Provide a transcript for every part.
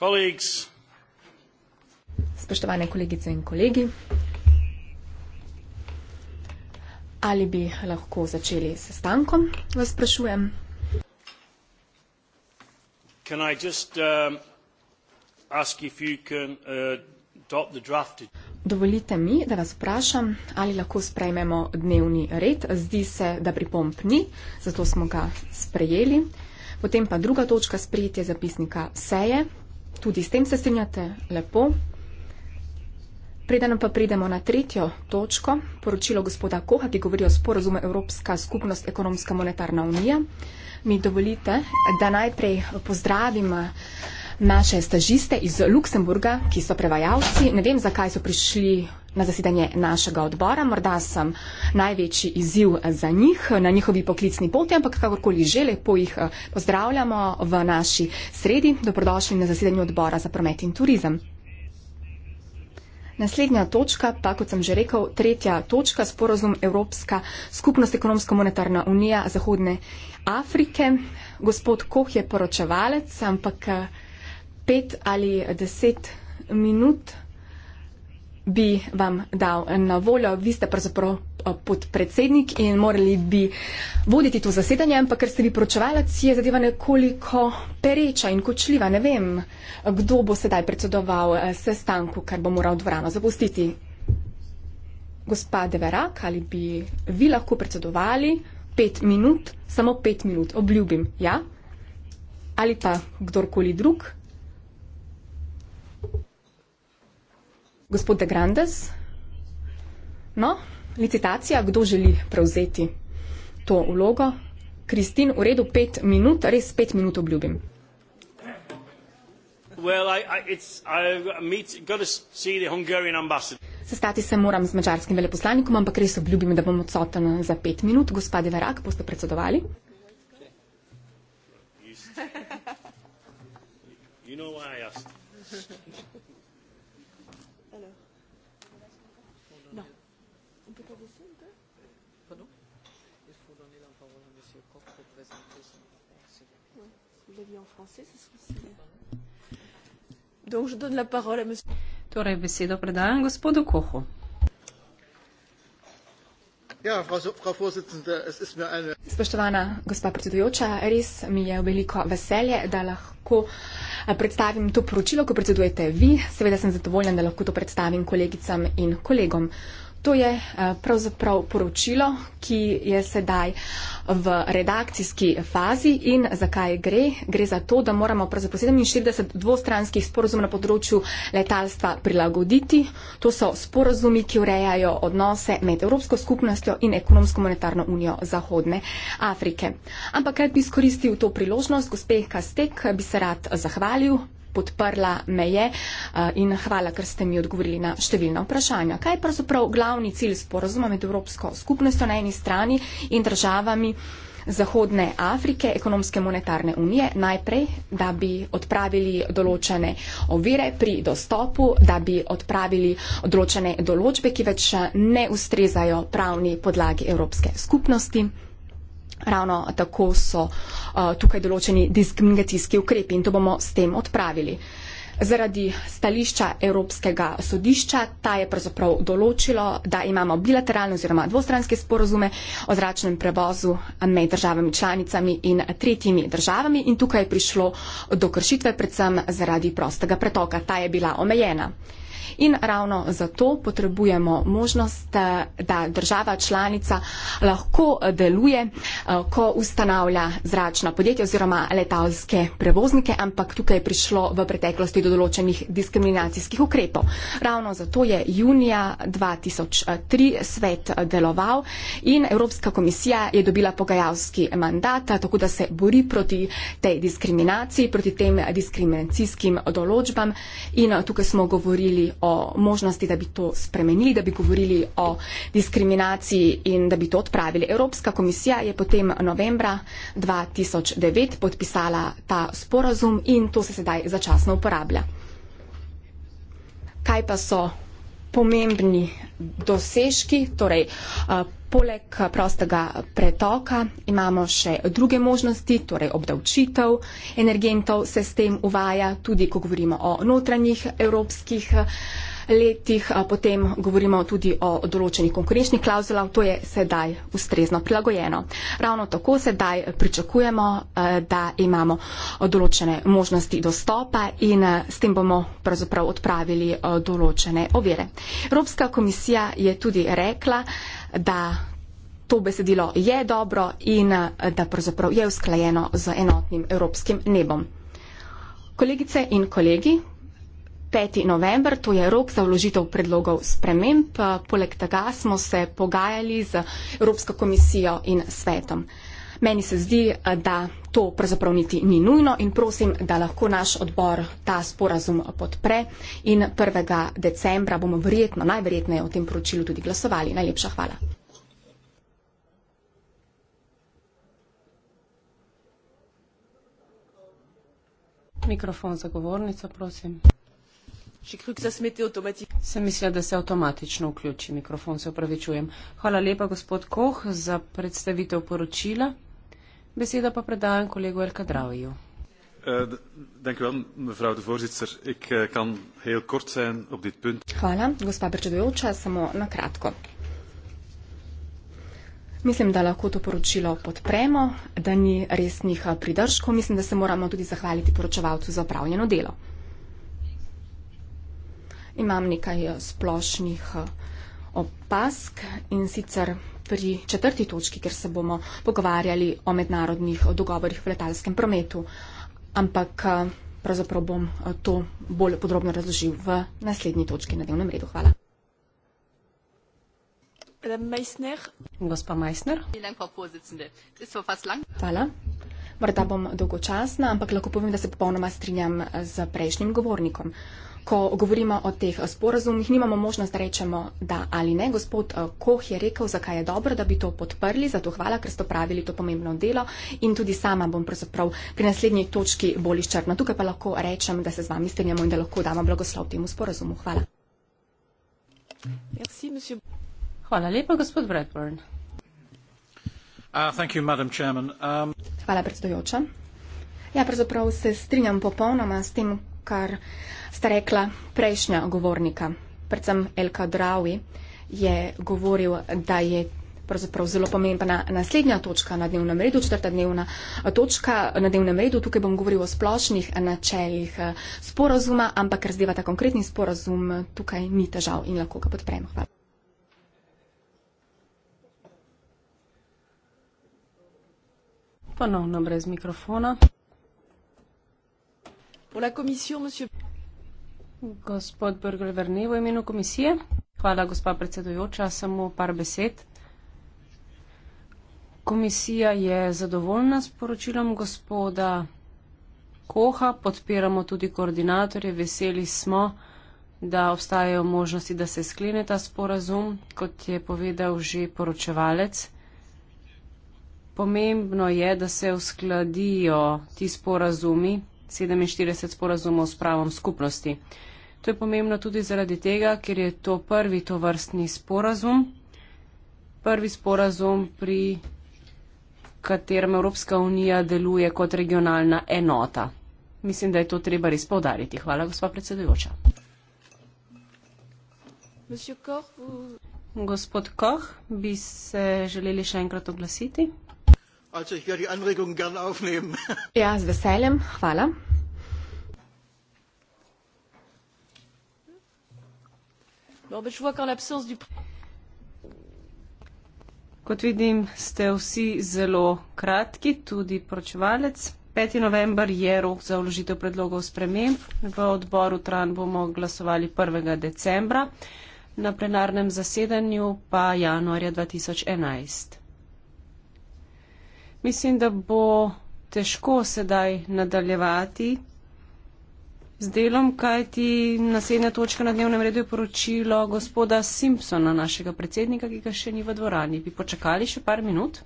colleagues. Spoštovane kolegice in kolegi. Ali bi lahko začeli s sestankom, vas sprašujem? Can I just um, ask if you can uh, adopt the drafted? Dovolite mi, da vas vprašam, ali lahko sprejmemo dnevni red. Zdi se, da pripomp ni, zato smo ga sprejeli. Potem pa druga točka sprejetje zapisnika seje, Tudi s tem se strinjate lepo. Preden pa pridemo na tretjo točko, poročilo gospoda Koha, ki govori o sporozumu Evropska skupnost ekonomska monetarna unija, mi dovolite, da najprej pozdravim naše stažiste iz Luksemburga, ki so prevajalci. Ne vem, zakaj so prišli na zasedanje našega odbora. Morda sem največji izziv za njih na njihovi poklicni poti, ampak kakorkoli že lepo jih eh, pozdravljamo v naši sredi. Dobrodošli na zasedanju odbora za promet in turizem. Naslednja točka, pa kot sem že rekel, tretja točka, sporozum Evropska skupnost ekonomsko-monetarna unija Zahodne Afrike. Gospod Koh je poročevalec, ampak eh, pet ali deset minut bi vam dal na voljo. Vi ste pravzaprav eh, podpredsednik in morali bi voditi to zasedanje, ampak ker ste vi poročevalec, je zadeva nekoliko pereča in kočljiva. Ne vem, kdo bo sedaj predsedoval eh, sestanku, ker bo moral dvorano zapustiti. Gospa Deverak, ali bi vi lahko predsedovali pet minut, samo pet minut, obljubim, ja? Ali pa kdorkoli drug? Gospod De Grandes, no, licitacija, kdo želi prevzeti to vlogo? Kristin, v redu pet minut, res pet minut obljubim. Well, I, I, it's, meet, Sestati se moram z mačarskim veleposlanikom, ampak res obljubim, da bom odsoten za pet minut. Gospode Verak, boste predsedovali? You know Torej, besedo predajam gospodu Kohu. Ja, Spoštovana gospa predsedujoča, res mi je veliko veselje, da lahko eh, predstavim to poročilo, ko predsedujete vi. Seveda sem zadovoljen, da lahko to predstavim kolegicam in kolegom. To je eh, pravzaprav poročilo, ki je sedaj v redakcijski fazi in zakaj gre. Gre za to, da moramo pravzaprav 47 dvostranskih sporozum na področju letalstva prilagoditi. To so sporozumi, ki urejajo odnose med Evropsko skupnostjo in Ekonomsko monetarno unijo Zahodne Afrike. Ampak, kaj bi izkoristil to priložnost, gospe Kastek, bi se rad zahvalil podprla meje eh, in hvala, ker ste mi odgovorili na številna vprašanja. Kaj je pravzaprav glavni cilj sporozuma med Evropsko skupnostjo na eni strani in državami? Zahodne Afrike, ekonomske monetarne unije, najprej, da bi odpravili določene ovire pri dostopu, da bi odpravili določene določbe, ki več ne ustrezajo pravni podlagi Evropske skupnosti. Ravno tako so uh, tukaj določeni diskriminacijski ukrepi in to bomo s tem odpravili. Zaradi stališča Evropskega sodišča ta je pravzaprav določilo, da imamo bilateralne oziroma dvostranske sporozume o zračnem prevozu med državami članicami in tretjimi državami in tukaj je prišlo do kršitve predvsem zaradi prostega pretoka. Ta je bila omejena. In ravno zato potrebujemo možnost, da država članica lahko deluje, eh, ko ustanavlja zračna podjetja oziroma letalske prevoznike, ampak tukaj je prišlo v preteklosti do določenih diskriminacijskih ukrepov. Ravno zato je junija 2003 svet deloval in Evropska komisija je dobila pogajalski mandat, tako da se bori proti tej diskriminaciji, proti tem diskriminacijskim določbam in tukaj smo govorili o možnosti, da bi to spremenili, da bi govorili o diskriminaciji in da bi to odpravili. Evropska komisija je potem novembra 2009 podpisala ta sporazum in to se sedaj začasno uporablja. Kaj pa so pomembni dosežki, torej poleg prostega pretoka imamo še druge možnosti, torej obdavčitev energentov se s tem uvaja, tudi ko govorimo o notranjih evropskih letih, potem govorimo tudi o določenih konkurenčnih klauzulah, to je sedaj ustrezno prilagojeno. Ravno tako sedaj pričakujemo, eh, da imamo določene možnosti dostopa in eh, s tem bomo pravzaprav odpravili eh, določene ovire. Evropska komisija je tudi rekla, da to besedilo je dobro in da pravzaprav je usklajeno z enotnim evropskim nebom. Kolegice in kolegi, 5. november, to je rok za vložitev predlogov sprememb. Poleg tega smo se pogajali z Evropsko komisijo in svetom. Meni se zdi, da to pravzaprav niti ni nujno in prosim, da lahko naš odbor ta sporazum podpre in 1. decembra bomo verjetno, najverjetneje o tem poročilu tudi glasovali. Najlepša hvala. Mikrofon za govornico, prosim. Sem mislila, da se avtomatično vključi mikrofon, se opravičujem. Hvala lepa, gospod Koh, za predstavitev poročila. Beseda pa predajam kolegu Elka Draviju. Eh, eh, Hvala, gospa predsedujoča, samo na kratko. Mislim, da lahko to poročilo podpremo, da ni resnih eh, pridržkov. Mislim, da se moramo tudi zahvaliti poročevalcu za opravljeno delo imam nekaj eh, splošnih eh, opask in sicer pri četrti točki, ker se bomo pogovarjali o mednarodnih dogovorih v letalskem prometu. Ampak eh, pravzaprav bom to bolj podrobno razložil v naslednji točki na dnevnem redu. Hvala. Gospa Meissner. Hvala. Morda bom dolgočasna, ampak lahko povem, da se popolnoma strinjam z prejšnjim govornikom ko govorimo o teh sporazumih, nimamo možnost, da rečemo da ali ne. Gospod eh, Koh je rekel, zakaj je dobro, da bi to podprli, zato hvala, ker ste opravili to pomembno delo in tudi sama bom pravzaprav pri naslednji točki bolj izčrpna. Tukaj pa lahko rečem, da se z vami strinjamo in da lahko damo blagoslov temu sporazumu. Hvala. Hvala lepa, gospod Bradburn. Uh, um, hvala, predsedujoča. Ja, pravzaprav se strinjam popolnoma s tem, kar sta rekla prejšnja govornika. Predvsem Elka Drawi je govoril, da je pravzaprav zelo pomembna naslednja točka na dnevnem redu, četrta dnevna eh, točka na dnevnem redu. Tukaj bom govoril o splošnih načeljih eh, sporazuma, ampak ker zdeva ta konkretni sporazum, eh, tukaj ni težav in lahko ga podprem. Hvala. Ponovno brez mikrofona. Gospod Brgle Verne v imenu komisije. Hvala, gospa predsedujoča, samo par besed. Komisija je zadovoljna s poročilom gospoda Koha, podpiramo tudi koordinatorje, veseli smo, da obstajajo možnosti, da se sklene ta sporazum, kot je povedal že poročevalec. Pomembno je, da se uskladijo ti sporazumi, 47 sporazumov s pravom skupnosti. To je pomembno tudi zaradi tega, ker je to prvi tovrstni sporazum, prvi sporazum, pri katerem Evropska unija deluje kot regionalna enota. Mislim, da je to treba res povdariti. Hvala, gospa predsedujoča. Gospod Koh, bi se želeli še enkrat oglasiti? Ja, z veseljem. Hvala. je vois qu'en l'absence du Kot vidim, ste vsi zelo kratki, tudi poročevalec. 5. november je rok za vložitev predlogov sprememb. V odboru Tran bomo glasovali 1. decembra, na plenarnem zasedanju pa januarja 2011. Mislim, da bo težko sedaj nadaljevati z delom, kajti naslednja točka na dnevnem redu je poročilo gospoda Simpsona, našega predsednika, ki ga še ni v dvorani. Bi počakali še par minut?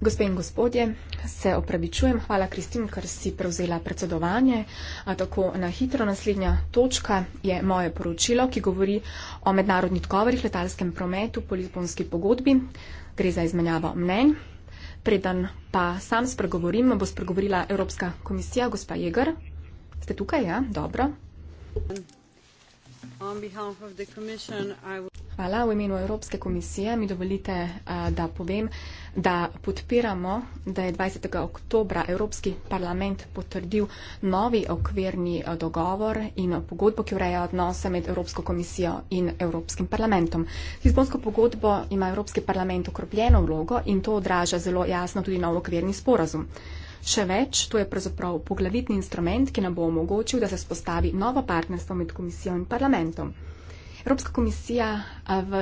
Gospe in gospodje, se opravičujem, hvala Kristin, ker si prevzela predsedovanje. A tako na hitro naslednja točka je moje poročilo, ki govori o mednarodni odgovorih letalskem prometu po Lizbonski pogodbi. Gre za izmenjavo mnenj. Preden pa sam spregovorim, bo spregovorila Evropska komisija, gospa Jeger. Ste tukaj, ja? Dobro. Hvala. V imenu Evropske komisije mi dovolite, eh, da povem, da podpiramo, da je 20. oktobra Evropski parlament potrdil novi okvirni eh, dogovor in pogodbo, ki ureja odnose med Evropsko komisijo in Evropskim parlamentom. Lizbonsko pogodbo ima Evropski parlament okropljeno vlogo in to odraža zelo jasno tudi nov okvirni sporazum. Še več, to je pravzaprav poglavitni instrument, ki nam bo omogočil, da se spostavi novo partnerstvo med komisijo in parlamentom. Evropska komisija v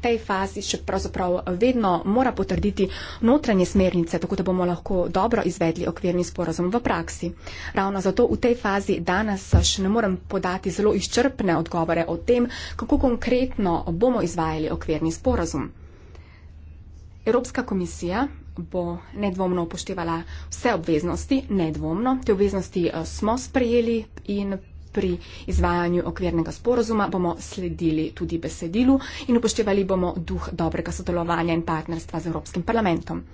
tej fazi še pravzaprav vedno mora potrditi notranje smernice, tako da bomo lahko dobro izvedli okvirni sporozum v praksi. Ravno zato v tej fazi danes še ne morem podati zelo izčrpne odgovore o tem, kako konkretno bomo izvajali okvirni sporozum. Evropska komisija bo nedvomno upoštevala vse obveznosti, nedvomno. Te obveznosti smo sprejeli in pri izvajanju okvirnega sporozuma bomo sledili tudi besedilu in upoštevali bomo duh dobrega sodelovanja in partnerstva z Evropskim parlamentom.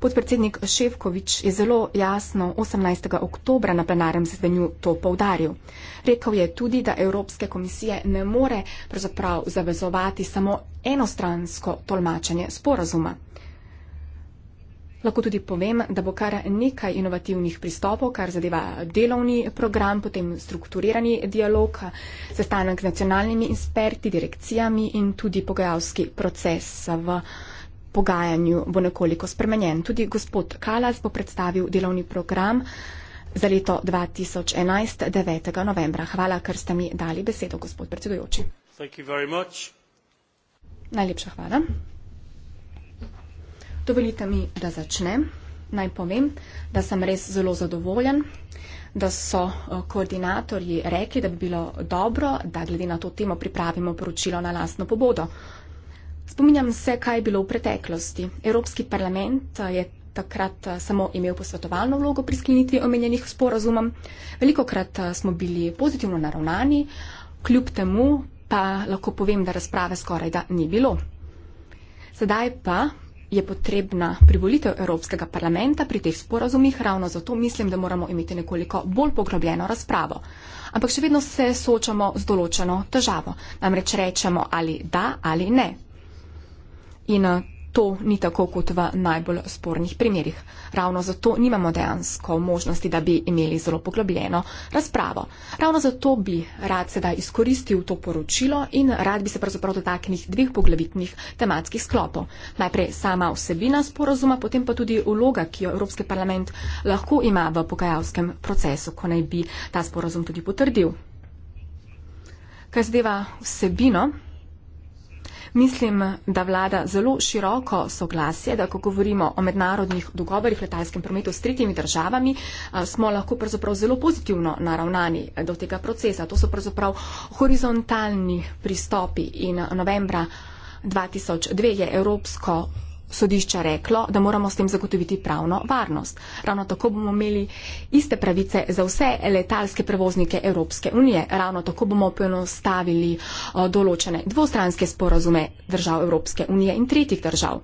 Podpredsednik Ševkovič je zelo jasno 18. oktobra na plenarnem zasedanju to povdaril. Rekel je tudi, da Evropske komisije ne more pravzaprav zavezovati samo enostransko tolmačenje sporazuma. Lahko tudi povem, da bo kar nekaj inovativnih pristopov, kar zadeva delovni program, potem strukturirani dialog, sestanek z nacionalnimi insperti, direkcijami in tudi pogajalski proces v pogajanju bo nekoliko spremenjen. Tudi gospod Kalas bo predstavil delovni program za leto 2011, 9. novembra. Hvala, ker ste mi dali besedo, gospod predsedujoči. Najlepša hvala. Dovolite mi, da začnem. Naj povem, da sem res zelo zadovoljen, da so eh, koordinatorji rekli, da bi bilo dobro, da glede na to temo pripravimo poročilo na lastno pobodo. Spominjam se, kaj je bilo v preteklosti. Evropski parlament eh, je takrat eh, samo imel posvetovalno vlogo pri sklenitvi omenjenih sporazumom. Velikokrat smo bili pozitivno naravnani, kljub temu pa lahko povem, da razprave skoraj da ni bilo. Sedaj pa je potrebna privolitev Evropskega parlamenta pri teh sporazumih, ravno zato mislim, da moramo imeti nekoliko bolj poglobljeno razpravo. Ampak še vedno se soočamo z določeno težavo, namreč rečemo ali da ali ne. In to ni tako kot v najbolj spornih primerjih. Ravno zato nimamo dejansko možnosti, da bi imeli zelo poglobljeno razpravo. Ravno zato bi rad sedaj izkoristil to poročilo in rad bi se pravzaprav dotaknil dveh poglavitnih tematskih sklopov. Najprej sama vsebina sporozuma, potem pa tudi uloga, ki jo Evropski parlament lahko ima v pogajalskem procesu, ko naj bi ta sporozum tudi potrdil. Kaj zadeva vsebino? Mislim, da vlada zelo široko soglasje, da ko govorimo o mednarodnih dogovorih v letalskem prometu s tretjimi državami, smo lahko pravzaprav zelo pozitivno naravnani do tega procesa. To so pravzaprav horizontalni pristopi in novembra 2002 je Evropsko sodišča reklo, da moramo s tem zagotoviti pravno varnost. Ravno tako bomo imeli iste pravice za vse letalske prevoznike Evropske unije, ravno tako bomo poenostavili eh, določene dvostranske sporazume držav Evropske unije in tretjih držav.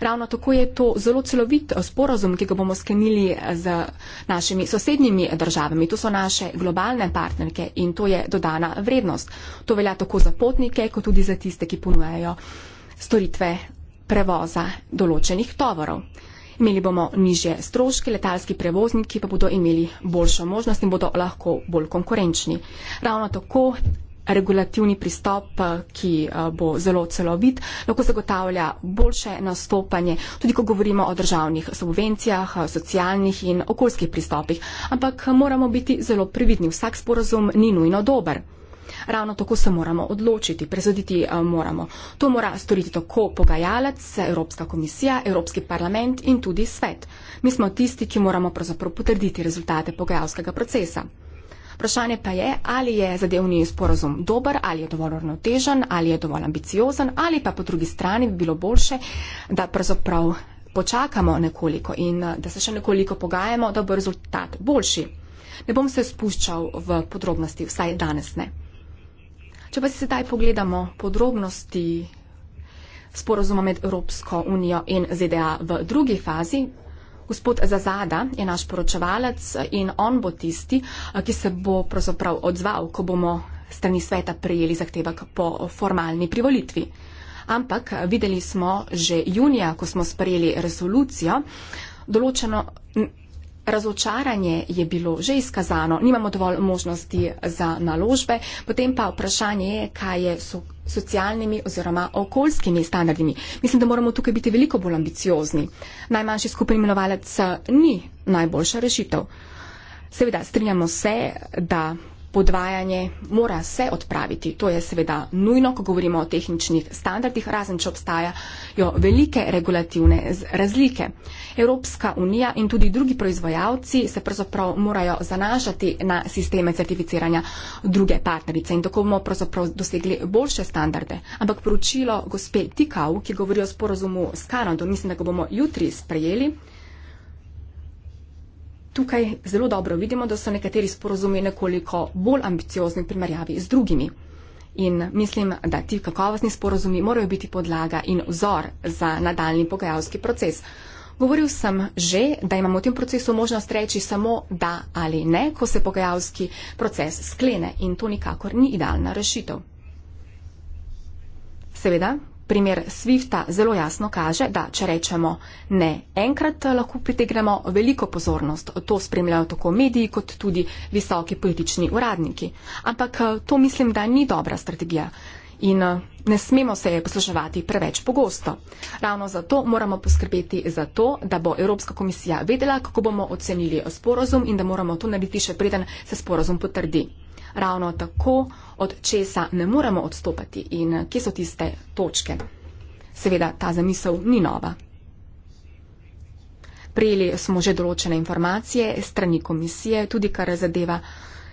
Ravno tako je to zelo celovit eh, sporazum, ki ga bomo sklenili eh, z našimi sosednjimi državami. To so naše globalne partnerke in to je dodana vrednost. To velja tako za potnike, kot tudi za tiste, ki ponujajo storitve prevoza določenih tovorov. Imeli bomo nižje stroške, letalski prevozniki pa bodo imeli boljšo možnost in bodo lahko bolj konkurenčni. Ravno tako regulativni pristop, ki eh, bo zelo celovit, lahko zagotavlja boljše nastopanje, tudi ko govorimo o državnih subvencijah, eh, socialnih in okoljskih pristopih. Ampak eh, moramo biti zelo previdni. Vsak sporozum ni nujno dober. Ravno tako se moramo odločiti, prezoditi eh, moramo. To mora storiti tako pogajalec, Evropska komisija, Evropski parlament in tudi svet. Mi smo tisti, ki moramo pravzaprav potrditi rezultate pogajalskega procesa. Vprašanje pa je, ali je zadevni sporozum dober, ali je dovolj ravnotežen, ali je dovolj ambiciozen, ali pa po drugi strani bi bilo boljše, da pravzaprav počakamo nekoliko in eh, da se še nekoliko pogajamo, da bo rezultat boljši. Ne bom se spuščal v podrobnosti, vsaj danes ne. Če pa si sedaj pogledamo podrobnosti sporozuma med Evropsko unijo in ZDA v drugi fazi, gospod Zazada je naš poročevalec in on bo tisti, ki se bo pravzaprav odzval, ko bomo strani sveta prijeli zahtevek po formalni privolitvi. Ampak videli smo že junija, ko smo sprejeli resolucijo, določeno, razočaranje je bilo že izkazano, nimamo dovolj možnosti za naložbe, potem pa vprašanje je, kaj je so socialnimi oziroma okoljskimi standardimi. Mislim, da moramo tukaj biti veliko bolj ambiciozni. Najmanjši skupni imenovalec ni najboljša rešitev. Seveda, strinjamo se, da podvajanje mora se odpraviti. To je seveda nujno, ko govorimo o tehničnih standardih, razen če obstajajo velike regulativne razlike. Evropska unija in tudi drugi proizvajalci se pravzaprav morajo zanašati na sisteme certificiranja druge partnerice in tako bomo pravzaprav dosegli boljše standarde. Ampak poročilo gospe Tikau, ki govori o sporozumu s Kanado, mislim, da ga bomo jutri sprejeli, tukaj zelo dobro vidimo, da so nekateri sporozumi nekoliko bolj ambiciozni v primerjavi z drugimi. In mislim, da ti kakovostni sporozumi morajo biti podlaga in vzor za nadaljni pogajalski proces. Govoril sem že, da imamo v tem procesu možnost reči samo da ali ne, ko se pogajalski proces sklene in to nikakor ni idealna rešitev. Seveda, Primer Swifta zelo jasno kaže, da če rečemo ne enkrat, lahko pritegnemo veliko pozornost. To spremljajo tako mediji kot tudi visoki politični uradniki. Ampak eh, to mislim, da ni dobra strategija. In eh, ne smemo se je posluževati preveč pogosto. Ravno zato moramo poskrbeti za to, da bo Evropska komisija vedela, kako bomo ocenili sporozum in da moramo to narediti še preden se sporozum potrdi. Ravno tako od česa ne moremo odstopati in kje so tiste točke. Seveda ta zamisel ni nova. Prijeli smo že določene informacije strani komisije, tudi kar zadeva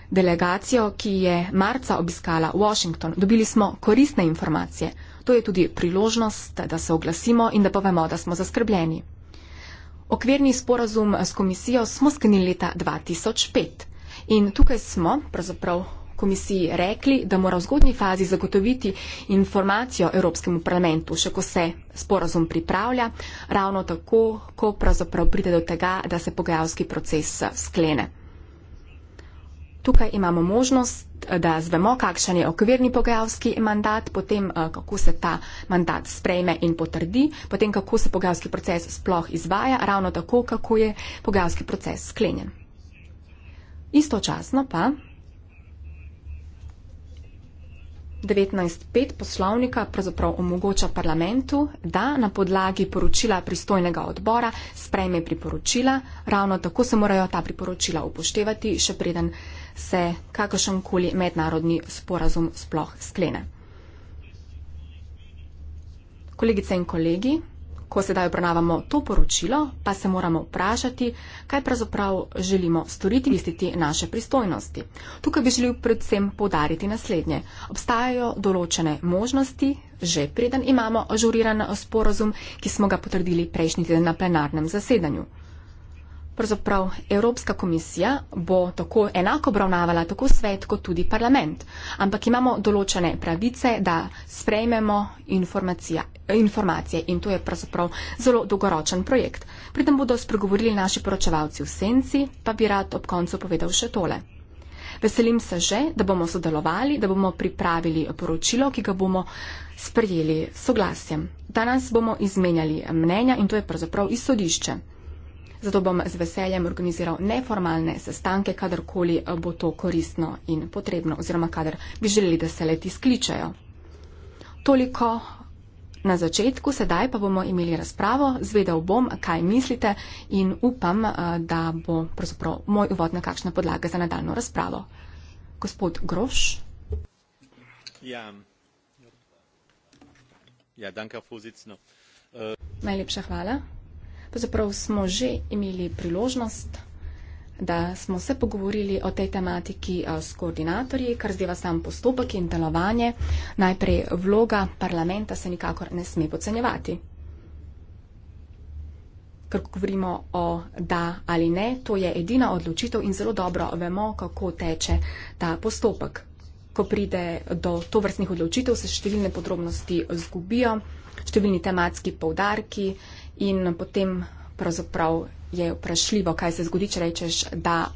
delegacijo, ki je marca obiskala Washington. Dobili smo koristne informacije. To je tudi priložnost, da se oglasimo in da povemo, da smo zaskrbljeni. Okvirni sporazum s komisijo smo sknili leta 2005 in tukaj smo pravzaprav komisiji rekli, da mora v zgodnji fazi zagotoviti informacijo Evropskemu parlamentu, še ko se sporazum pripravlja, ravno tako, ko pravzaprav pride do tega, da se pogajalski proces sklene. Tukaj imamo možnost, da zvemo, kakšen je okvirni pogajalski mandat, potem eh, kako se ta mandat sprejme in potrdi, potem kako se pogajalski proces sploh izvaja, ravno tako, kako je pogajalski proces sklenjen. Istočasno pa 19.5 poslovnika pravzaprav omogoča parlamentu, da na podlagi poročila pristojnega odbora sprejme priporočila. Ravno tako se morajo ta priporočila upoštevati, še preden se kakršenkoli mednarodni sporazum sploh sklene. Kolegice in kolegi, Ko sedaj obravnavamo to poročilo, pa se moramo vprašati, kaj pravzaprav želimo storiti, listiti naše pristojnosti. Tukaj bi želel predvsem podariti naslednje. Obstajajo določene možnosti, že preden imamo ažuriran sporozum, ki smo ga potrdili prejšnji teden na plenarnem zasedanju pravzaprav Evropska komisija bo tako enako obravnavala tako svet kot tudi parlament. Ampak imamo določene pravice, da sprejmemo informacije in to je pravzaprav zelo dolgoročen projekt. Pri tem bodo spregovorili naši poročevalci v senci, pa bi rad ob koncu povedal še tole. Veselim se že, da bomo sodelovali, da bomo pripravili poročilo, ki ga bomo sprejeli soglasjem. Danes bomo izmenjali mnenja in to je pravzaprav izhodišče zato bom z veseljem organiziral neformalne sestanke, kadarkoli bo to koristno in potrebno oziroma kadar bi želeli, da se leti skličajo. Toliko na začetku, sedaj pa bomo imeli razpravo, zvedel bom, kaj mislite in upam, eh, da bo pravzaprav moj uvod na kakšna podlaga za nadaljno razpravo. Gospod Groš. Ja. Ja, danke, Frau Sitzner. Najlepša hvala pravzaprav smo že imeli priložnost, da smo se pogovorili o tej tematiki s koordinatorji, kar zdeva sam postopek in delovanje. Najprej vloga parlamenta se nikakor ne sme pocenjevati. Ker ko govorimo o da ali ne, to je edina odločitev in zelo dobro vemo, kako teče ta postopek. Ko pride do tovrstnih odločitev, se številne podrobnosti zgubijo, številni tematski povdarki, in potem pravzaprav je vprašljivo, kaj se zgodi, če rečeš da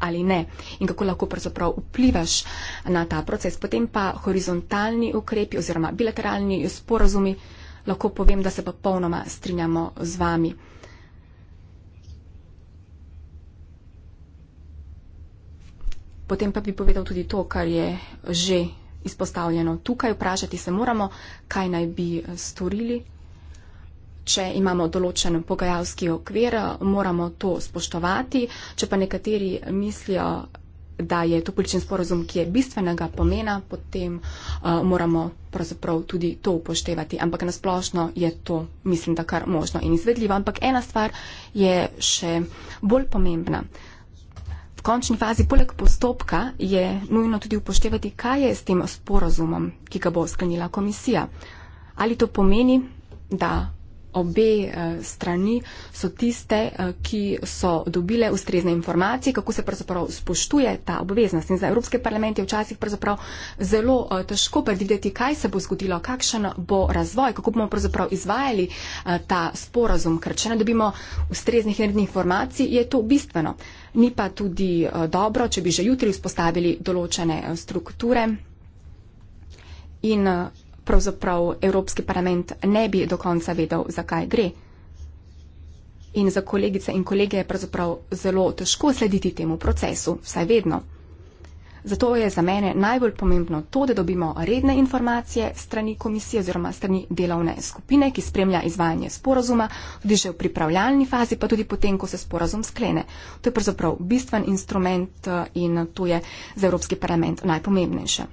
ali ne in kako lahko pravzaprav vplivaš na ta proces. Potem pa horizontalni ukrepi oziroma bilateralni sporazumi, lahko povem, da se pa polnoma strinjamo z vami. Potem pa bi povedal tudi to, kar je že izpostavljeno. Tukaj vprašati se moramo, kaj naj bi storili če imamo določen pogajalski okvir, moramo to spoštovati. Če pa nekateri mislijo, da je to poličen sporozum, ki je bistvenega pomena, potem uh, moramo pravzaprav tudi to upoštevati. Ampak nasplošno je to, mislim, da kar možno in izvedljivo. Ampak ena stvar je še bolj pomembna. V končni fazi, poleg postopka, je nujno tudi upoštevati, kaj je s tem sporozumom, ki ga bo sklenila komisija. Ali to pomeni, da obe eh, strani so tiste, eh, ki so dobile ustrezne informacije, kako se pravzaprav spoštuje ta obveznost. In za Evropske parlament je včasih pravzaprav zelo eh, težko predvideti, kaj se bo zgodilo, kakšen bo razvoj, kako bomo pravzaprav izvajali ta sporazum, ker če ne dobimo ustreznih rednih informacij, je to bistveno. Ni pa tudi dobro, če bi že jutri vzpostavili določene strukture. In pravzaprav Evropski parlament ne bi do konca vedel, zakaj gre. In za kolegice in kolege je pravzaprav zelo težko slediti temu procesu, vsaj vedno. Zato je za mene najbolj pomembno to, da dobimo redne informacije strani komisije oziroma strani delovne skupine, ki spremlja izvajanje sporazuma, tudi že v pripravljalni fazi, pa tudi potem, ko se sporazum sklene. To je pravzaprav bistven instrument eh, in to je za Evropski parlament najpomembnejše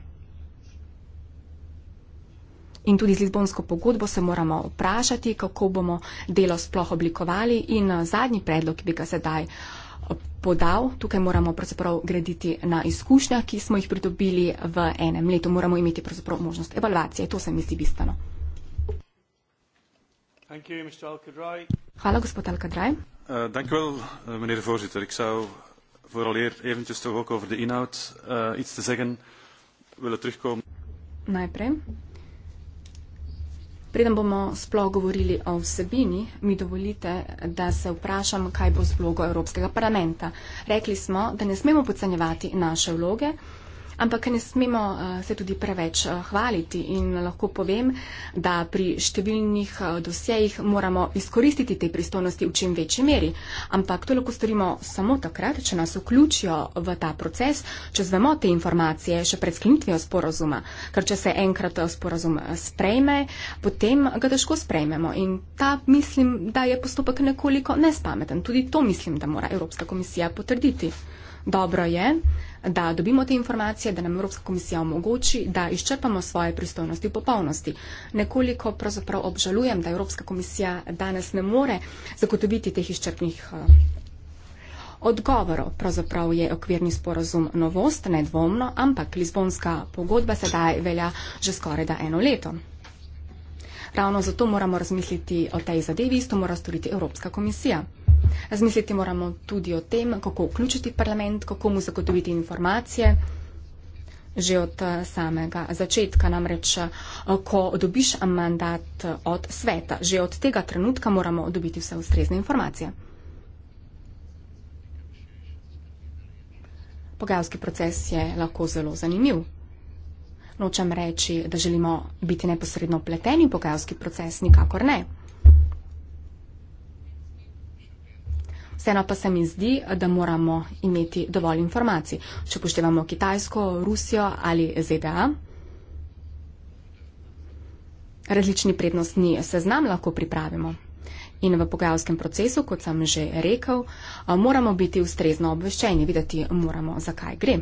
in tudi z Lizbonsko pogodbo se moramo vprašati, kako bomo delo sploh oblikovali in eh, zadnji predlog, ki bi ga sedaj eh, podal, tukaj moramo pravzaprav graditi na izkušnjah, ki smo jih pridobili v enem letu. Moramo imeti pravzaprav možnost evalvacije, to se mi zdi bistveno. Hvala, gospod Alkadraj. Uh, well, uh, voorzitter. Ik zou vooral eer eventjes toch ook over de inhoud uh, iets te zeggen willen terugkomen. Najprej. Preden bomo sploh govorili o vsebini, mi dovolite, da se vprašam, kaj bo z vlogo Evropskega parlamenta. Rekli smo, da ne smemo podcenjevati naše vloge ampak ne smemo eh, se tudi preveč eh, hvaliti in lahko povem, da pri številnih eh, dosjejih moramo izkoristiti te pristojnosti v čim večji meri. Ampak to lahko storimo samo takrat, če nas vključijo v ta proces, če znamo te informacije še pred sklenitvijo sporozuma. Ker če se enkrat sporozum sprejme, potem ga težko sprejmemo. In ta mislim, da je postopek nekoliko nespameten. Tudi to mislim, da mora Evropska komisija potrditi. Dobro je da dobimo te informacije, da nam Evropska komisija omogoči, da izčrpamo svoje pristojnosti v popolnosti. Nekoliko pravzaprav obžalujem, da Evropska komisija danes ne more zagotoviti teh izčrpnih. Eh, odgovorov pravzaprav je okvirni sporazum novost, nedvomno, ampak Lizbonska pogodba sedaj velja že skoraj da eno leto. Ravno zato moramo razmisliti o tej zadevi, isto mora storiti Evropska komisija. Razmisliti moramo tudi o tem, kako vključiti parlament, kako mu zagotoviti informacije. Že od eh, samega začetka namreč, eh, ko dobiš mandat eh, od sveta, že od tega trenutka moramo dobiti vse ustrezne informacije. Pogajalski proces je lahko zelo zanimiv. Nočem reči, da želimo biti neposredno pleteni v pogajalski proces, nikakor ne. Vseeno pa se mi zdi, da moramo imeti dovolj informacij, če poštevamo Kitajsko, Rusijo ali ZDA. Različni prednostni seznam lahko pripravimo. In v pogajalskem procesu, kot sem že rekel, moramo biti ustrezno obveščeni, videti moramo, zakaj gre.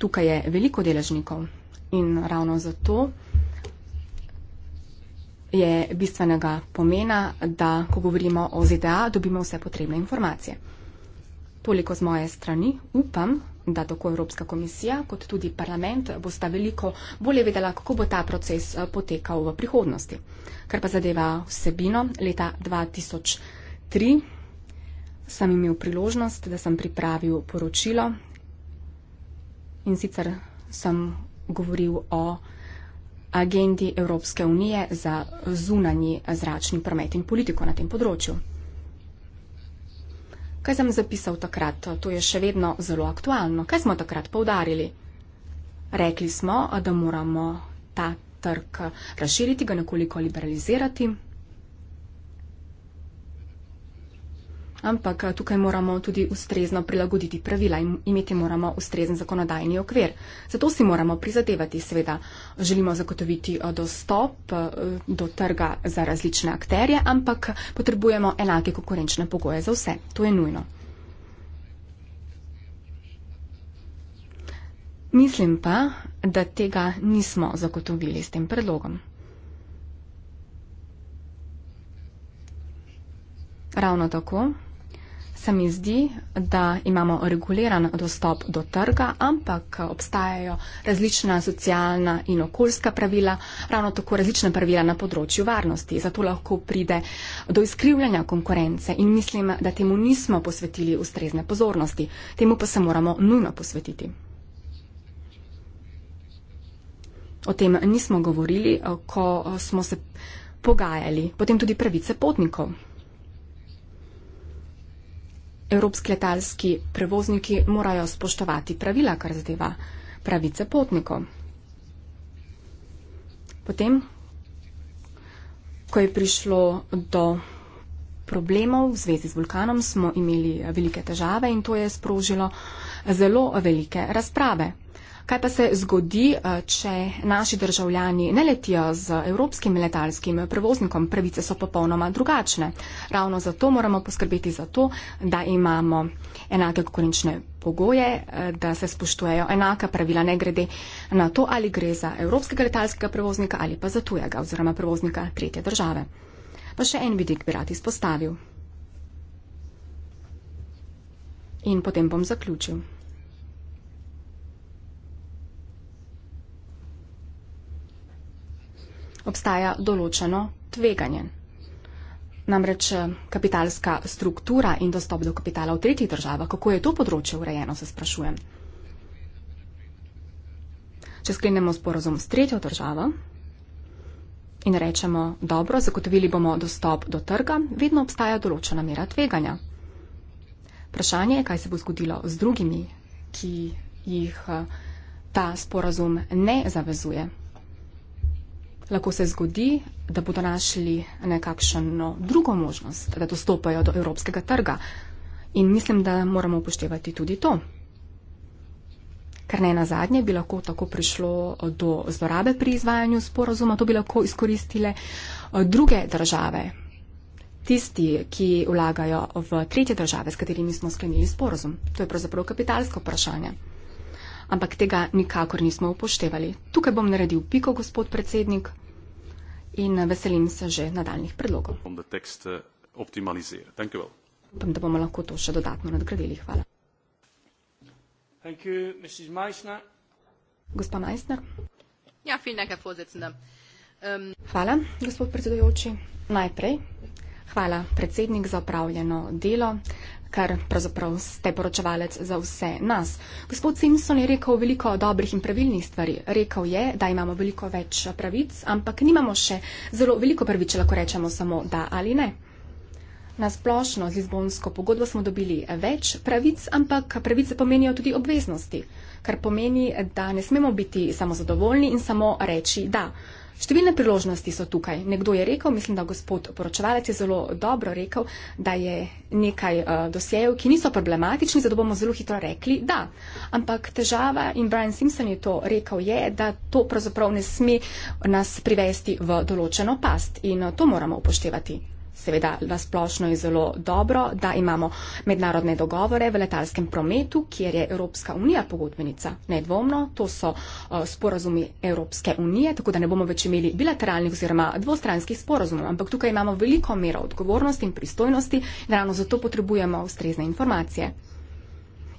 Tukaj je veliko deležnikov in ravno zato je bistvenega pomena, da ko govorimo o ZDA, dobimo vse potrebne informacije. Toliko z moje strani. Upam, da tako Evropska komisija kot tudi parlament bosta veliko bolje vedela, kako bo ta proces eh, potekal v prihodnosti. Kar pa zadeva vsebino, leta 2003 sem imel priložnost, da sem pripravil poročilo in sicer sem govoril o agendi Evropske unije za zunanji zračni promet in politiko na tem področju. Kaj sem zapisal takrat? To je še vedno zelo aktualno. Kaj smo takrat povdarili? Rekli smo, da moramo ta trg razširiti, ga nekoliko liberalizirati. ampak eh, tukaj moramo tudi ustrezno prilagoditi pravila in imeti moramo ustrezen zakonodajni okvir. Zato si moramo prizadevati, seveda, želimo zagotoviti eh, dostop eh, do trga za različne akterje, ampak potrebujemo enake konkurenčne pogoje za vse. To je nujno. Mislim pa, da tega nismo zagotovili s tem predlogom. Ravno tako se mi zdi, da imamo reguliran dostop do trga, ampak obstajajo različna socialna in okoljska pravila, ravno tako različna pravila na področju varnosti. Zato lahko pride do izkrivljanja konkurence in mislim, da temu nismo posvetili ustrezne pozornosti. Temu pa se moramo nujno posvetiti. O tem nismo govorili, ko smo se pogajali, potem tudi pravice potnikov evropski letalski prevozniki morajo spoštovati pravila, kar zadeva pravice potnikov. Potem, ko je prišlo do problemov v zvezi z vulkanom, smo imeli velike težave in to je sprožilo zelo velike razprave. Kaj pa se zgodi, eh, če naši državljani ne letijo z evropskim letalskim prevoznikom? Pravice so popolnoma drugačne. Ravno zato moramo poskrbeti za to, da imamo enake konečne pogoje, eh, da se spoštujejo enaka pravila, ne grede na to, ali gre za evropskega letalskega prevoznika ali pa za tujega oziroma prevoznika tretje države. Pa še en vidik bi rad izpostavil. In potem bom zaključil. obstaja določeno tveganje. Namreč eh, kapitalska struktura in dostop do kapitala v tretjih državah, kako je to področje urejeno, se sprašujem. Če sklenemo sporozum s tretjo državo in rečemo, dobro, zagotovili bomo dostop do trga, vedno obstaja določena mera tveganja. Vprašanje je, kaj se bo zgodilo z drugimi, ki jih eh, ta sporozum ne zavezuje. Lahko se zgodi, da bodo našli nekakšno drugo možnost, da dostopajo do evropskega trga. In mislim, da moramo upoštevati tudi to. Ker ne na zadnje bi lahko tako prišlo do zlorabe pri izvajanju sporozuma, to bi lahko izkoristile eh, druge države, tisti, ki vlagajo v tretje države, s katerimi smo sklenili sporozum. To je pravzaprav kapitalsko vprašanje ampak tega nikakor nismo upoštevali. Tukaj bom naredil piko, gospod predsednik, in veselim se že nadaljnih predlogov. Eh, Upam, da bomo lahko to še dodatno nadgradili. Hvala. You, Gospa Meissner. Ja, um... Hvala, gospod predsedujoči. Najprej. Hvala, predsednik, za opravljeno delo kar pravzaprav ste poročevalec za vse nas. Gospod Simpson je rekel veliko dobrih in pravilnih stvari. Rekel je, da imamo veliko več pravic, ampak nimamo še zelo veliko pravic, če lahko rečemo samo da ali ne. Na splošno z Lizbonsko pogodbo smo dobili več pravic, ampak pravice pomenijo tudi obveznosti, kar pomeni, da ne smemo biti samozadovoljni in samo reči da. Številne priložnosti so tukaj. Nekdo je rekel, mislim, da gospod poročevalec je zelo dobro rekel, da je nekaj uh, eh, dosejev, ki niso problematični, zato bomo zelo hitro rekli da. Ampak težava in Brian Simpson je to rekel, je, da to pravzaprav ne sme nas privesti v določeno past in uh, to moramo upoštevati seveda nasplošno je zelo dobro, da imamo mednarodne dogovore v letalskem prometu, kjer je Evropska unija pogodbenica. Nedvomno, to so eh, sporazumi Evropske unije, tako da ne bomo več imeli bilateralnih oziroma dvostranskih sporazumov, ampak tukaj imamo veliko mero odgovornosti in pristojnosti in ravno zato potrebujemo ustrezne informacije.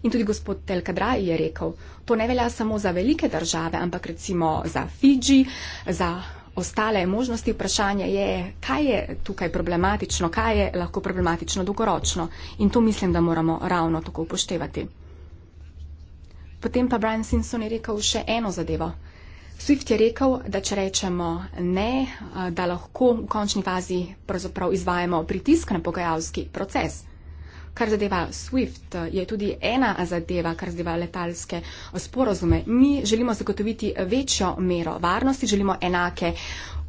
In tudi gospod Telkadraj je rekel, to ne velja samo za velike države, ampak recimo za Fidži, za ostale možnosti vprašanja je, kaj je tukaj problematično, kaj je lahko problematično dolgoročno. In to mislim, da moramo ravno tako upoštevati. Potem pa Brian Simpson je rekel še eno zadevo. Swift je rekel, da če rečemo ne, eh, da lahko v končni fazi pravzaprav izvajamo pritisk na pogajalski proces kar zadeva SWIFT, je tudi ena zadeva, kar zadeva letalske sporozume. Mi želimo zagotoviti večjo mero varnosti, želimo enake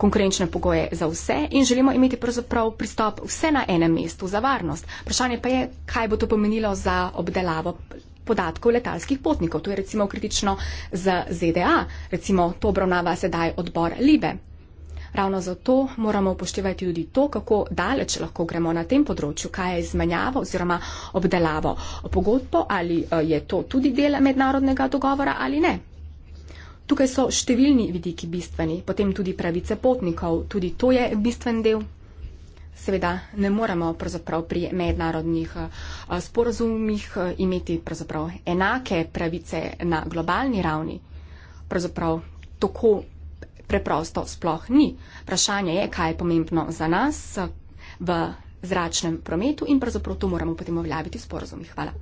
konkurenčne pogoje za vse in želimo imeti pravzaprav pristop vse na enem mestu za varnost. Vprašanje pa je, kaj bo to pomenilo za obdelavo podatkov letalskih potnikov. To je recimo kritično za ZDA, recimo to obravnava sedaj odbor Libe. Ravno zato moramo upoštevati tudi to, kako daleč lahko gremo na tem področju, kaj je izmenjava oziroma obdelavo pogodbo, ali eh, je to tudi del mednarodnega dogovora ali ne. Tukaj so številni vidiki bistveni, potem tudi pravice potnikov, tudi to je bistven del. Seveda ne moramo pri mednarodnih eh, sporazumih eh, imeti enake pravice na globalni ravni. Pravzaprav tako preprosto sploh ni. Vprašanje je, kaj je pomembno za nas v zračnem prometu in pravzaprav to moramo potem uveljaviti v sporozumih. Hvala.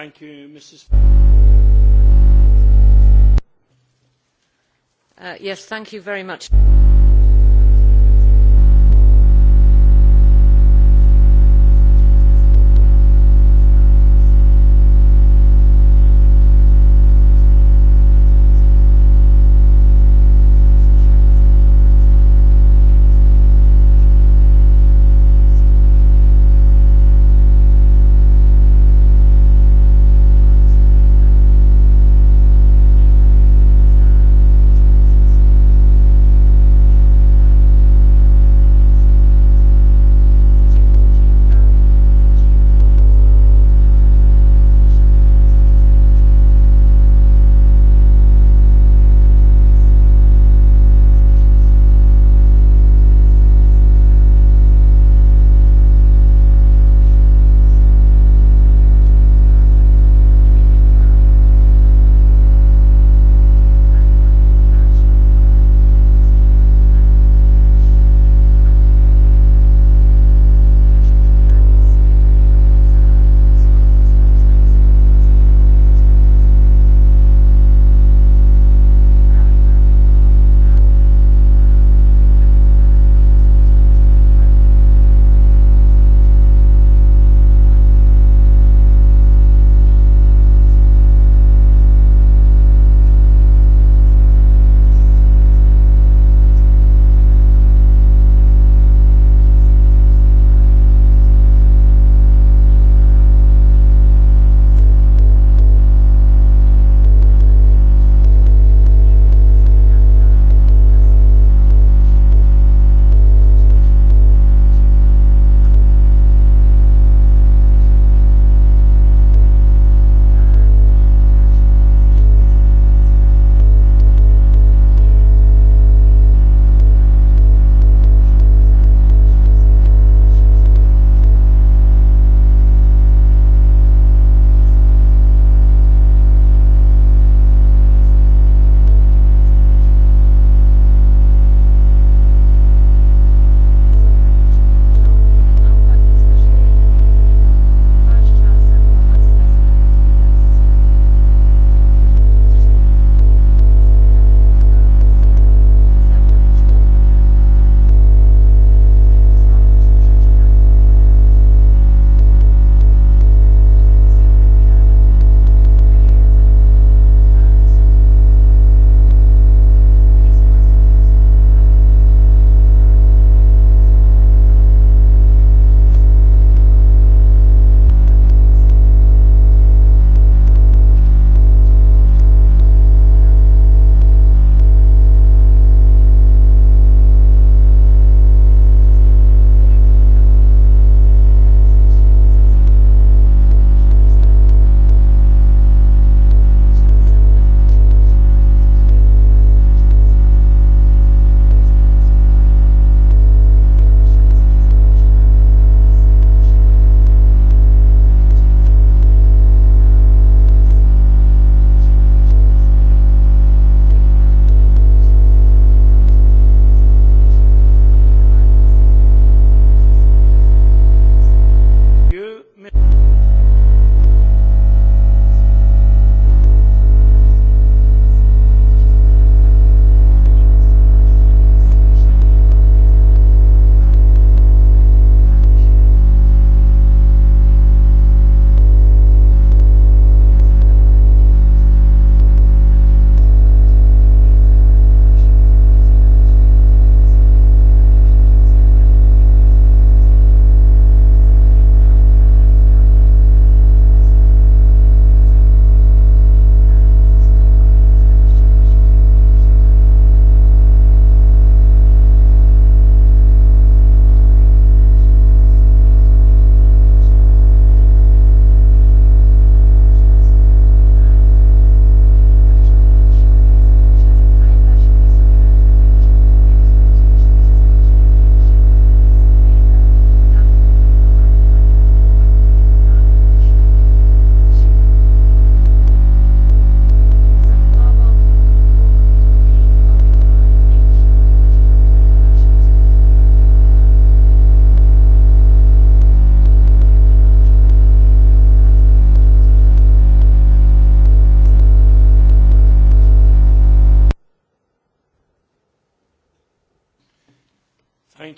Thank you, Mrs. Uh, yes, thank you very much.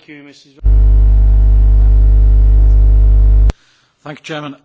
thank you mrs thank you chairman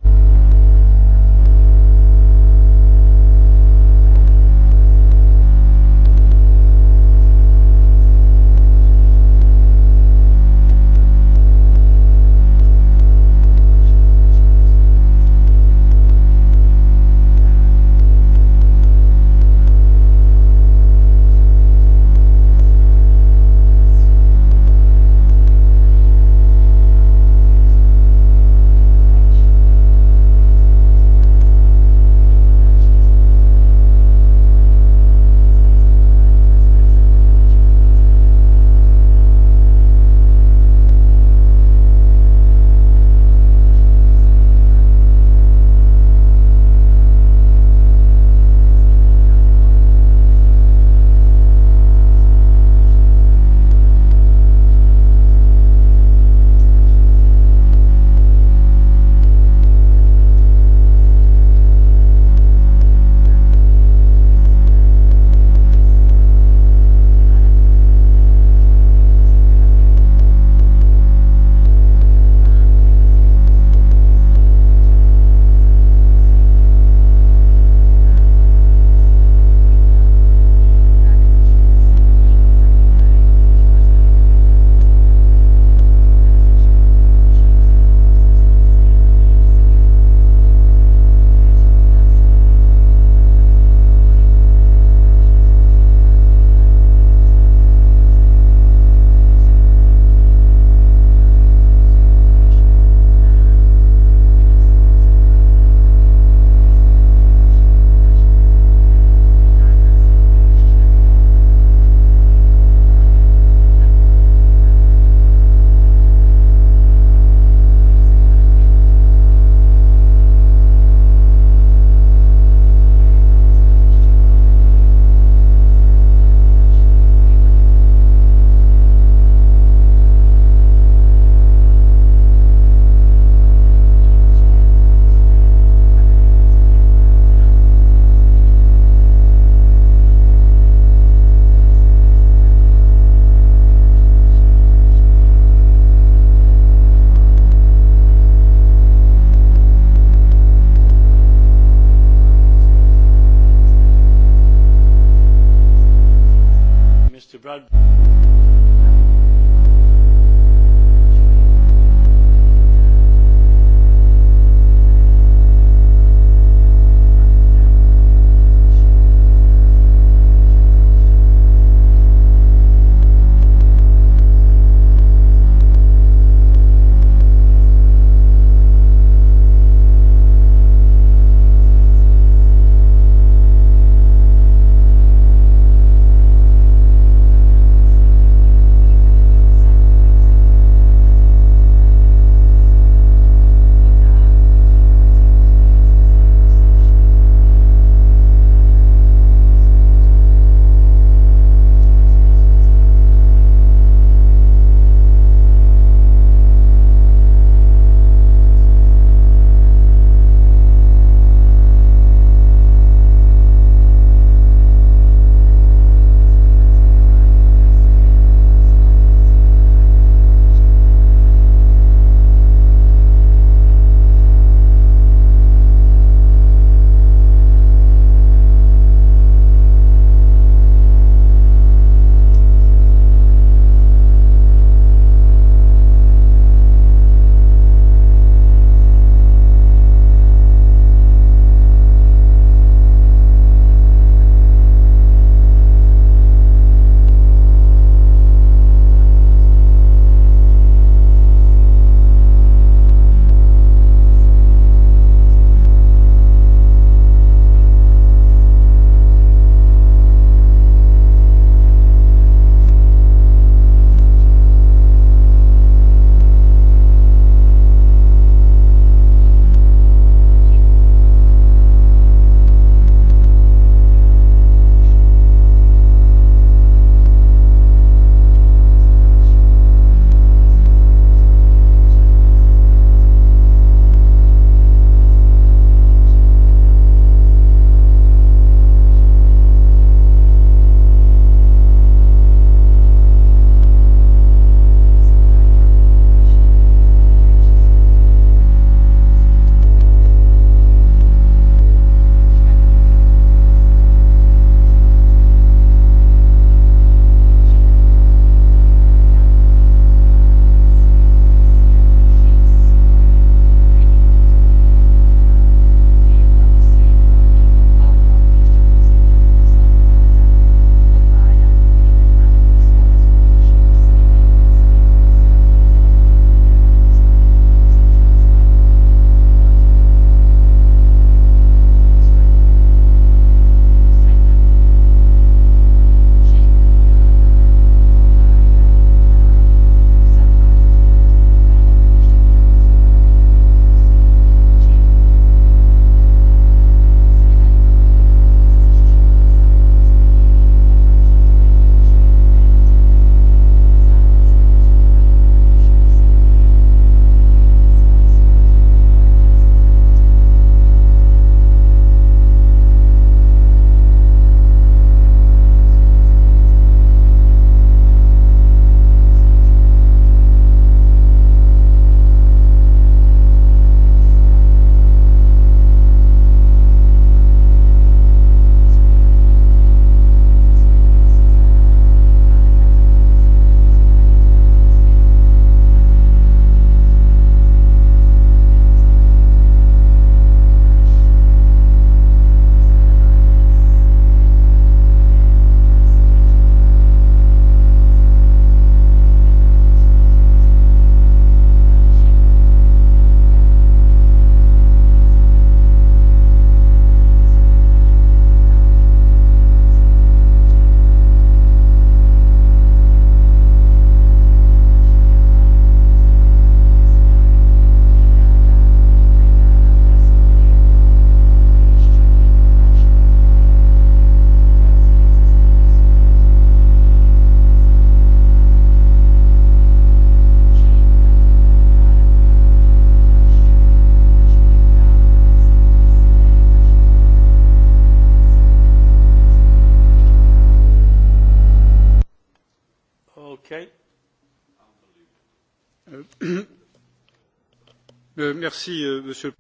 Euh, merci, euh, monsieur...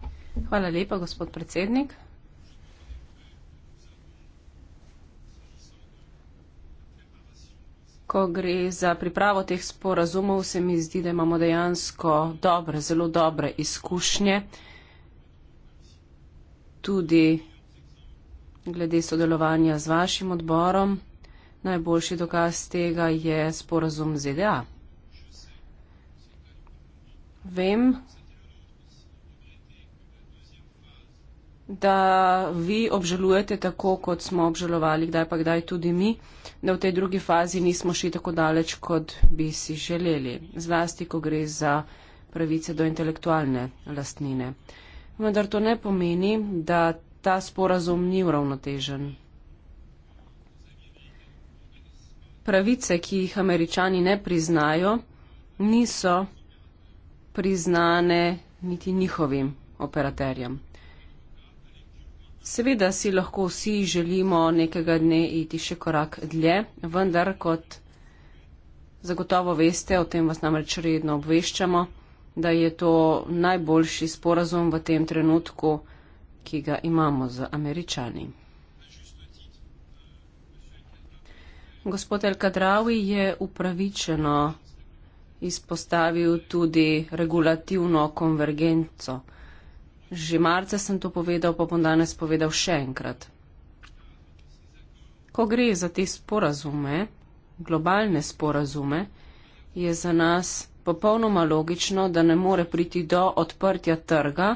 Hvala lepa, gospod predsednik. Ko gre za pripravo teh sporazumov, se mi zdi, da imamo dejansko dobre, zelo dobre izkušnje, tudi glede sodelovanja z vašim odborom. Najboljši dokaz tega je sporazum ZDA. Vem, da vi obžalujete tako, kot smo obžalovali, kdaj pa kdaj tudi mi, da v tej drugi fazi nismo šli tako daleč, kot bi si želeli, zlasti, ko gre za pravice do intelektualne lastnine. Vendar to ne pomeni, da ta sporazum ni uravnotežen. Pravice, ki jih američani ne priznajo, niso priznane niti njihovim operaterjem. Seveda si lahko vsi želimo nekega dne iti še korak dlje, vendar kot zagotovo veste, o tem vas namreč redno obveščamo, da je to najboljši sporazum v tem trenutku, ki ga imamo z američani. Gospod El Kadravi je upravičeno izpostavil tudi regulativno konvergenco. Že marca sem to povedal, pa bom danes povedal še enkrat. Ko gre za te sporazume, globalne sporazume, je za nas popolnoma logično, da ne more priti do odprtja trga,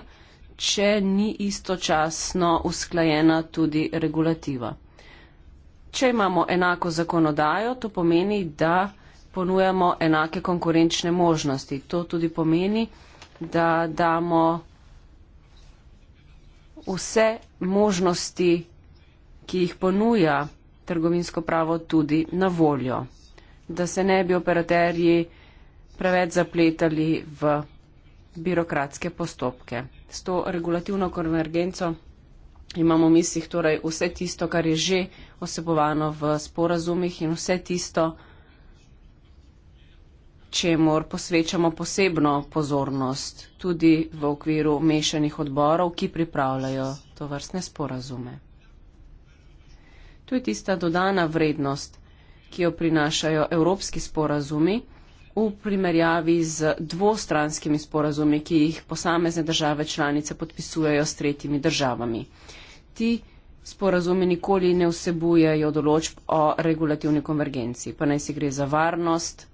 če ni istočasno usklajena tudi regulativa. Če imamo enako zakonodajo, to pomeni, da ponujamo enake konkurenčne možnosti. To tudi pomeni, da damo vse možnosti, ki jih ponuja trgovinsko pravo, tudi na voljo, da se ne bi operaterji preveč zapletali v birokratske postopke. S to regulativno konvergenco imamo v mislih torej vse tisto, kar je že osebovano v sporazumih in vse tisto, kar je že osebovano v sporazumih čemor posvečamo posebno pozornost tudi v okviru mešanih odborov, ki pripravljajo to vrstne sporazume. To je tista dodana vrednost, ki jo prinašajo evropski sporazumi v primerjavi z dvostranskimi sporazumi, ki jih posamezne države članice podpisujejo s tretjimi državami. Ti sporazumi nikoli ne vsebujejo določb o regulativni konvergenci, pa naj si gre za varnost,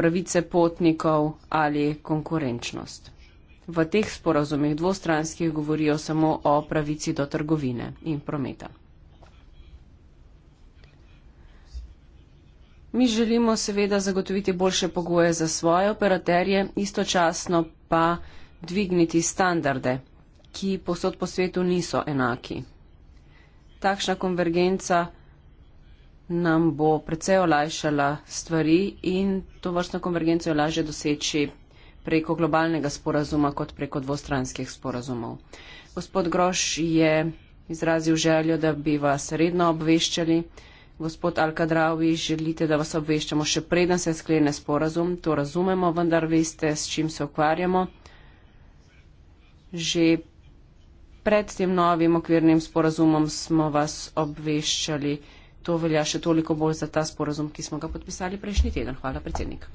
pravice potnikov ali konkurenčnost. V teh sporazumih dvostranskih govorijo samo o pravici do trgovine in prometa. Mi želimo seveda zagotoviti boljše pogoje za svoje operaterje, istočasno pa dvigniti standarde, ki posod po svetu niso enaki. Takšna konvergenca nam bo precej olajšala stvari in to vrstno konvergencijo lažje doseči preko globalnega sporazuma kot preko dvostranskih sporazumov. Gospod Groš je izrazil željo, da bi vas redno obveščali. Gospod Alkadravi, želite, da vas obveščamo še preden se sklene sporazum. To razumemo, vendar veste, s čim se ukvarjamo. Že pred tem novim okvirnim sporazumom smo vas obveščali to velja še toliko bolj za ta sporozum, ki smo ga podpisali prejšnji teden. Hvala, predsednik.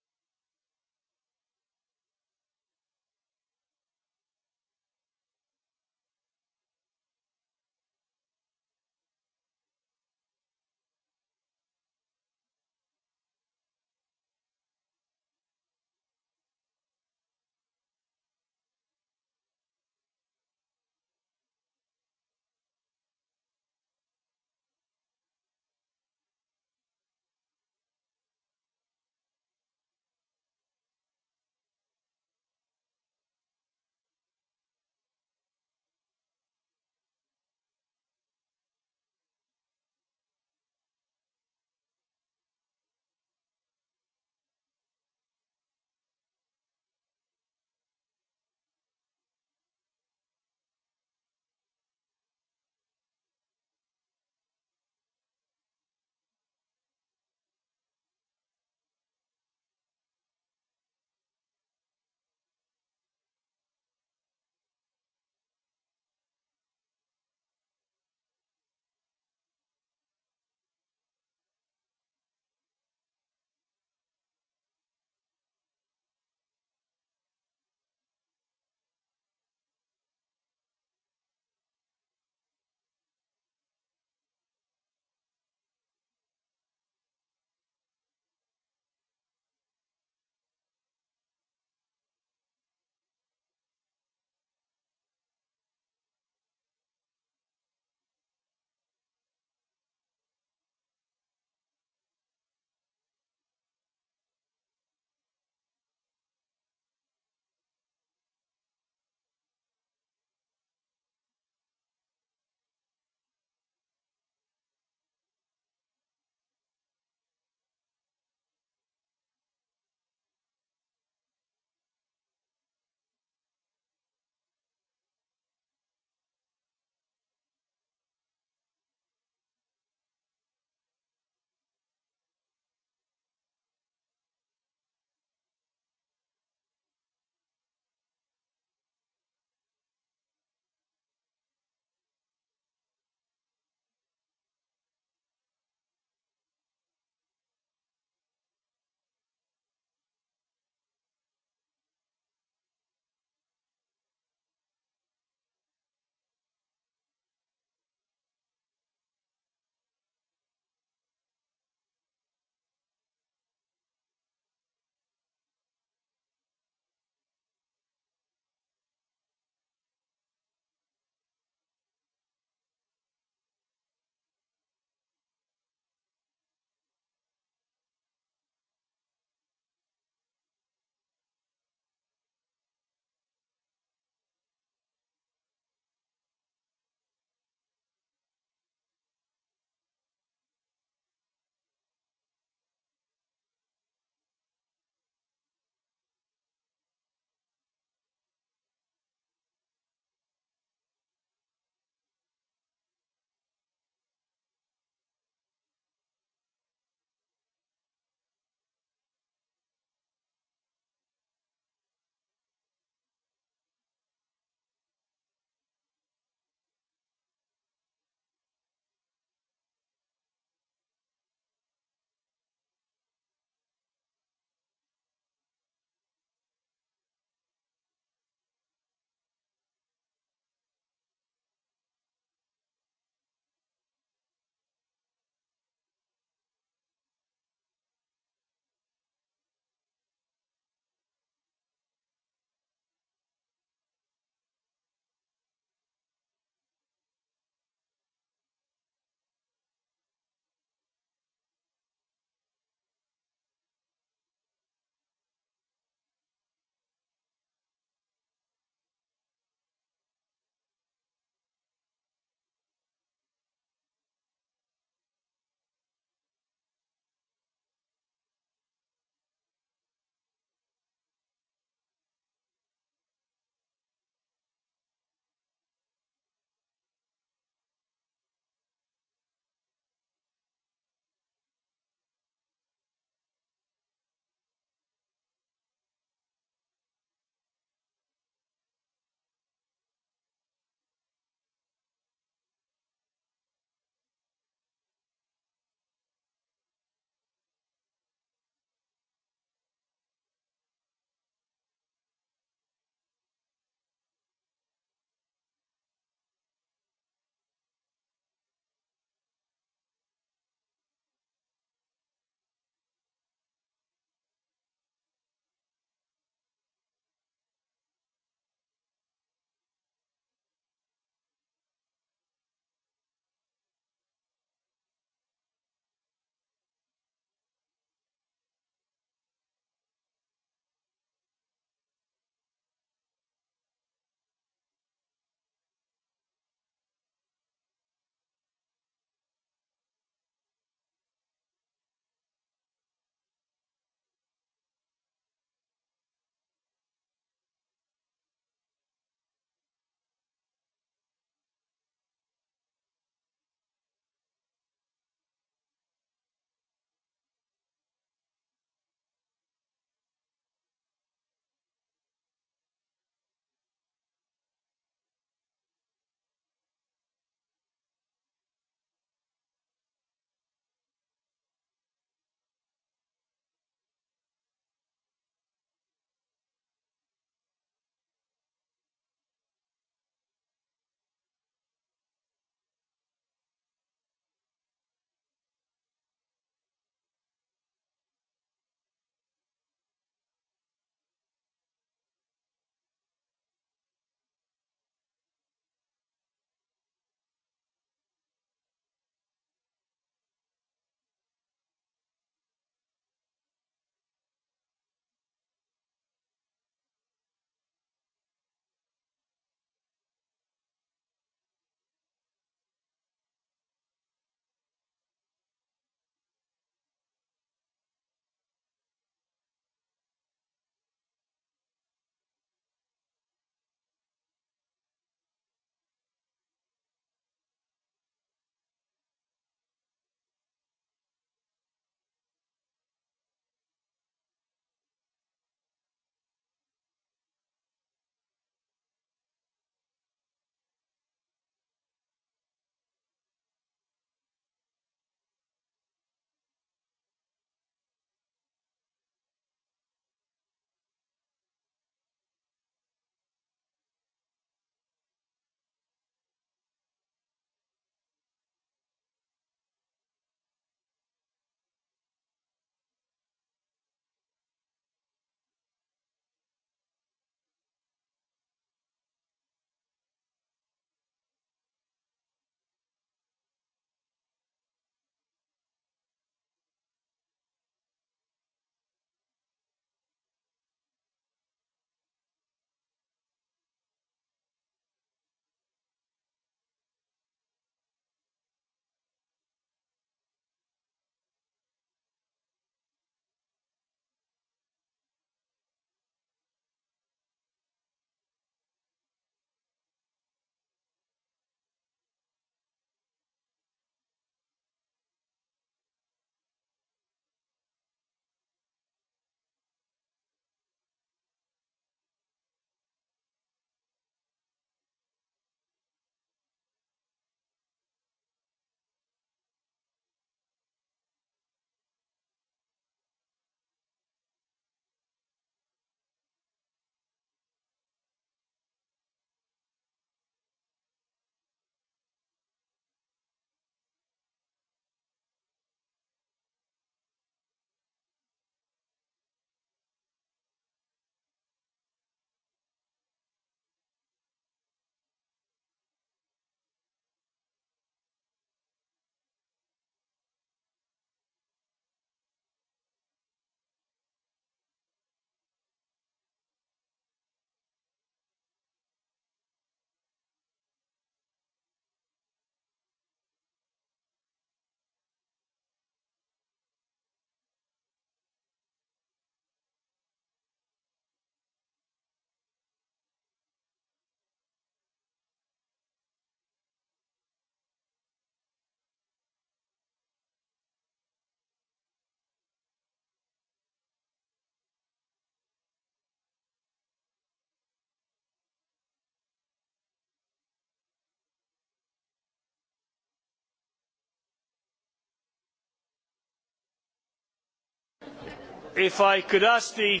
if I could ask the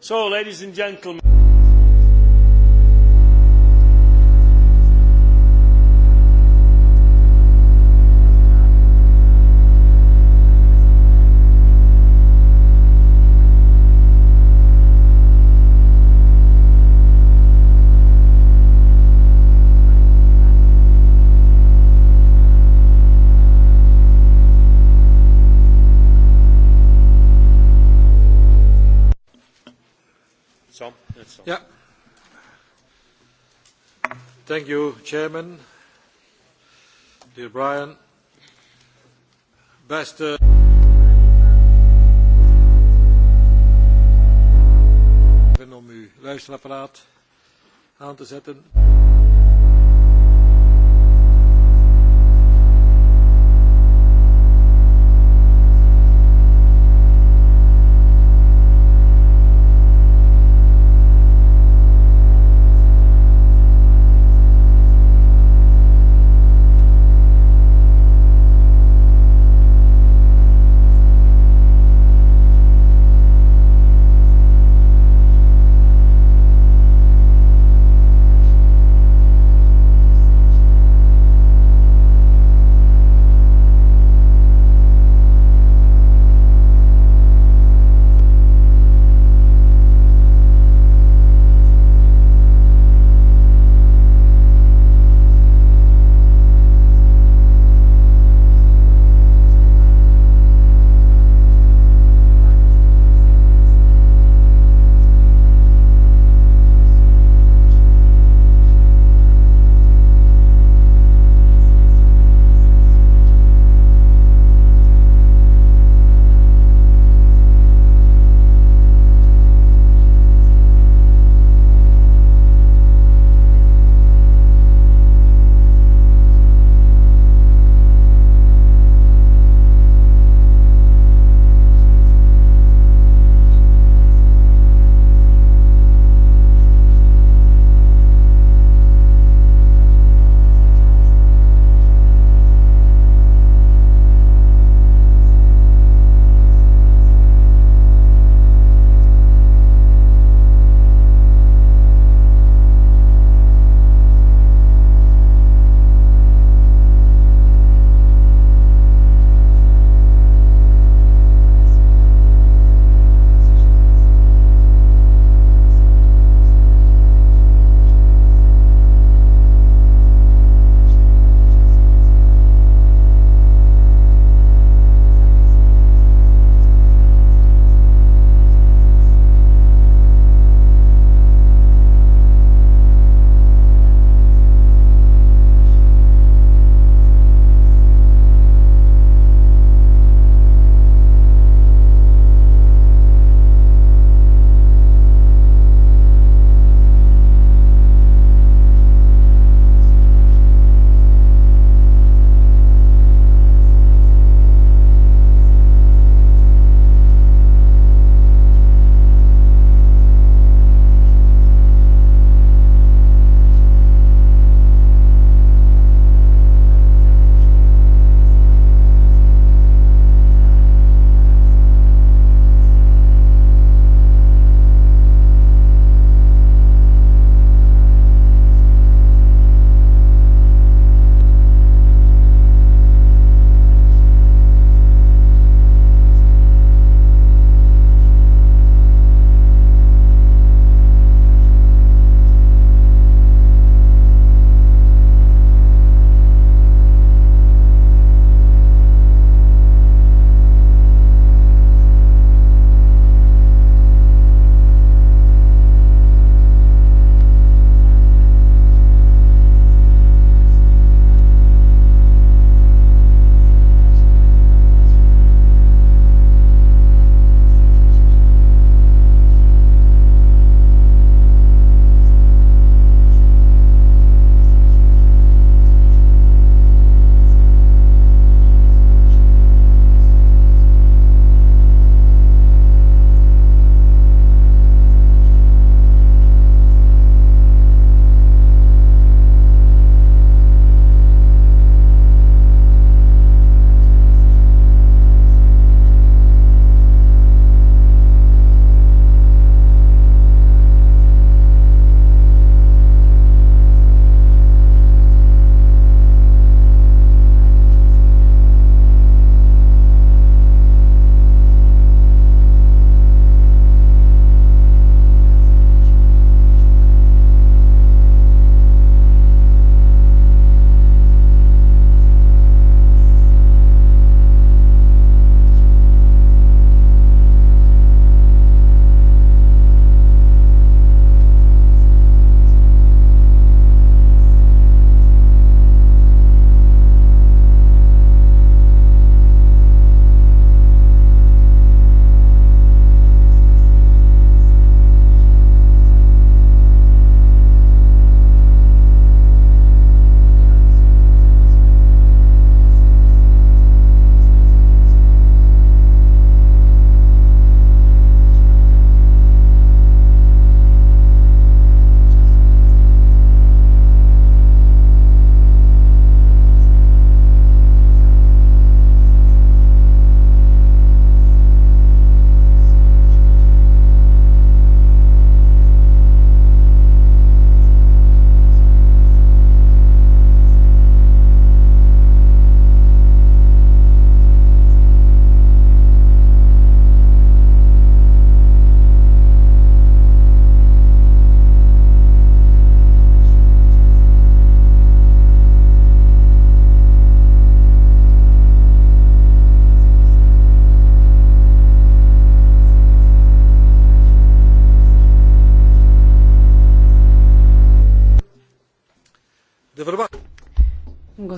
So, ladies and gentlemen. you, Chairman. Dear Brian. Beste. Uh, Even om uw luisterapparaat aan te zetten.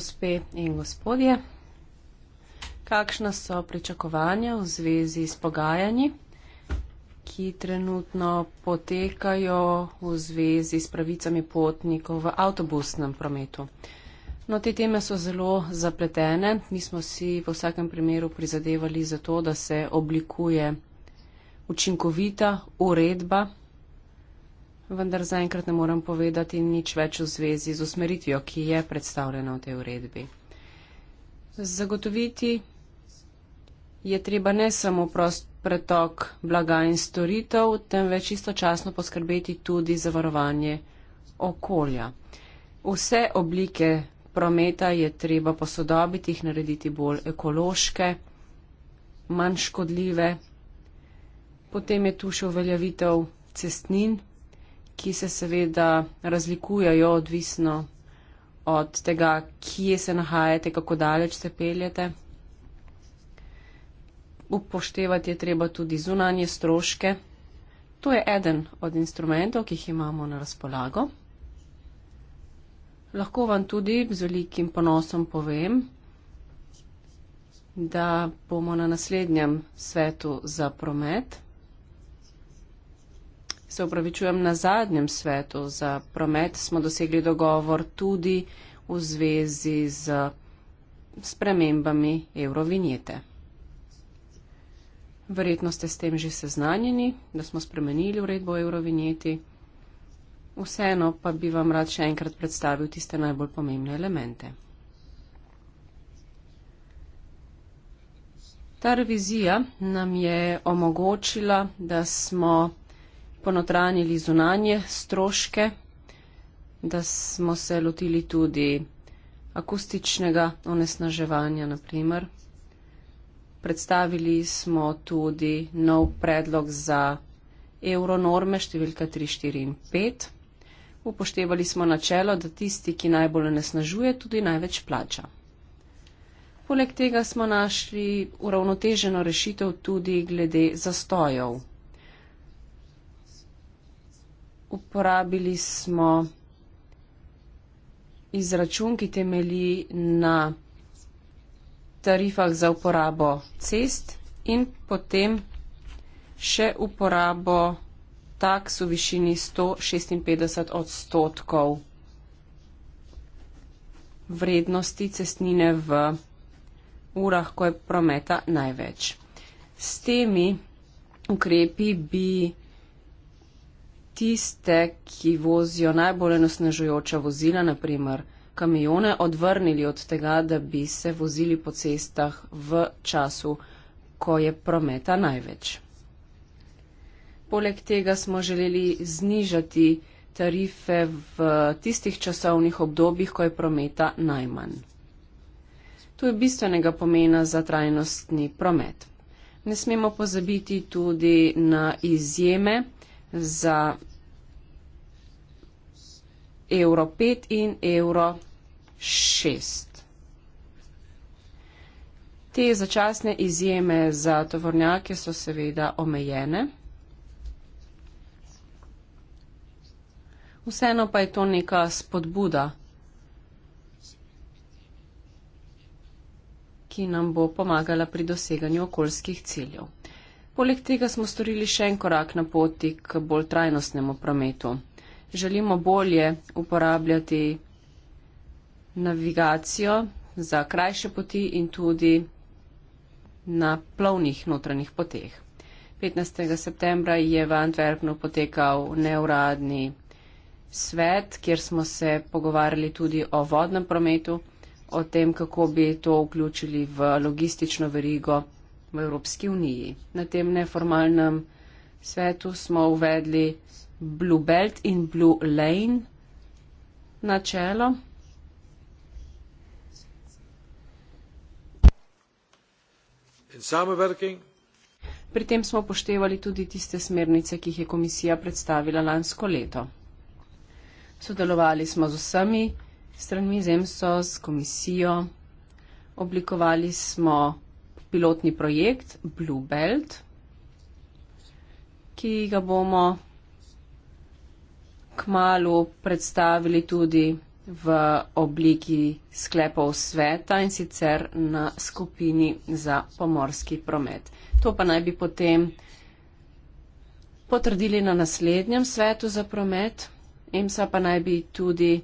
gospe in gospodje, kakšna so pričakovanja v zvezi s pogajanji, ki trenutno potekajo v zvezi s pravicami potnikov v avtobusnem prometu? No, te teme so zelo zapletene. Mi smo si v vsakem primeru prizadevali za to, da se oblikuje učinkovita uredba vendar zaenkrat ne morem povedati nič več v zvezi z usmeritvijo, ki je predstavljena v tej uredbi. Zagotoviti je treba ne samo prost pretok blaga in storitev, temveč istočasno poskrbeti tudi za varovanje okolja. Vse oblike prometa je treba posodobiti, jih narediti bolj ekološke, manj škodljive. Potem je tu še uveljavitev cestnin, ki se seveda razlikujejo odvisno od tega, kje se nahajate, kako daleč se peljete. Upoštevati je treba tudi zunanje stroške. To je eden od instrumentov, ki jih imamo na razpolago. Lahko vam tudi z velikim ponosom povem, da bomo na naslednjem svetu za promet Se upravičujem, na zadnjem svetu za promet smo dosegli dogovor tudi v zvezi z spremembami eurovinjete. Verjetno ste s tem že seznanjeni, da smo spremenili uredbo o eurovinjeti. Vseeno pa bi vam rad še enkrat predstavil tiste najbolj pomembne elemente. Ta revizija nam je omogočila, da smo ponotranili zunanje stroške, da smo se lotili tudi akustičnega onesnaževanja, naprimer. Predstavili smo tudi nov predlog za euronorme številka 3, 4 in 5. Upoštevali smo načelo, da tisti, ki najbolj onesnažuje, tudi največ plača. Poleg tega smo našli uravnoteženo rešitev tudi glede zastojev uporabili smo izračun, ki temelji na tarifah za uporabo cest in potem še uporabo taks v višini 156 odstotkov vrednosti cestnine v urah, ko je prometa največ. S temi ukrepi bi tiste, ki vozijo najbolj nasnežujoča vozila, naprimer kamione, odvrnili od tega, da bi se vozili po cestah v času, ko je prometa največ. Poleg tega smo želeli znižati tarife v tistih časovnih obdobjih, ko je prometa najmanj. To je bistvenega pomena za trajnostni promet. Ne smemo pozabiti tudi na izjeme za evro 5 in evro 6. Te začasne izjeme za tovornjake so seveda omejene. Vseeno pa je to neka spodbuda, ki nam bo pomagala pri doseganju okoljskih ciljev. Poleg tega smo storili še en korak na poti k bolj trajnostnemu prometu želimo bolje uporabljati navigacijo za krajše poti in tudi na plovnih notranjih poteh. 15. septembra je v Antwerpnu potekal neuradni svet, kjer smo se pogovarjali tudi o vodnem prometu, o tem, kako bi to vključili v logistično verigo v Evropski uniji. Na tem neformalnem svetu smo uvedli Blue Belt in Blue Lane na čelo. Pri tem smo poštevali tudi tiste smernice, ki jih je komisija predstavila lansko leto. Sodelovali smo z vsemi stranmi zemstva, s komisijo, oblikovali smo pilotni projekt Blue Belt, ki ga bomo kmalo predstavili tudi v obliki sklepov sveta in sicer na skupini za pomorski promet. To pa naj bi potem potrdili na naslednjem svetu za promet. EMSA pa naj bi tudi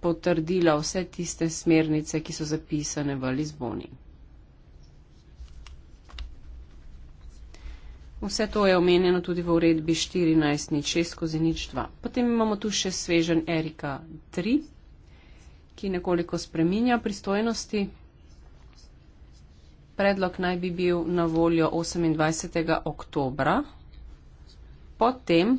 potrdila vse tiste smernice, ki so zapisane v Lizboni. Vse to je omenjeno tudi v uredbi 14.06.02. Potem imamo tu še svežen Erika 3, ki nekoliko spreminja pristojnosti. Predlog naj bi bil na voljo 28. oktobra, potem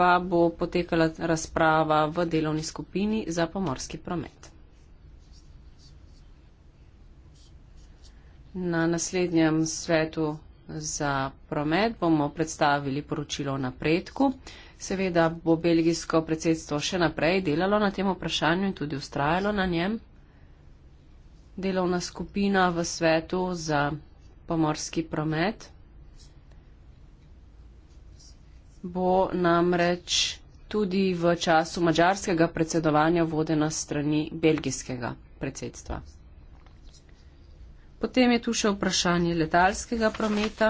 pa bo potekala razprava v delovni skupini za pomorski promet. Na naslednjem svetu za promet bomo predstavili poročilo o napredku. Seveda bo belgijsko predsedstvo še naprej delalo na tem vprašanju in tudi ustrajalo na njem. Delovna skupina v svetu za pomorski promet bo namreč tudi v času mađarskega predsedovanja vodena strani belgijskega predsedstva. Potem je tu še vprašanje letalskega prometa.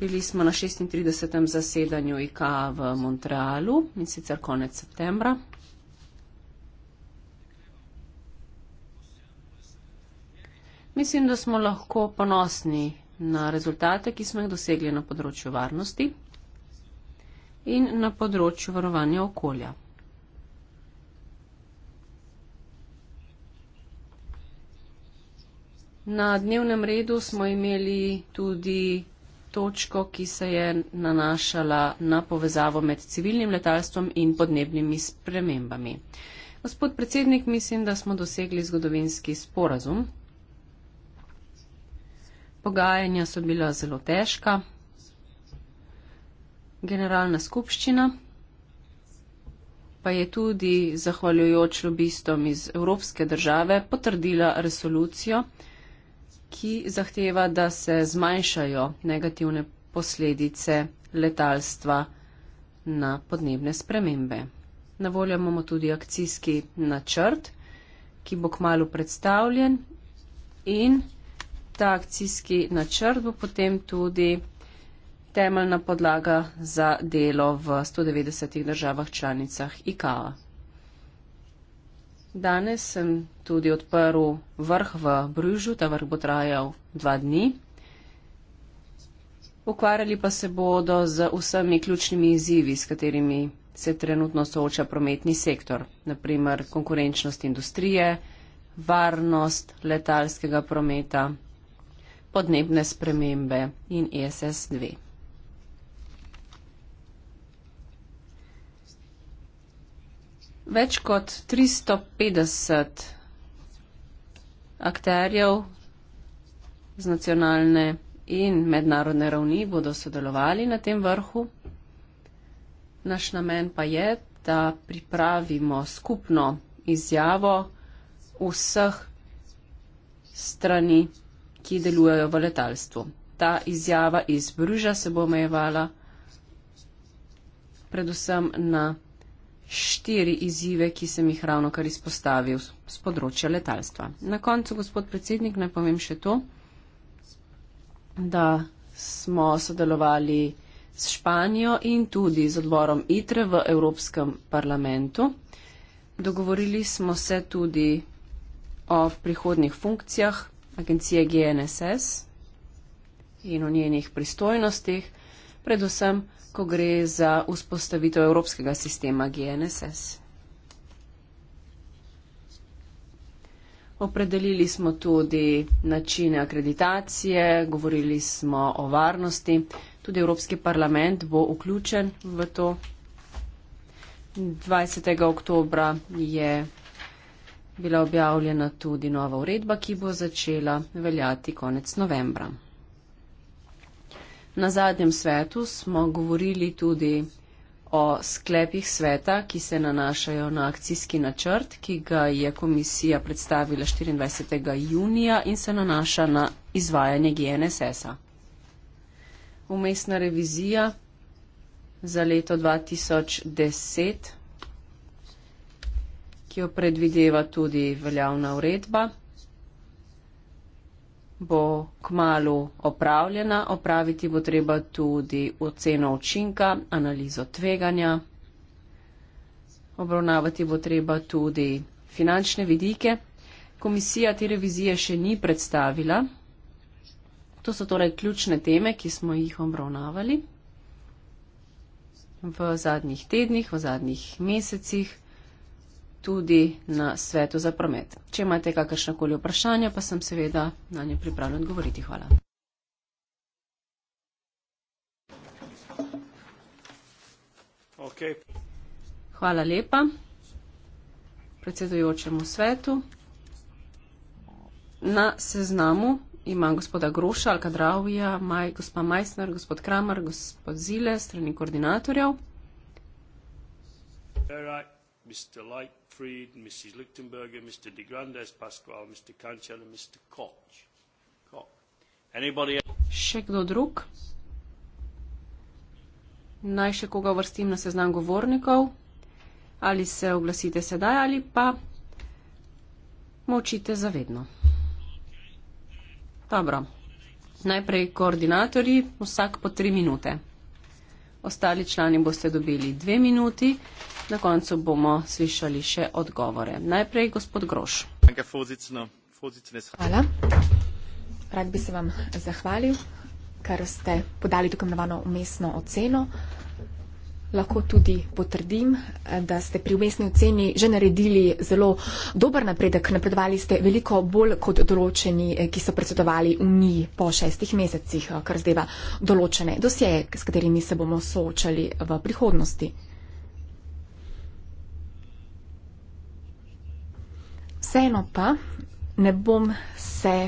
Bili smo na 36. zasedanju IKA v Montrealu in sicer konec septembra. Mislim, da smo lahko ponosni na rezultate, ki smo jih dosegli na področju varnosti in na področju varovanja okolja. Na dnevnem redu smo imeli tudi točko, ki se je nanašala na povezavo med civilnim letalstvom in podnebnimi spremembami. Gospod predsednik, mislim, da smo dosegli zgodovinski sporazum. Pogajanja so bila zelo težka. Generalna skupščina pa je tudi zahvaljujoč lobistom iz Evropske države potrdila resolucijo, ki zahteva, da se zmanjšajo negativne posledice letalstva na podnebne spremembe. Na voljo imamo tudi akcijski načrt, ki bo kmalo predstavljen in ta akcijski načrt bo potem tudi temeljna podlaga za delo v 190 državah članicah IKAA. Danes sem tudi odprl vrh v Bružu, ta vrh bo trajal dva dni. Ukvarjali pa se bodo z vsemi ključnimi izzivi, s katerimi se trenutno sooča prometni sektor, naprimer konkurenčnost industrije, varnost letalskega prometa, podnebne spremembe in ISS e 2. več kot 350 akterjev z nacionalne in mednarodne ravni bodo sodelovali na tem vrhu. Naš namen pa je, da pripravimo skupno izjavo vseh strani, ki delujejo v letalstvu. Ta izjava iz Bruža se bo omejevala predvsem na štiri izzive, ki sem jih ravno kar izpostavil z področja letalstva. Na koncu, gospod predsednik, naj povem še to, da smo sodelovali s Španijo in tudi z odborom ITRE v Evropskem parlamentu. Dogovorili smo se tudi o prihodnih funkcijah agencije GNSS in o njenih pristojnostih, predvsem ko gre za vzpostavitev evropskega sistema GNSS. Opredelili smo tudi načine akreditacije, govorili smo o varnosti. Tudi Evropski parlament bo vključen v to. 20. oktobra je bila objavljena tudi nova uredba, ki bo začela veljati konec novembra. Na zadnjem svetu smo govorili tudi o sklepih sveta, ki se nanašajo na akcijski načrt, ki ga je komisija predstavila 24. junija in se nanaša na izvajanje GNSS-a. Umestna revizija za leto 2010, ki jo predvideva tudi veljavna uredba bo kmalo opravljena. Opraviti bo treba tudi oceno učinka, analizo tveganja. Obravnavati bo treba tudi finančne vidike. Komisija te revizije še ni predstavila. To so torej ključne teme, ki smo jih obravnavali v zadnjih tednih, v zadnjih mesecih tudi na svetu za promet. Če imate kakršnakoli vprašanja, pa sem seveda na nje pripravljen odgovoriti. Hvala. Okay. Hvala lepa predsedujočemu svetu. Na seznamu ima gospoda Groša, Alkadravija, Maj, gospa Majsner, gospod Kramer, gospod Zile, strani koordinatorjev. Right, Fried, Mrs. Lichtenberger, Mr. de Grandes Pascual, Mr. Cancel, and Mr. Koch. Koch. Anybody else? Naj še koga vrstim na seznam govornikov, ali se oglasite sedaj ali pa močite zavedno. Dobro. Najprej koordinatorji, vsak po tri minute ostali člani boste dobili dve minuti. Na koncu bomo slišali še odgovore. Najprej gospod Groš. Hvala. Rad bi se vam zahvalil, ker ste podali tako imenovano umestno oceno lahko tudi potrdim, da ste pri umestni oceni že naredili zelo dober napredek. Napredovali ste veliko bolj kot določeni, eh, ki so predsedovali Uniji po šestih mesecih, eh, kar zdeva določene dosjeje, s katerimi se bomo soočali v prihodnosti. Vseeno pa ne bom se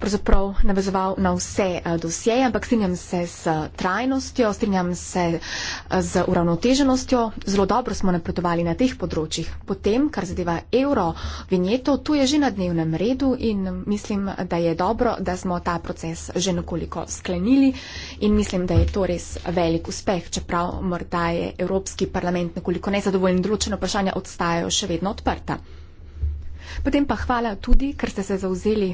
pravzaprav navezoval na vse eh, dosjeje, ampak strinjam se s eh, trajnostjo, strinjam se eh, z uravnoteženostjo. Zelo dobro smo napredovali na teh področjih. Potem, kar zadeva evro, vinjeto, tu je že na dnevnem redu in mislim, da je dobro, da smo ta proces že nekoliko sklenili in mislim, da je to res velik uspeh, čeprav morda je Evropski parlament nekoliko nezadovoljen, določene vprašanja odstajajo še vedno odprta. Potem pa hvala tudi, ker ste se zauzeli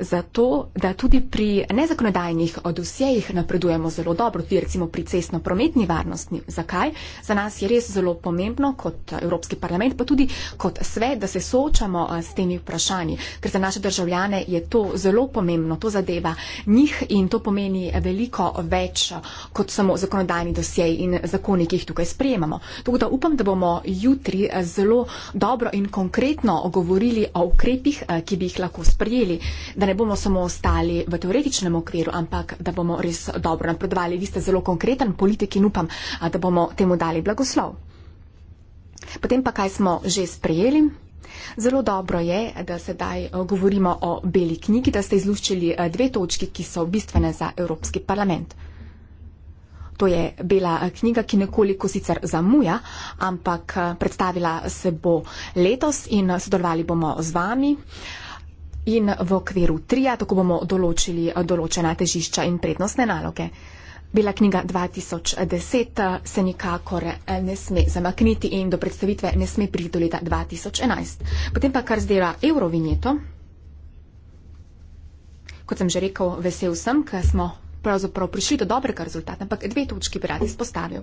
zato, da tudi pri nezakonodajnih odusejih napredujemo zelo dobro, tudi recimo pri cestno-prometni varnosti. Zakaj? Za nas je res zelo pomembno kot Evropski parlament, pa tudi kot svet, da se soočamo s temi vprašanji, ker za naše državljane je to zelo pomembno, to zadeva njih in to pomeni veliko več kot samo zakonodajni dosej in zakoni, ki jih tukaj sprejemamo. Tako da upam, da bomo jutri zelo dobro in konkretno govorili o ukrepih, ki bi jih lahko sprejeli, da ne bomo samo ostali v teoretičnem okviru, ampak da bomo res dobro napredovali. Vi ste zelo konkreten politik in upam, da bomo temu dali blagoslov. Potem pa kaj smo že sprejeli? Zelo dobro je, da sedaj eh, govorimo o beli knjigi, da ste izluščili eh, dve točki, ki so bistvene za Evropski parlament. To je bela eh, knjiga, ki nekoliko sicer zamuja, ampak predstavila se bo letos in sodelovali bomo z vami. Uh, in v okviru trija, tako bomo določili eh, določena težišča in prednostne naloge. Bela knjiga 2010 eh, se nikakor eh, ne sme zamakniti in do predstavitve ne sme priti do leta 2011. Potem pa kar zdela eurovinjeto. Kot sem že rekel, vesel sem, ker smo pravzaprav prišli do dobrega rezultata, ampak dve točki bi rad izpostavil.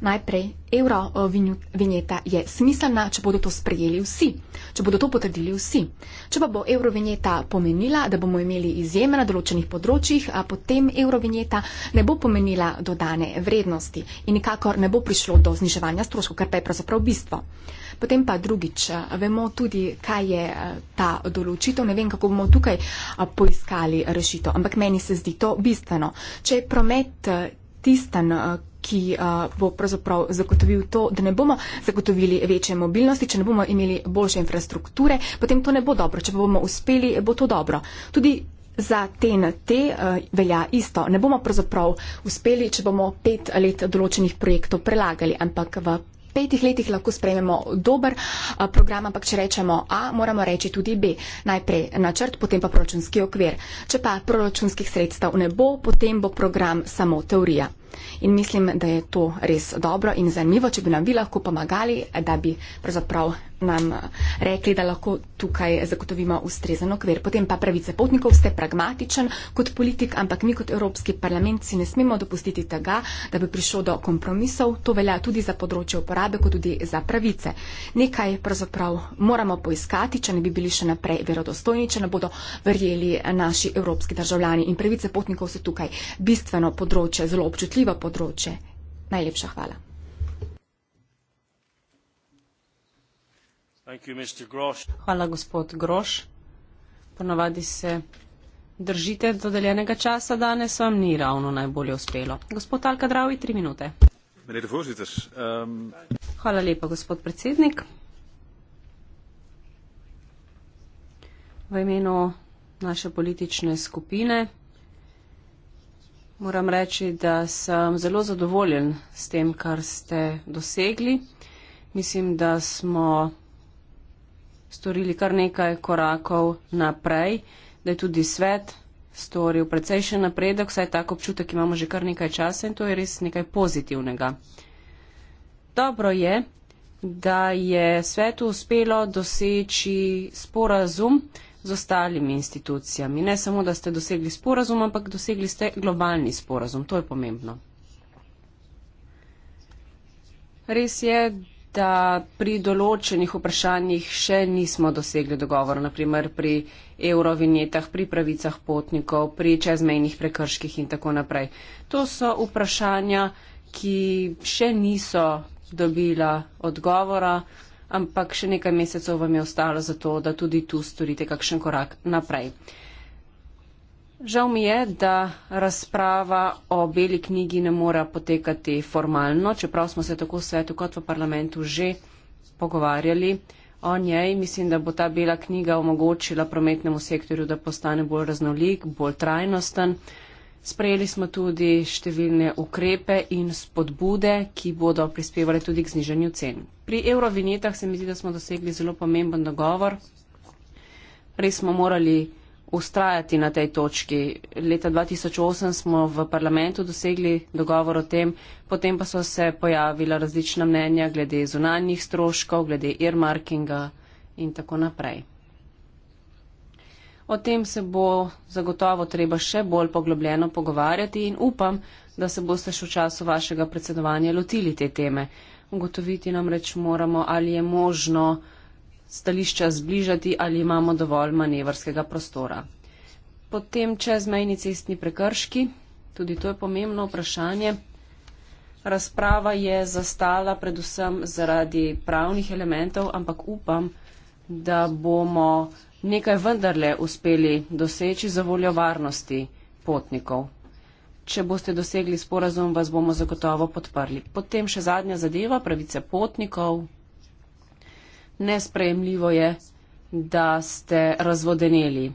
Najprej, evro eh, vinjeta je smiselna, če bodo to sprejeli vsi, če bodo to potrdili vsi. Če pa bo evro vinjeta pomenila, da bomo imeli izjeme na določenih področjih, potem evro vinjeta ne bo pomenila dodane vrednosti in nikakor ne bo prišlo do zniževanja stroškov, kar pa je pravzaprav bistvo. Potem pa drugič, eh, vemo tudi, kaj je eh, ta določitev, ne vem, kako bomo tukaj poiskali rešitev, ampak meni se zdi to bistveno. Če je promet tisten, ki bo pravzaprav zagotovil to, da ne bomo zagotovili večje mobilnosti, če ne bomo imeli boljše infrastrukture, potem to ne bo dobro. Če bomo uspeli, bo to dobro. Tudi za TNT velja isto. Ne bomo pravzaprav uspeli, če bomo pet let določenih projektov prelagali, ampak v petih letih lahko sprejmemo dober program, ampak če rečemo A, moramo reči tudi B. Najprej načrt, potem pa proračunski okvir. Če pa proračunskih sredstev ne bo, potem bo program samo teorija in mislim, da je to res dobro in zanimivo, če bi nam vi lahko pomagali, da bi pravzaprav nam eh, rekli, da lahko tukaj zagotovimo ustrezen okvir. Potem pa pravice potnikov, ste pragmatičen kot politik, ampak mi kot Evropski parlament si ne smemo dopustiti tega, da bi prišlo do kompromisov. To velja tudi za področje uporabe, kot tudi za pravice. Nekaj pravzaprav moramo poiskati, če ne bi bili še naprej verodostojni, če ne bodo verjeli naši evropski državljani. In pravice potnikov so tukaj bistveno področje, zelo občutljivo področje. Najlepša hvala. Hvala, gospod Groš. Ponavadi se držite dodeljenega časa, danes vam ni ravno najbolje uspelo. Gospod Alka Dravi, tri minute. Ehm, Hvala lepa, gospod predsednik. V imenu naše politične skupine moram reči, da sem zelo zadovoljen s tem, kar ste dosegli. Mislim, da smo storili kar nekaj korakov naprej, da je tudi svet storil precejšen napredek, saj tako občutek imamo že kar nekaj časa in to je res nekaj pozitivnega. Dobro je, da je svetu uspelo doseči sporazum z ostalimi institucijami. Ne samo, da ste dosegli sporazum, ampak dosegli ste globalni sporazum. To je pomembno. Res je, da pri določenih vprašanjih še nismo dosegli dogovora, naprimer pri eurovinjetah, pri pravicah potnikov, pri čezmejnih prekrških in tako naprej. To so vprašanja, ki še niso dobila odgovora, ampak še nekaj mesecev vam je ostalo za to, da tudi tu storite kakšen korak naprej. Žal mi je, da razprava o beli knjigi ne mora potekati formalno, čeprav smo se tako v svetu kot v parlamentu že pogovarjali o njej. Mislim, da bo ta bela knjiga omogočila prometnemu sektorju, da postane bolj raznolik, bolj trajnosten. Sprejeli smo tudi številne ukrepe in spodbude, ki bodo prispevali tudi k znižanju cen. Pri eurovinjetah se mi zdi, da smo dosegli zelo pomemben dogovor. Res smo morali ustrajati na tej točki. Leta 2008 smo v parlamentu dosegli dogovor o tem, potem pa so se pojavila različna mnenja glede zunanjih stroškov, glede earmarkinga in tako naprej. O tem se bo zagotovo treba še bolj poglobljeno pogovarjati in upam, da se boste še v času vašega predsedovanja lotili te teme. Ugotoviti namreč moramo, ali je možno stališča zbližati ali imamo dovolj manevrskega prostora. Potem čez mejni cestni prekrški, tudi to je pomembno vprašanje. Razprava je zastala predvsem zaradi pravnih elementov, ampak upam, da bomo nekaj vendarle uspeli doseči za voljo varnosti potnikov. Če boste dosegli sporazum, vas bomo zagotovo podprli. Potem še zadnja zadeva, pravice potnikov, nesprejemljivo je, da ste razvodeneli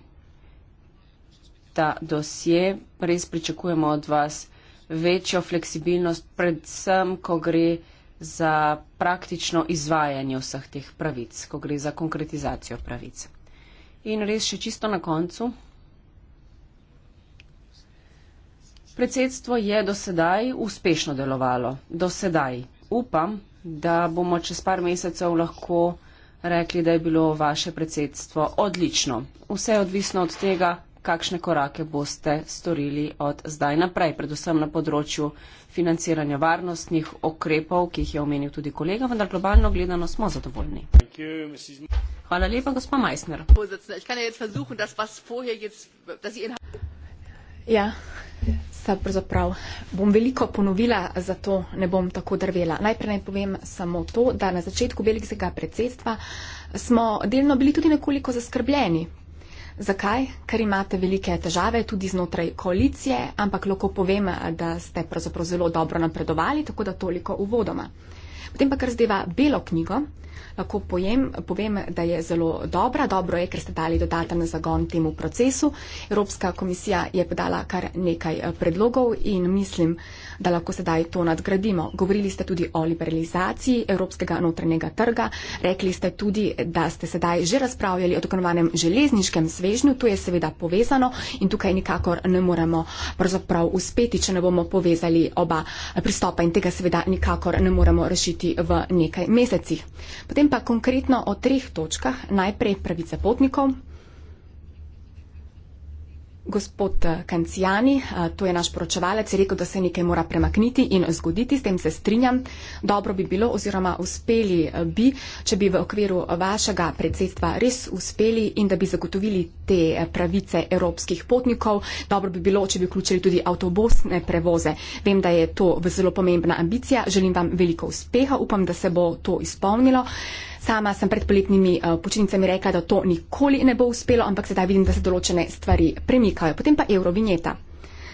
ta dosje. Res pričakujemo od vas večjo fleksibilnost, predvsem, ko gre za praktično izvajanje vseh teh pravic, ko gre za konkretizacijo pravic. In res še čisto na koncu. Predsedstvo je do sedaj uspešno delovalo. Do sedaj. Upam, da bomo čez par mesecev lahko rekli, da je bilo vaše predsedstvo odlično. Vse je odvisno od tega, kakšne korake boste storili od zdaj naprej, predvsem na področju financiranja varnostnih okrepov, ki jih je omenil tudi kolega, vendar globalno gledano smo zadovoljni. Hvala lepa, gospod Meissner. Ja, pravzaprav bom veliko ponovila, zato ne bom tako drvela. Najprej naj povem samo to, da na začetku belgijskega predsedstva smo delno bili tudi nekoliko zaskrbljeni. Zakaj? Ker imate velike težave tudi znotraj koalicije, ampak lahko povem, da ste pravzaprav zelo dobro napredovali, tako da toliko uvodoma. Potem pa kar zdeva belo knjigo, lahko pojem, povem, da je zelo dobra. Dobro je, ker ste dali dodaten zagon temu procesu. Evropska komisija je podala kar nekaj eh, predlogov in mislim, da lahko sedaj to nadgradimo. Govorili ste tudi o liberalizaciji evropskega notranjega trga, rekli ste tudi, da ste sedaj že razpravljali o tako imenovanem železniškem svežnju, to je seveda povezano in tukaj nikakor ne moremo pravzaprav uspeti, če ne bomo povezali oba pristopa in tega seveda nikakor ne moremo rešiti v nekaj mesecih. Potem pa konkretno o treh točkah, najprej pravice potnikov. Gospod eh, Kancijani, eh, to je naš poročevalec, je rekel, da se nekaj mora premakniti in zgoditi, s tem se strinjam. Dobro bi bilo oziroma uspeli eh, bi, če bi v okviru vašega predsedstva res uspeli in da bi zagotovili te pravice evropskih potnikov. Dobro bi bilo, če bi vključili tudi avtobusne prevoze. Vem, da je to zelo pomembna ambicija. Želim vam veliko uspeha, upam, da se bo to izpolnilo. Sama sem pred poletnimi eh, počitnicami rekla, da to nikoli ne bo uspelo, ampak sedaj vidim, da se določene stvari premikajo. Potem pa Eurovinjeta.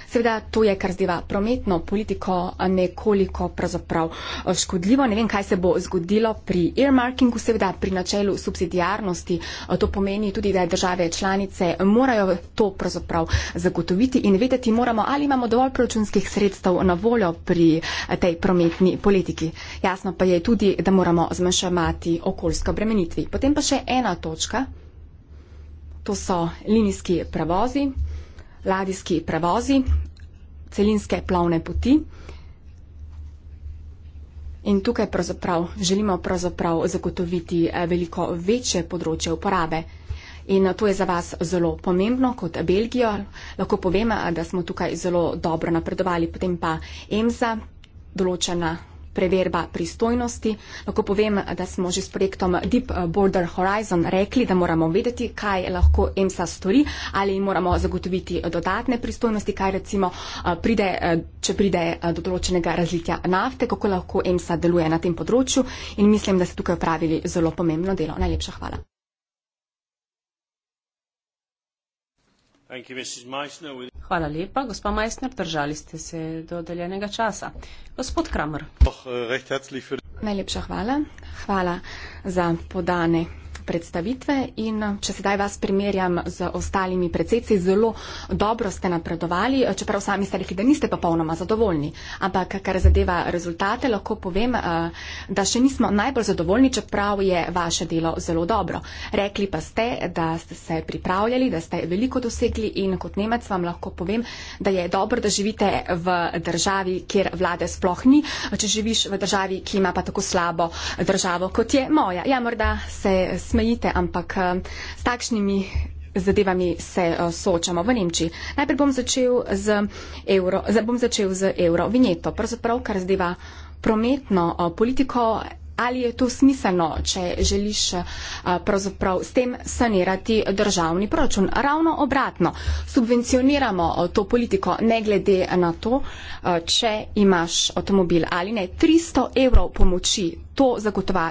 Seveda, to je, kar zdiva prometno politiko, nekoliko pravzaprav eh, škodljivo. Ne vem, kaj se bo zgodilo pri earmarkingu, seveda pri načelu subsidijarnosti. Eh, to pomeni tudi, da države članice morajo to pravzaprav zagotoviti in vedeti moramo, ali imamo dovolj proračunskih sredstev na voljo pri eh, tej prometni politiki. Jasno pa je tudi, da moramo zmanjšati okoljsko bremenitvi. Potem pa še ena točka. To so linijski prevozi ladijski prevozi, celinske plavne poti. In tukaj pravzaprav želimo pravzaprav zagotoviti eh, veliko večje področje uporabe. In eh, to je za vas zelo pomembno kot Belgijo. Lahko povem, eh, da smo tukaj zelo dobro napredovali. Potem pa EMSA, določena preverba pristojnosti. Lahko povem, da smo že s projektom Deep Border Horizon rekli, da moramo vedeti, kaj lahko EMSA stori ali moramo zagotoviti dodatne pristojnosti, kaj recimo eh, pride, eh, če pride eh, do določenega razlitja nafte, kako lahko EMSA deluje na tem področju in mislim, da ste tukaj opravili zelo pomembno delo. Najlepša hvala. Hvala lepa, gospa Majsner, držali ste se do deljenega časa. Gospod Kramer. Eh, Najlepša hvala. Hvala za podane predstavitve in če sedaj vas primerjam z ostalimi predsedci, zelo dobro ste napredovali, čeprav sami ste rekli, da niste popolnoma zadovoljni. Ampak kar zadeva rezultate, lahko povem, eh, da še nismo najbolj zadovoljni, čeprav je vaše delo zelo dobro. Rekli pa ste, da ste se pripravljali, da ste veliko dosegli in kot Nemec vam lahko povem, da je dobro, da živite v državi, kjer vlade sploh ni, če živiš v državi, ki ima pa tako slabo državo, kot je moja. Ja, morda se smejim smejite, ampak eh, s takšnimi zadevami se eh, soočamo v Nemčiji. Najprej bom začel z euro, bom začel z euro vinjeto, pravzaprav kar zadeva prometno eh, politiko ali je to smiselno, če želiš eh, pravzaprav s tem sanirati državni proračun. Ravno obratno, subvencioniramo eh, to politiko ne glede na to, eh, če imaš avtomobil ali ne. 300 evrov pomoči to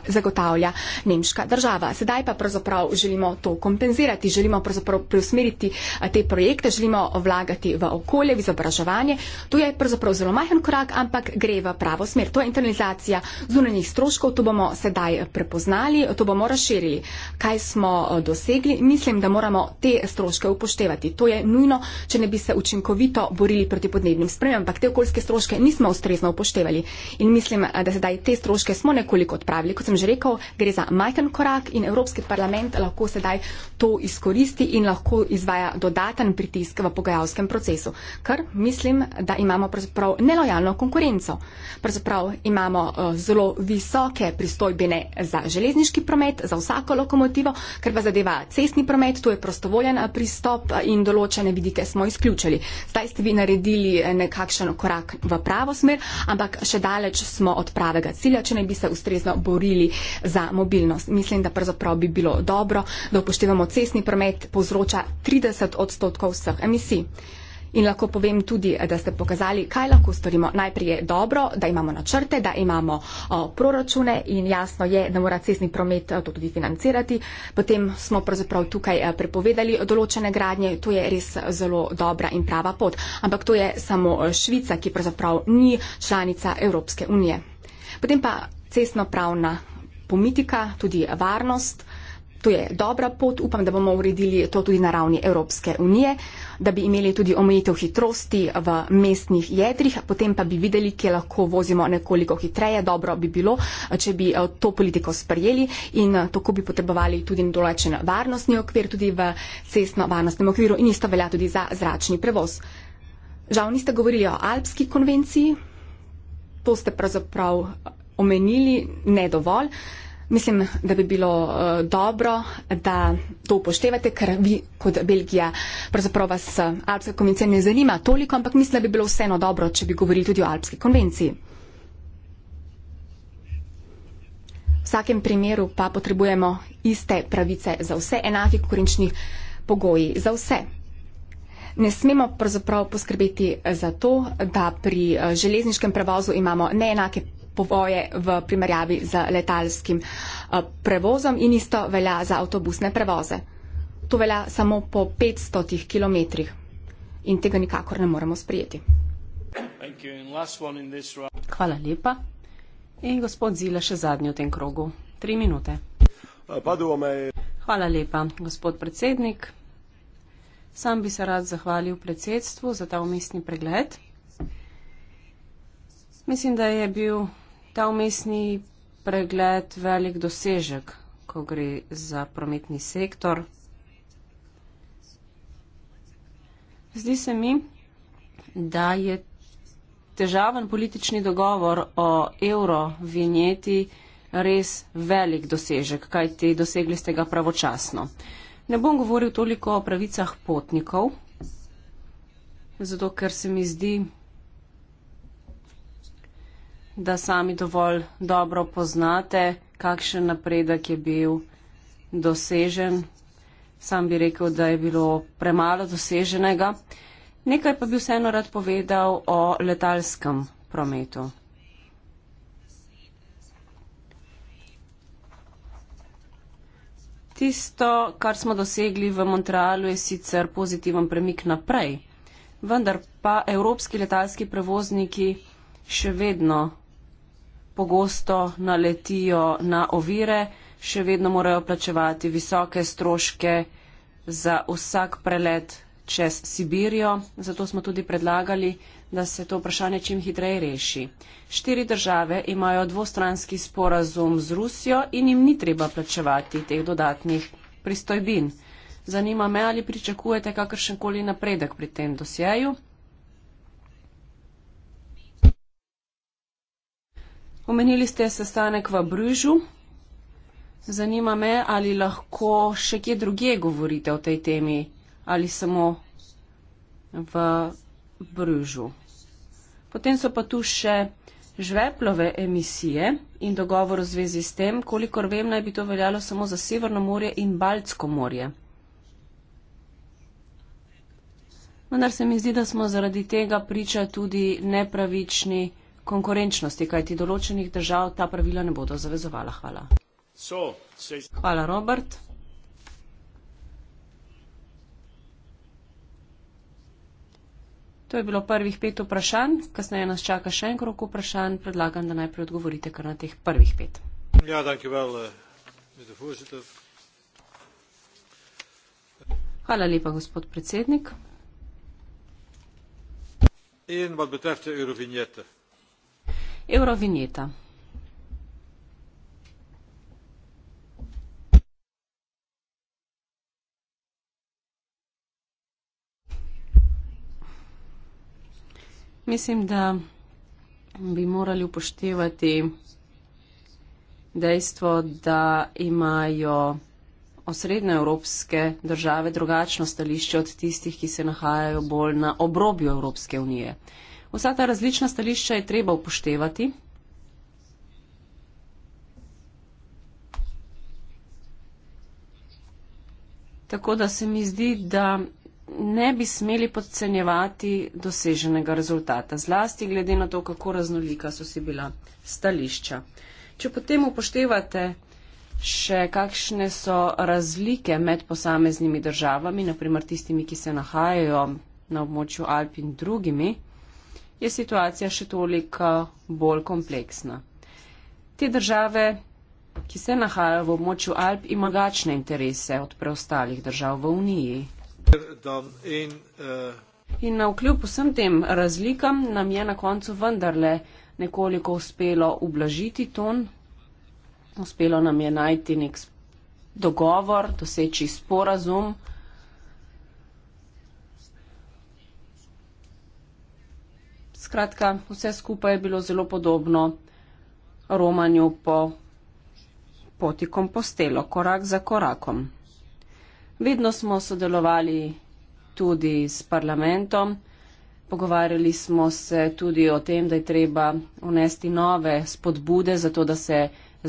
zagotavlja nemška država. Sedaj pa pravzaprav želimo to kompenzirati, želimo pravzaprav preusmeriti te projekte, želimo vlagati v okolje, v izobraževanje. To je pravzaprav zelo majhen korak, ampak gre v pravo smer. To je internalizacija zunanjih stroškov, to bomo sedaj prepoznali, to bomo razširili, kaj smo eh, dosegli. Mislim, da moramo te stroške upoštevati. To je nujno, če ne bi se učinkovito borili proti podnebnim spremembam, ampak te okoljske stroške nismo ustrezno upoštevali. In mislim, eh, da sedaj te stroške smo nekoliko odpravili. Kot sem že rekel, gre za majhen korak in Evropski parlament lahko sedaj to izkoristi in lahko izvaja dodaten pritisk v pogajalskem procesu. Kar mislim, da imamo pravzaprav nelojalno konkurenco. Pravzaprav imamo eh, zelo visoke vse pristojbene za železniški promet, za vsako lokomotivo, ker pa zadeva cestni promet, tu je prostovoljen eh, pristop eh, in določene vidike smo izključili. Zdaj ste vi naredili eh, nekakšen korak v pravo smer, ampak še daleč smo od pravega cilja, če ne bi se ustrezno borili za mobilnost. Mislim, da pravzaprav bi bilo dobro, da upoštevamo cestni promet, povzroča 30 odstotkov vseh emisij. In lahko povem tudi, da ste pokazali, kaj lahko storimo. Najprej je dobro, da imamo načrte, da imamo o, proračune in jasno je, da mora cestni promet o, to tudi financirati. Potem smo pravzaprav tukaj eh, prepovedali določene gradnje, to je res eh, zelo dobra in prava pot. Ampak to je samo eh, Švica, ki pravzaprav ni članica Evropske unije. Potem pa cestno pravna politika, tudi varnost. To je dobra pot, upam, da bomo uredili to tudi na ravni Evropske unije, da bi imeli tudi omejitev hitrosti v mestnih jedrih, potem pa bi videli, kje lahko vozimo nekoliko hitreje. Dobro bi bilo, če bi eh, to politiko sprejeli in eh, tako bi potrebovali tudi določen varnostni okvir, tudi v cestno-varnostnem okviru in isto velja tudi za zračni prevoz. Žal niste govorili o Alpski konvenciji, to ste pravzaprav eh, omenili, ne dovolj. Mislim, da bi bilo uh, dobro, da to upoštevate, ker vi kot Belgija, pravzaprav vas eh, Alpska konvencija ne zanima toliko, ampak mislim, da bi bilo vseeno dobro, če bi govorili tudi o Alpski konvenciji. V vsakem primeru pa potrebujemo iste pravice za vse, enaki konkurenčni pogoji za vse. Ne smemo pravzaprav poskrbeti za to, da pri eh, železniškem prevozu imamo neenake pravice pogoje v primerjavi z letalskim eh, prevozom in isto velja za avtobusne prevoze. To velja samo po 500 km in tega nikakor ne moremo sprijeti. Hvala lepa. In gospod Zile še zadnji v tem krogu. Tri minute. Hvala lepa, gospod predsednik. Sam bi se rad zahvalil predsedstvu za ta umestni pregled. Mislim, da je bil ta umestni pregled velik dosežek, ko gre za prometni sektor? Zdi se mi, da je težaven politični dogovor o evro vinjeti res velik dosežek, kajti dosegli ste ga pravočasno. Ne bom govoril toliko o pravicah potnikov, zato ker se mi zdi, da sami dovolj dobro poznate, kakšen napredek je bil dosežen. Sam bi rekel, da je bilo premalo doseženega. Nekaj pa bi vseeno rad povedal o letalskem prometu. Tisto, kar smo dosegli v Montrealu, je sicer pozitiven premik naprej, vendar pa evropski letalski prevozniki še vedno pogosto naletijo na ovire, še vedno morajo plačevati visoke stroške za vsak prelet čez Sibirijo. Zato smo tudi predlagali, da se to vprašanje čim hitreje reši. Štiri države imajo dvostranski sporazum z Rusijo in jim ni treba plačevati teh dodatnih pristojbin. Zanima me, ali pričakujete kakršenkoli napredek pri tem dosjeju. Omenili ste sestanek v Brižu. Zanima me, ali lahko še kje druge govorite o tej temi ali samo v Brižu. Potem so pa tu še žveplove emisije in dogovor v zvezi s tem, kolikor vem, naj bi to veljalo samo za Severno morje in Baltsko morje. Vendar se mi zdi, da smo zaradi tega priča tudi nepravični konkurenčnosti, kajti določenih držav ta pravila ne bodo zavezovala. Hvala. Hvala, Robert. To je bilo prvih pet vprašanj, kasneje nas čaka še en krok vprašanj, predlagam, da najprej odgovorite kar na teh prvih pet. Ja, well, uh, eh, Hvala lepa, gospod predsednik. In, Eurovinjeta. Mislim, da bi morali upoštevati dejstvo, da imajo osrednje evropske države drugačno stališče od tistih, ki se nahajajo bolj na obrobju Evropske unije. Vsa ta različna stališča je treba upoštevati. Tako da se mi zdi, da ne bi smeli podcenjevati doseženega rezultata, zlasti glede na to, kako raznolika so si bila stališča. Če potem upoštevate še, kakšne so razlike med posameznimi državami, naprimer tistimi, ki se nahajajo na območju Alp in drugimi, je situacija še toliko bolj kompleksna. Te države, ki se nahajajo v območju Alp, ima gačne interese od preostalih držav v Uniji. In na vkljub vsem tem razlikam nam je na koncu vendarle nekoliko uspelo ublažiti ton, uspelo nam je najti nek dogovor, doseči sporazum. Skratka, vse skupaj je bilo zelo podobno romanju po poti kompostelo, korak za korakom. Vedno smo sodelovali tudi s parlamentom, pogovarjali smo se tudi o tem, da je treba unesti nove spodbude za to, da se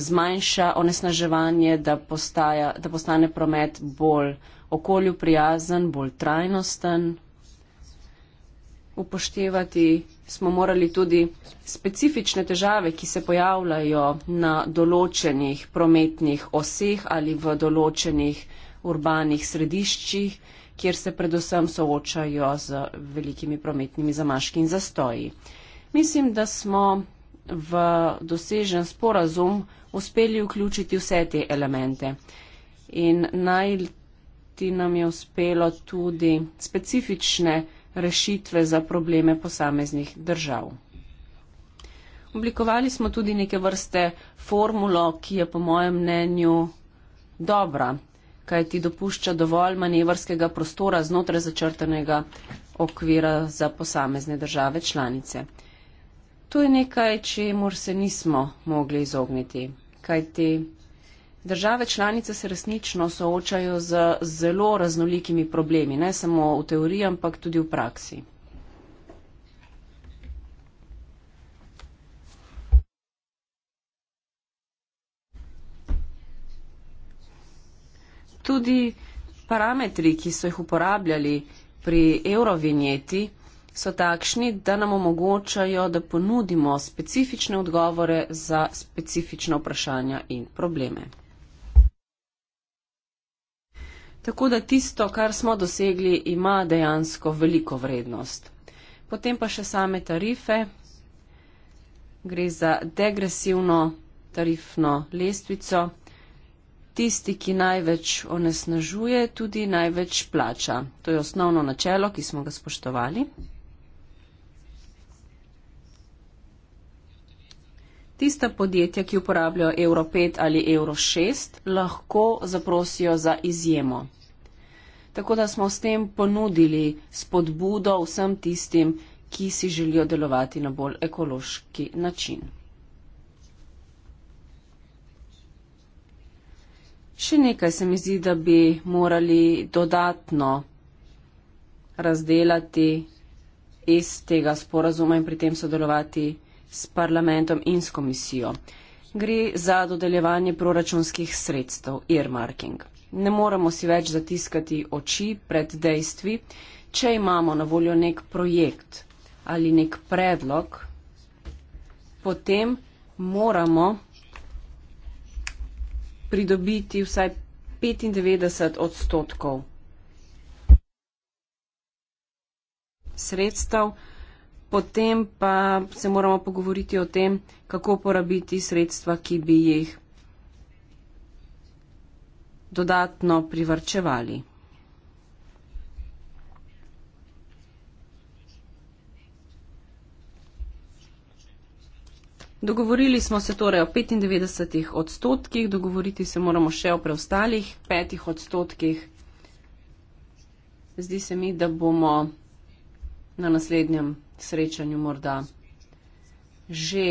zmanjša onesnaževanje, da, postaja, da postane promet bolj okolju prijazen, bolj trajnosten, upoštevati smo morali tudi specifične težave, ki se pojavljajo na določenih prometnih oseh ali v določenih urbanih središčih, kjer se predvsem soočajo z velikimi prometnimi zamaški in zastoji. Mislim, da smo v dosežen sporazum uspeli vključiti vse te elemente. In najti nam je uspelo tudi specifične rešitve za probleme posameznih držav. Oblikovali smo tudi neke vrste formulo, ki je po mojem mnenju dobra, kaj ti dopušča dovolj manevrskega prostora znotraj začrtanega okvira za posamezne države članice. To je nekaj, če mor se nismo mogli izogniti, kaj ti Države članice se resnično soočajo z zelo raznolikimi problemi, ne samo v teoriji, ampak tudi v praksi. Tudi parametri, ki so jih uporabljali pri eurovinjeti, so takšni, da nam omogočajo, da ponudimo specifične odgovore za specifične vprašanja in probleme. Tako da tisto, kar smo dosegli, ima dejansko veliko vrednost. Potem pa še same tarife. Gre za degresivno tarifno lestvico. Tisti, ki največ onesnažuje, tudi največ plača. To je osnovno načelo, ki smo ga spoštovali. Tista podjetja, ki uporabljajo Euro 5 ali Euro 6, lahko zaprosijo za izjemo. Tako da smo s tem ponudili spodbudo vsem tistim, ki si želijo delovati na bolj ekološki način. Še nekaj se mi zdi, da bi morali dodatno razdelati iz tega sporazuma in pri tem sodelovati s parlamentom in s komisijo. Gre za dodeljevanje proračunskih sredstev, earmarking. Ne moremo si več zatiskati oči pred dejstvi, če imamo na voljo nek projekt ali nek predlog, potem moramo pridobiti vsaj 95 odstotkov sredstev potem pa se moramo pogovoriti o tem, kako porabiti sredstva, ki bi jih dodatno privrčevali. Dogovorili smo se torej o 95 odstotkih, dogovoriti se moramo še o preostalih 5 odstotkih. Zdi se mi, da bomo na naslednjem srečanju morda že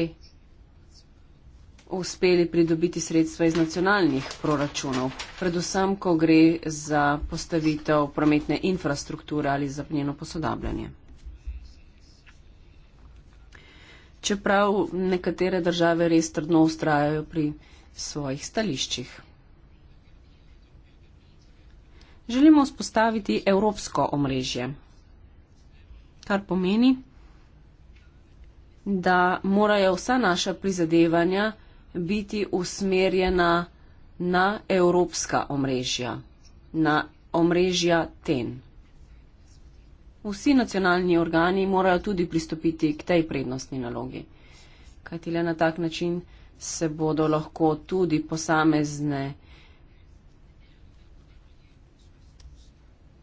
uspeli pridobiti sredstva iz nacionalnih proračunov, predvsem, ko gre za postavitev prometne infrastrukture ali za njeno posodabljanje. Čeprav nekatere države res trdno ustrajajo pri svojih stališčih. Želimo vzpostaviti evropsko omrežje kar pomeni, da morajo vsa naša prizadevanja biti usmerjena na evropska omrežja, na omrežja TEN. Vsi nacionalni organi morajo tudi pristopiti k tej prednostni nalogi, kajti le na tak način se bodo lahko tudi posamezne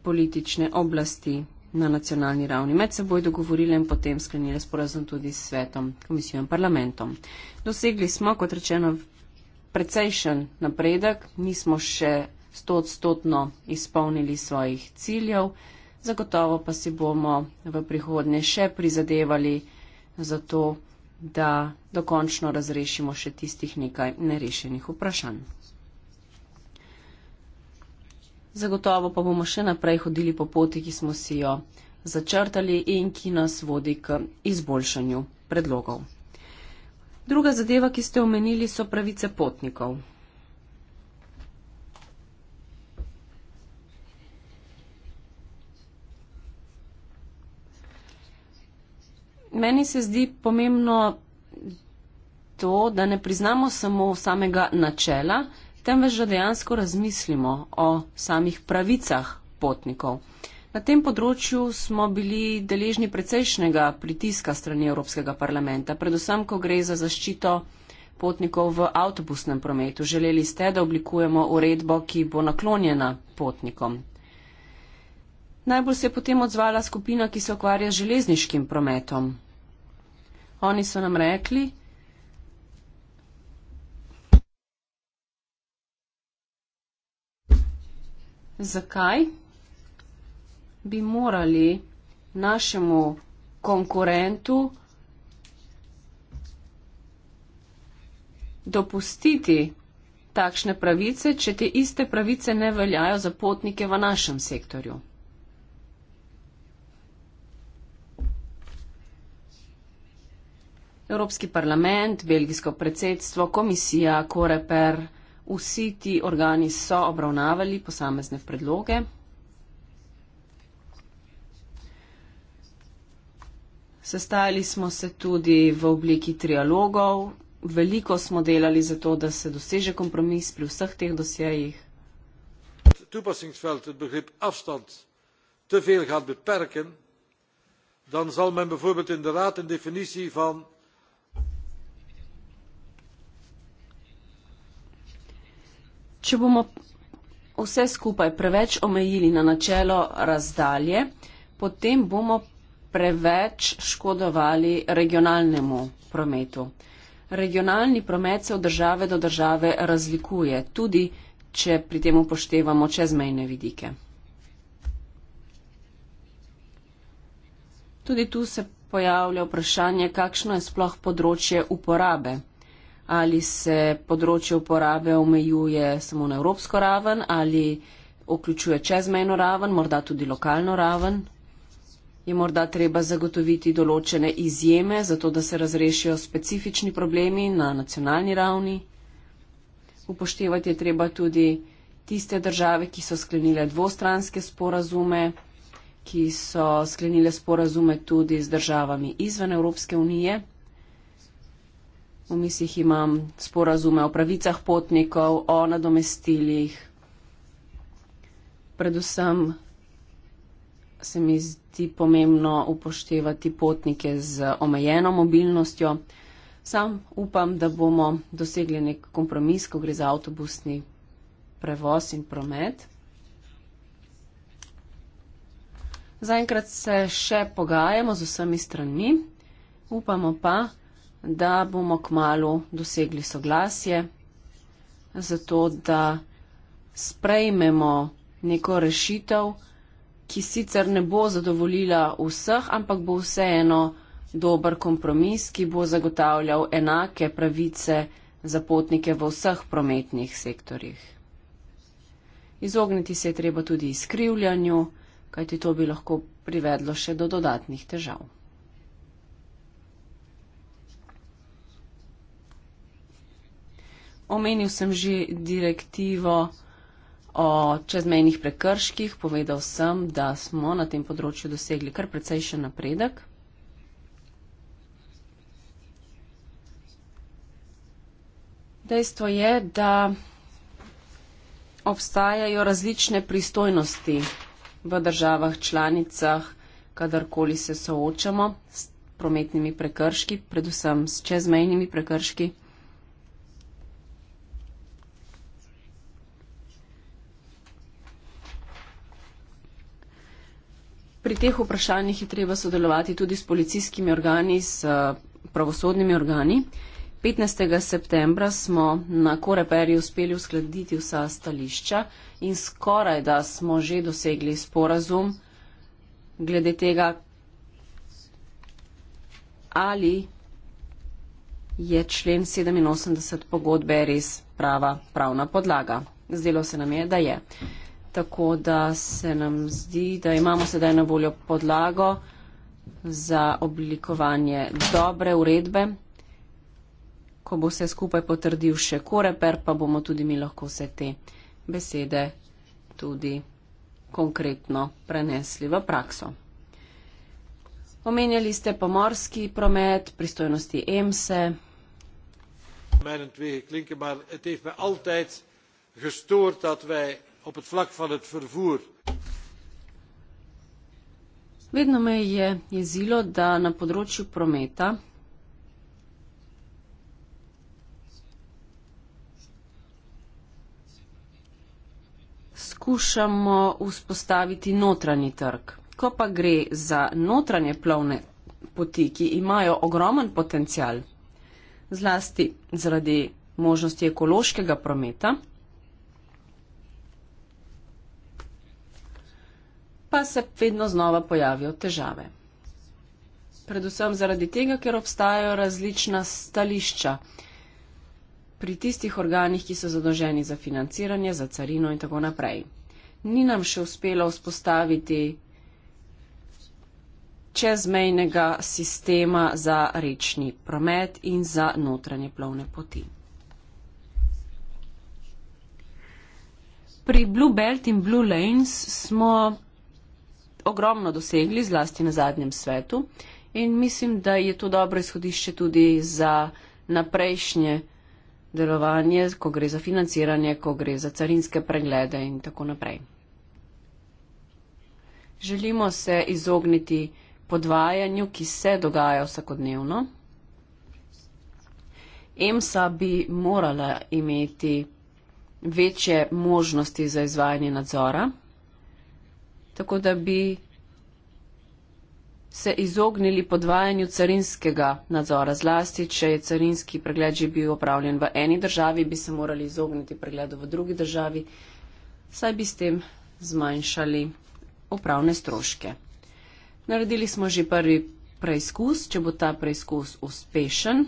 politične oblasti na nacionalni ravni med seboj dogovorile in potem sklenile sporazum tudi s svetom, komisijo in parlamentom. Dosegli smo, kot rečeno, precejšen napredek, nismo še stotstotno izpolnili svojih ciljev, zagotovo pa si bomo v prihodnje še prizadevali za to, da dokončno razrešimo še tistih nekaj nerešenih vprašanj. Zagotovo pa bomo še naprej hodili po poti, ki smo si jo začrtali in ki nas vodi k izboljšanju predlogov. Druga zadeva, ki ste omenili, so pravice potnikov. Meni se zdi pomembno to, da ne priznamo samo samega načela, temveč da dejansko razmislimo o samih pravicah potnikov. Na tem področju smo bili deležni precejšnjega pritiska strani Evropskega parlamenta, predvsem, ko gre za zaščito potnikov v avtobusnem prometu. Želeli ste, da oblikujemo uredbo, ki bo naklonjena potnikom. Najbolj se je potem odzvala skupina, ki se okvarja železniškim prometom. Oni so nam rekli, zakaj bi morali našemu konkurentu dopustiti takšne pravice, če te iste pravice ne veljajo za potnike v našem sektorju. Evropski parlament, belgijsko predsedstvo, komisija, koreper. Vsi ti organi so obravnavali posamezne predloge. Sestajali smo se tudi v obliki trialogov. Veliko smo delali za to, da se doseže kompromis pri vseh teh dosjejih. Te veel gaat beperken, dan zal men bijvoorbeeld in de raad een definitie van Če bomo vse skupaj preveč omejili na načelo razdalje, potem bomo preveč škodovali regionalnemu prometu. Regionalni promet se od države do države razlikuje, tudi če pri tem upoštevamo čezmejne vidike. Tudi tu se pojavlja vprašanje, kakšno je sploh področje uporabe ali se področje uporabe omejuje samo na evropsko raven ali vključuje čezmejno raven, morda tudi lokalno raven. Je morda treba zagotoviti določene izjeme, zato da se razrešijo specifični problemi na nacionalni ravni. Upoštevati je treba tudi tiste države, ki so sklenile dvostranske sporazume, ki so sklenile sporazume tudi z državami izven Evropske unije. V mislih imam sporazume o pravicah potnikov, o nadomestilih. Predvsem se mi zdi pomembno upoštevati potnike z omejeno mobilnostjo. Sam upam, da bomo dosegli nek kompromis, ko gre za avtobusni prevoz in promet. Zaenkrat se še pogajamo z vsemi stranmi, upamo pa, da bomo k malu dosegli soglasje, zato da sprejmemo neko rešitev, ki sicer ne bo zadovoljila vseh, ampak bo vseeno dober kompromis, ki bo zagotavljal enake pravice za potnike v vseh prometnih sektorjih. Izogniti se je treba tudi izkrivljanju, kajti to bi lahko privedlo še do dodatnih težav. omenil sem že direktivo o čezmejnih prekrških, povedal sem, da smo na tem področju dosegli kar precejšen napredek. Dejstvo je, da obstajajo različne pristojnosti v državah članicah, kadarkoli se soočamo s prometnimi prekrški, predvsem s čezmejnimi prekrški. Pri teh vprašanjih je treba sodelovati tudi s policijskimi organi, s eh, pravosodnimi organi. 15. septembra smo na Koreperju uspeli uskladiti vsa stališča in skoraj da smo že dosegli sporazum glede tega, ali je člen 87 pogodbe res prava pravna podlaga. Zdelo se nam je, da je tako da se nam zdi, da imamo sedaj na voljo podlago za oblikovanje dobre uredbe. Ko bo vse skupaj potrdil še koreper, pa bomo tudi mi lahko vse te besede tudi konkretno prenesli v prakso. Omenjali ste pomorski promet, pristojnosti EMSE. Mijn en tweeën klinken, maar het heeft me altijd gestoord dat wij op het vlak van het vervoer. Vedno me je jezilo, da na področju prometa skušamo vzpostaviti notranji trg. Ko pa gre za notranje plovne poti, ki imajo ogromen potencial, zlasti zaradi možnosti ekološkega prometa, pa se vedno znova pojavijo težave. Predvsem zaradi tega, ker obstajajo različna stališča pri tistih organih, ki so zadoženi za financiranje, za carino in tako naprej. Ni nam še uspelo vzpostaviti čezmejnega sistema za rečni promet in za notranje plovne poti. Pri Blue Belt in Blue Lanes smo ogromno dosegli, zlasti na zadnjem svetu, in mislim, da je to dobro izhodišče tudi za naprejšnje delovanje, ko gre za financiranje, ko gre za carinske preglede in tako naprej. Želimo se izogniti podvajanju, ki se dogaja vsakodnevno. EMSA bi morala imeti večje možnosti za izvajanje nadzora tako da bi se izognili podvajanju carinskega nadzora. Zlasti, če je carinski pregled že bil opravljen v eni državi, bi se morali izogniti pregledu v drugi državi, saj bi s tem zmanjšali upravne stroške. Naredili smo že prvi preizkus, če bo ta preizkus uspešen.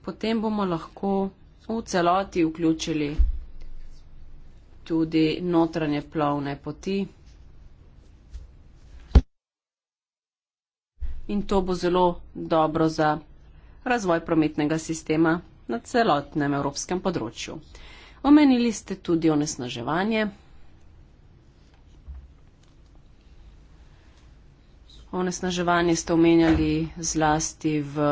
Potem bomo lahko v celoti vključili tudi notranje plovne poti. In to bo zelo dobro za razvoj prometnega sistema na celotnem evropskem področju. Omenili ste tudi onesnaževanje. Onesnaževanje ste omenjali zlasti v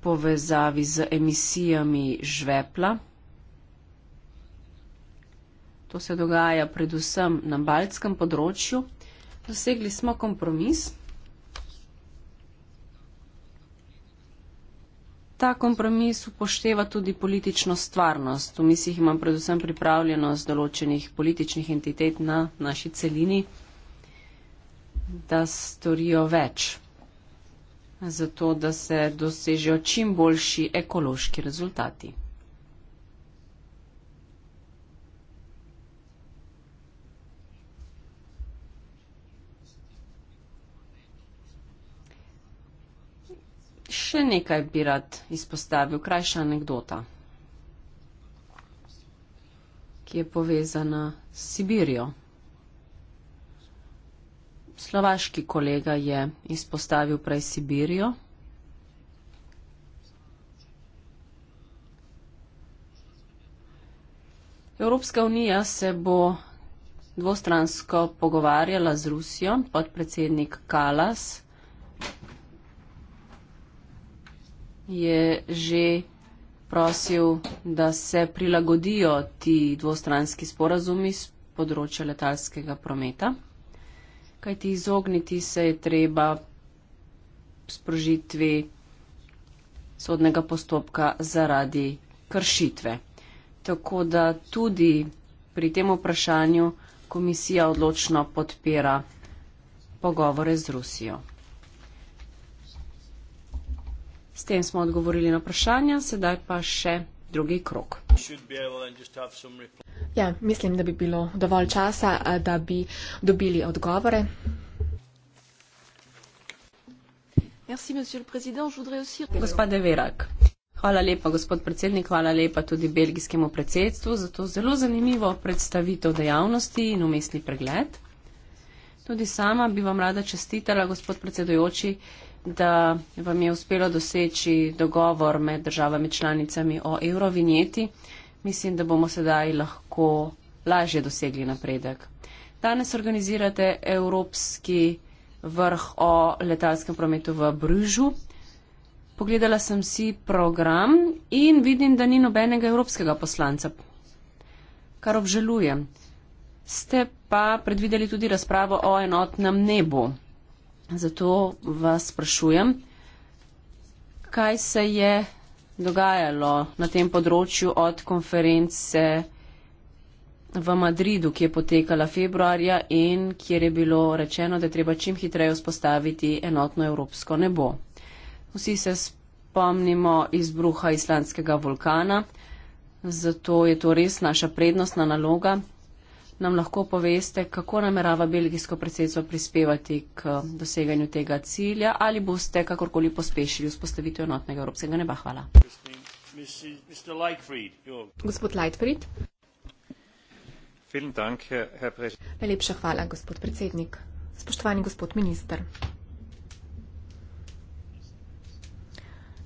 povezavi z emisijami žvepla. To se dogaja predvsem na baljskem področju. Dosegli smo kompromis. Ta kompromis upošteva tudi politično stvarnost. V mislih imam predvsem pripravljenost določenih političnih entitet na naši celini, da storijo več zato da se dosežejo čim boljši ekološki rezultati. Še nekaj bi rad izpostavil, krajša anekdota, ki je povezana s Sibirijo. Slovaški kolega je izpostavil prej Sibirijo. Evropska unija se bo dvostransko pogovarjala z Rusijo, podpredsednik Kalas je že prosil, da se prilagodijo ti dvostranski sporazumi z področja letalskega prometa kaj ti izogniti se je treba sprožitvi sodnega postopka zaradi kršitve. Tako da tudi pri tem vprašanju komisija odločno podpira pogovore z Rusijo. S tem smo odgovorili na vprašanja, sedaj pa še drugi krok. Ja, mislim, da bi bilo dovolj časa, da bi dobili odgovore. Merci, aussi... Gospod Deverak. Hvala lepa, gospod predsednik, hvala lepa tudi belgijskemu predsedstvu za to zelo zanimivo predstavitev dejavnosti in umestni pregled. Tudi sama bi vam rada čestitala, gospod predsedujoči, da vam je uspelo doseči dogovor med državami članicami o eurovinjeti, mislim, da bomo sedaj lahko lažje dosegli napredek. Danes organizirate evropski vrh o letalskem prometu v Bružu. Pogledala sem si program in vidim, da ni nobenega evropskega poslanca, kar obžalujem. Ste pa predvideli tudi razpravo o enotnem nebu. Zato vas sprašujem, kaj se je dogajalo na tem področju od konference v Madridu, ki je potekala februarja in kjer je bilo rečeno, da treba čim hitreje vzpostaviti enotno evropsko nebo. Vsi se spomnimo izbruha islandskega vulkana, zato je to res naša prednostna naloga, nam lahko poveste, kako namerava belgijsko predsedstvo prispevati k doseganju tega cilja ali boste kakorkoli pospešili vzpostavitev enotnega evropskega neba? Hvala. Gospod Lightfried. Najlepša hvala, gospod predsednik. Spoštovani gospod minister.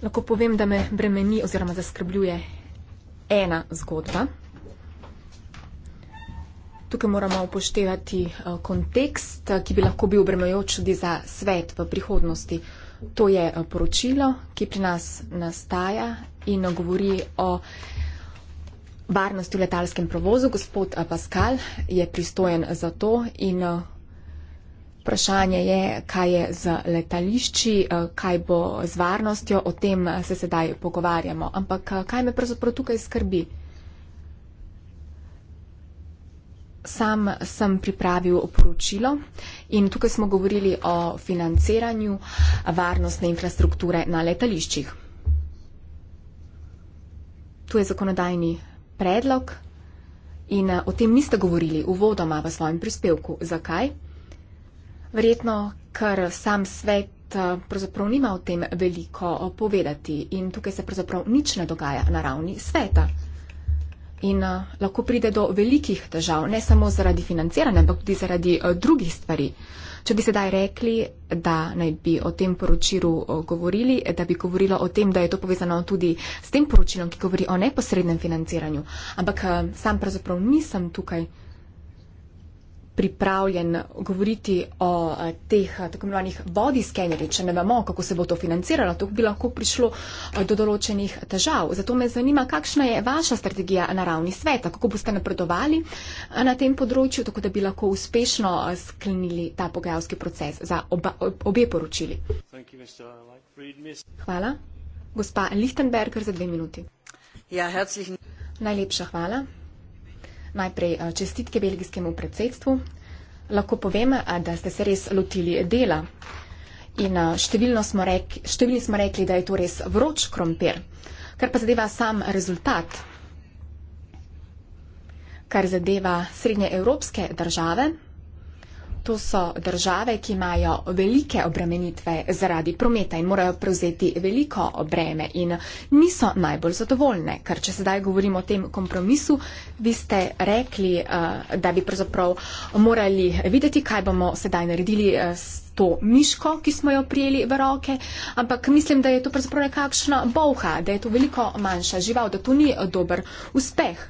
Lahko povem, da me bremeni oziroma zaskrbljuje ena zgodba. Tukaj moramo upoštevati eh, kontekst, eh, ki bi lahko bil obremajoč tudi za svet v prihodnosti. To je eh, poročilo, ki pri nas nastaja in govori o varnosti v letalskem provozu. Gospod Pascal je pristojen za to in vprašanje je, kaj je z letališči, kaj bo z varnostjo, o tem se sedaj pogovarjamo. Ampak kaj me pravzaprav tukaj skrbi? Sam sem pripravil poročilo in tukaj smo govorili o financiranju varnostne infrastrukture na letališčih. Tu je zakonodajni predlog in eh, o tem niste govorili uvodoma v svojem prispevku. Zakaj? Verjetno, ker sam svet eh, pravzaprav nima o tem veliko eh, povedati in tukaj se pravzaprav nič ne dogaja na ravni sveta in uh, lahko pride do velikih težav, ne samo zaradi financiranja, ampak tudi zaradi uh, drugih stvari. Če bi sedaj rekli, da naj bi o tem poročilu eh, govorili, da bi govorila o tem, da je to povezano tudi s tem poročilom, ki govori o neposrednem financiranju, ampak sam pravzaprav nisem tukaj pripravljen govoriti o eh, teh eh, tako imenovanih body scannerjih, če ne vemo, kako se bo to financiralo, to bi lahko prišlo eh, do določenih težav. Zato me zanima, kakšna je vaša strategija na ravni sveta, kako boste napredovali na tem področju, tako da bi lahko uspešno sklenili ta pogajalski proces za oba, obe poročili. Hvala. Gospa Lichtenberger za dve minuti. Ja, herzlichen... Najlepša hvala. Najprej eh, čestitke belgijskemu predsedstvu. Lahko povem, eh, da ste se res lotili dela. In eh, številno smo, rek, številni smo rekli, da je to res vroč krompir. Kar pa zadeva sam rezultat, kar zadeva srednje evropske države, to so države, ki imajo velike obremenitve zaradi prometa in morajo prevzeti veliko breme in niso najbolj zadovoljne. Ker če sedaj govorimo o tem kompromisu, vi ste rekli, eh, da bi pravzaprav morali videti, kaj bomo sedaj naredili eh, s to miško, ki smo jo prijeli v roke, ampak mislim, da je to pravzaprav nekakšna bolha, da je to veliko manjša žival, da to ni dober uspeh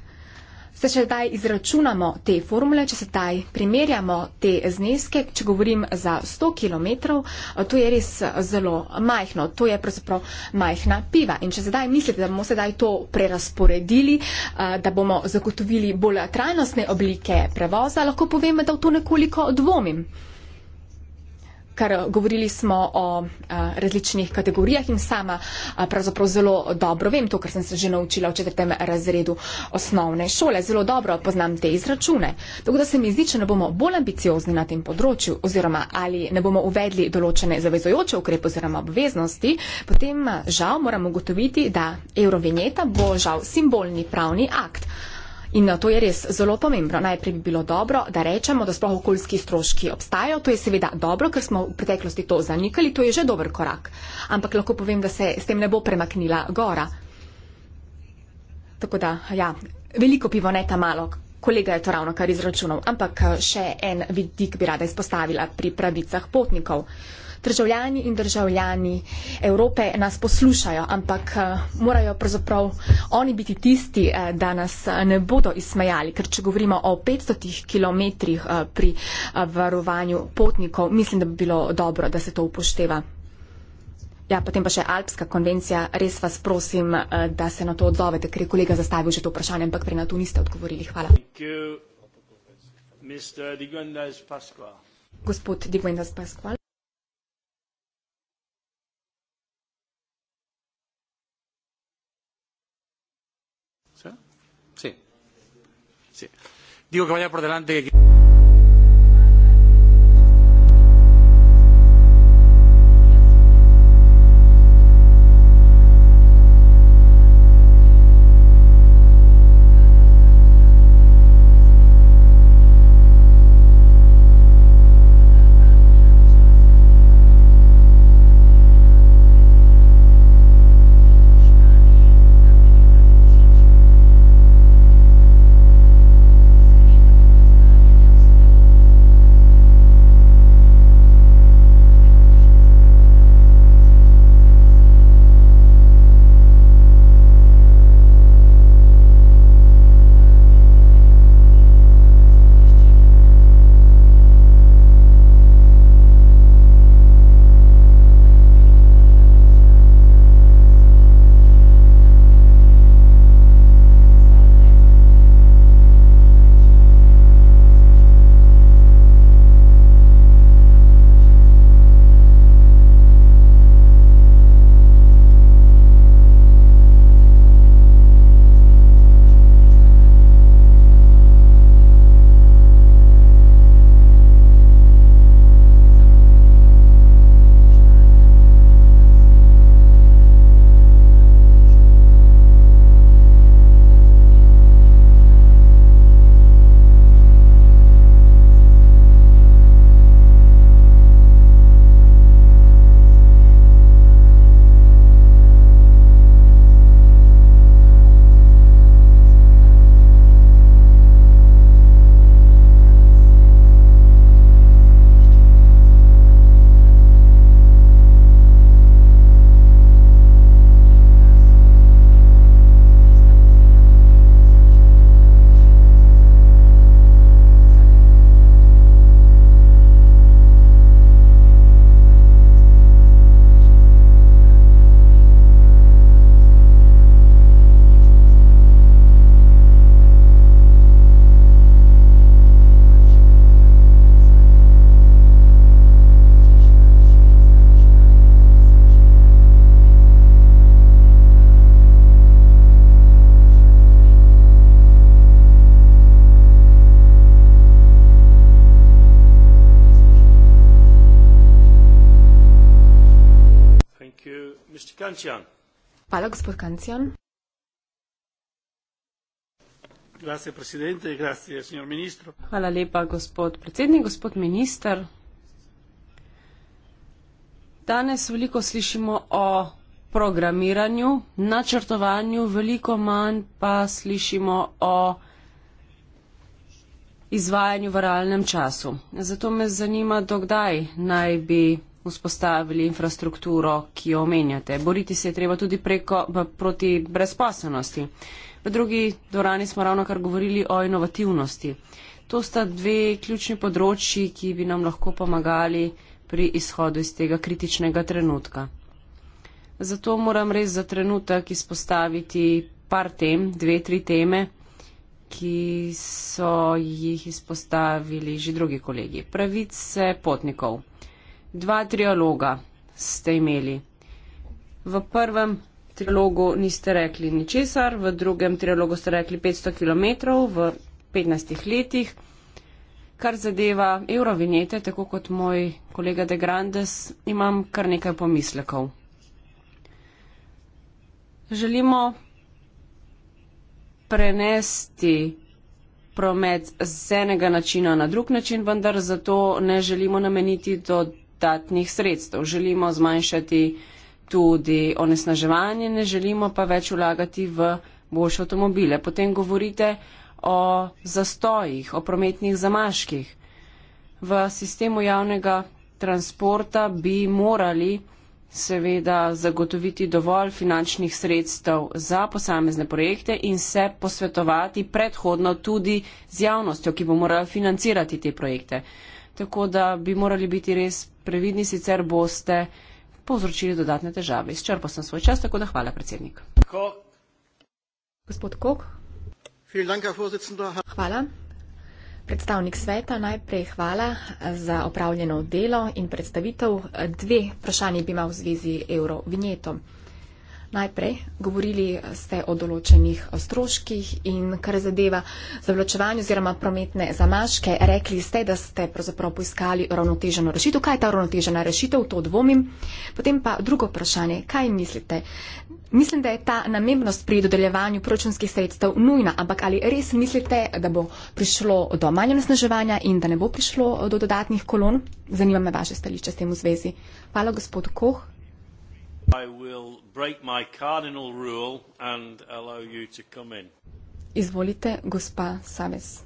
se še taj izračunamo te formule, če se taj primerjamo te zneske, če govorim za 100 km, to je res zelo majhno, to je pravzaprav majhna piva. In če sedaj mislite, da bomo sedaj to prerasporedili, eh, da bomo zagotovili bolj trajnostne oblike prevoza, lahko povem, da v to nekoliko dvomim. Ker eh, govorili smo o a, eh, različnih kategorijah in sama a, eh, pravzaprav zelo dobro vem to, kar sem se že naučila v četrtem razredu osnovne šole. Zelo dobro poznam te izračune. Tako da se mi zdi, če ne bomo bolj ambiciozni na tem področju oziroma ali ne bomo uvedli določene zavezojoče ukrepe oziroma obveznosti, potem žal moramo ugotoviti, da eurovinjeta bo žal simbolni pravni akt. In no, to je res zelo pomembno. Najprej bi bilo dobro, da rečemo, da sploh okoljski stroški obstajajo. To je seveda dobro, ker smo v preteklosti to zanikali, to je že dober korak. Ampak lahko povem, da se s tem ne bo premaknila gora. Tako da, ja, veliko pivo, ne ta malo. Kolega je to ravno kar izračunal. Ampak eh, še en vidik bi rada izpostavila pri pravicah potnikov. Uh, državljani in državljani Evrope nas poslušajo, ampak eh, morajo pravzaprav oni biti tisti, eh, da nas eh, ne bodo izsmejali, ker če govorimo o 500 km pri varovanju potnikov, mislim, da bi bilo dobro, da se to upošteva. Ja, potem pa še Alpska konvencija. Res vas prosim, da se na to odzovete, ker je kolega zastavil že to vprašanje, ampak prej na to niste odgovorili. Hvala. Gospod Digwendas Pasqual. digo que vaya por delante que quiero. Hvala, gospod Kancijan. Hvala lepa, gospod predsednik, gospod minister. Danes veliko slišimo o programiranju, načrtovanju, veliko manj pa slišimo o izvajanju v realnem času. Zato me zanima, dokdaj naj bi vzpostavili infrastrukturo, ki jo omenjate. Boriti se je treba tudi preko, proti brezposobnosti. V drugi dvorani smo ravno kar govorili o inovativnosti. To sta dve ključni področji, ki bi nam lahko pomagali pri izhodu iz tega kritičnega trenutka. Zato moram res za trenutek izpostaviti par tem, dve, tri teme, ki so jih izpostavili že drugi kolegi. Pravice potnikov dva trialoga ste imeli. V prvem trialogu niste rekli ničesar, v drugem trialogu ste rekli 500 km v 15 letih. Kar zadeva eurovinjete, tako kot moj kolega De Grandes, imam kar nekaj pomislekov. Želimo prenesti promet z enega načina na drug način, vendar zato ne želimo nameniti do dodatnih sredstev. Želimo zmanjšati tudi onesnaževanje, ne želimo pa več vlagati v boljše avtomobile. Potem govorite o zastojih, o prometnih zamaških. V sistemu javnega transporta bi morali seveda zagotoviti dovolj finančnih sredstev za posamezne projekte in se posvetovati predhodno tudi z javnostjo, ki bo morala financirati te projekte. Tako da bi morali biti res previdni sicer boste povzročili dodatne težave. Izčrpal sem svoj čas, tako da hvala, predsednik. Kok. Gospod Kok. Danke, hvala. Predstavnik sveta, najprej hvala za opravljeno delo in predstavitev. Dve vprašanje bi imel v zvezi evrovinjeto. Najprej govorili ste o določenih eh, stroških in kar zadeva zavlačevanje oziroma prometne zamaške, rekli ste, da ste pravzaprav poiskali ravnoteženo rešitev. Kaj je ta ravnotežena rešitev? To dvomim. Potem pa drugo vprašanje. Kaj mislite? Mislim, da je ta namembnost pri dodeljevanju proračunskih sredstev nujna, ampak ali res mislite, da bo prišlo do manj nasneževanja in da ne bo prišlo eh, do dodatnih kolon? Zanima me vaše stališče s tem v zvezi. Hvala, gospod Koh. I will break my cardinal rule and allow you to come in. Izvolite, gospa Saves.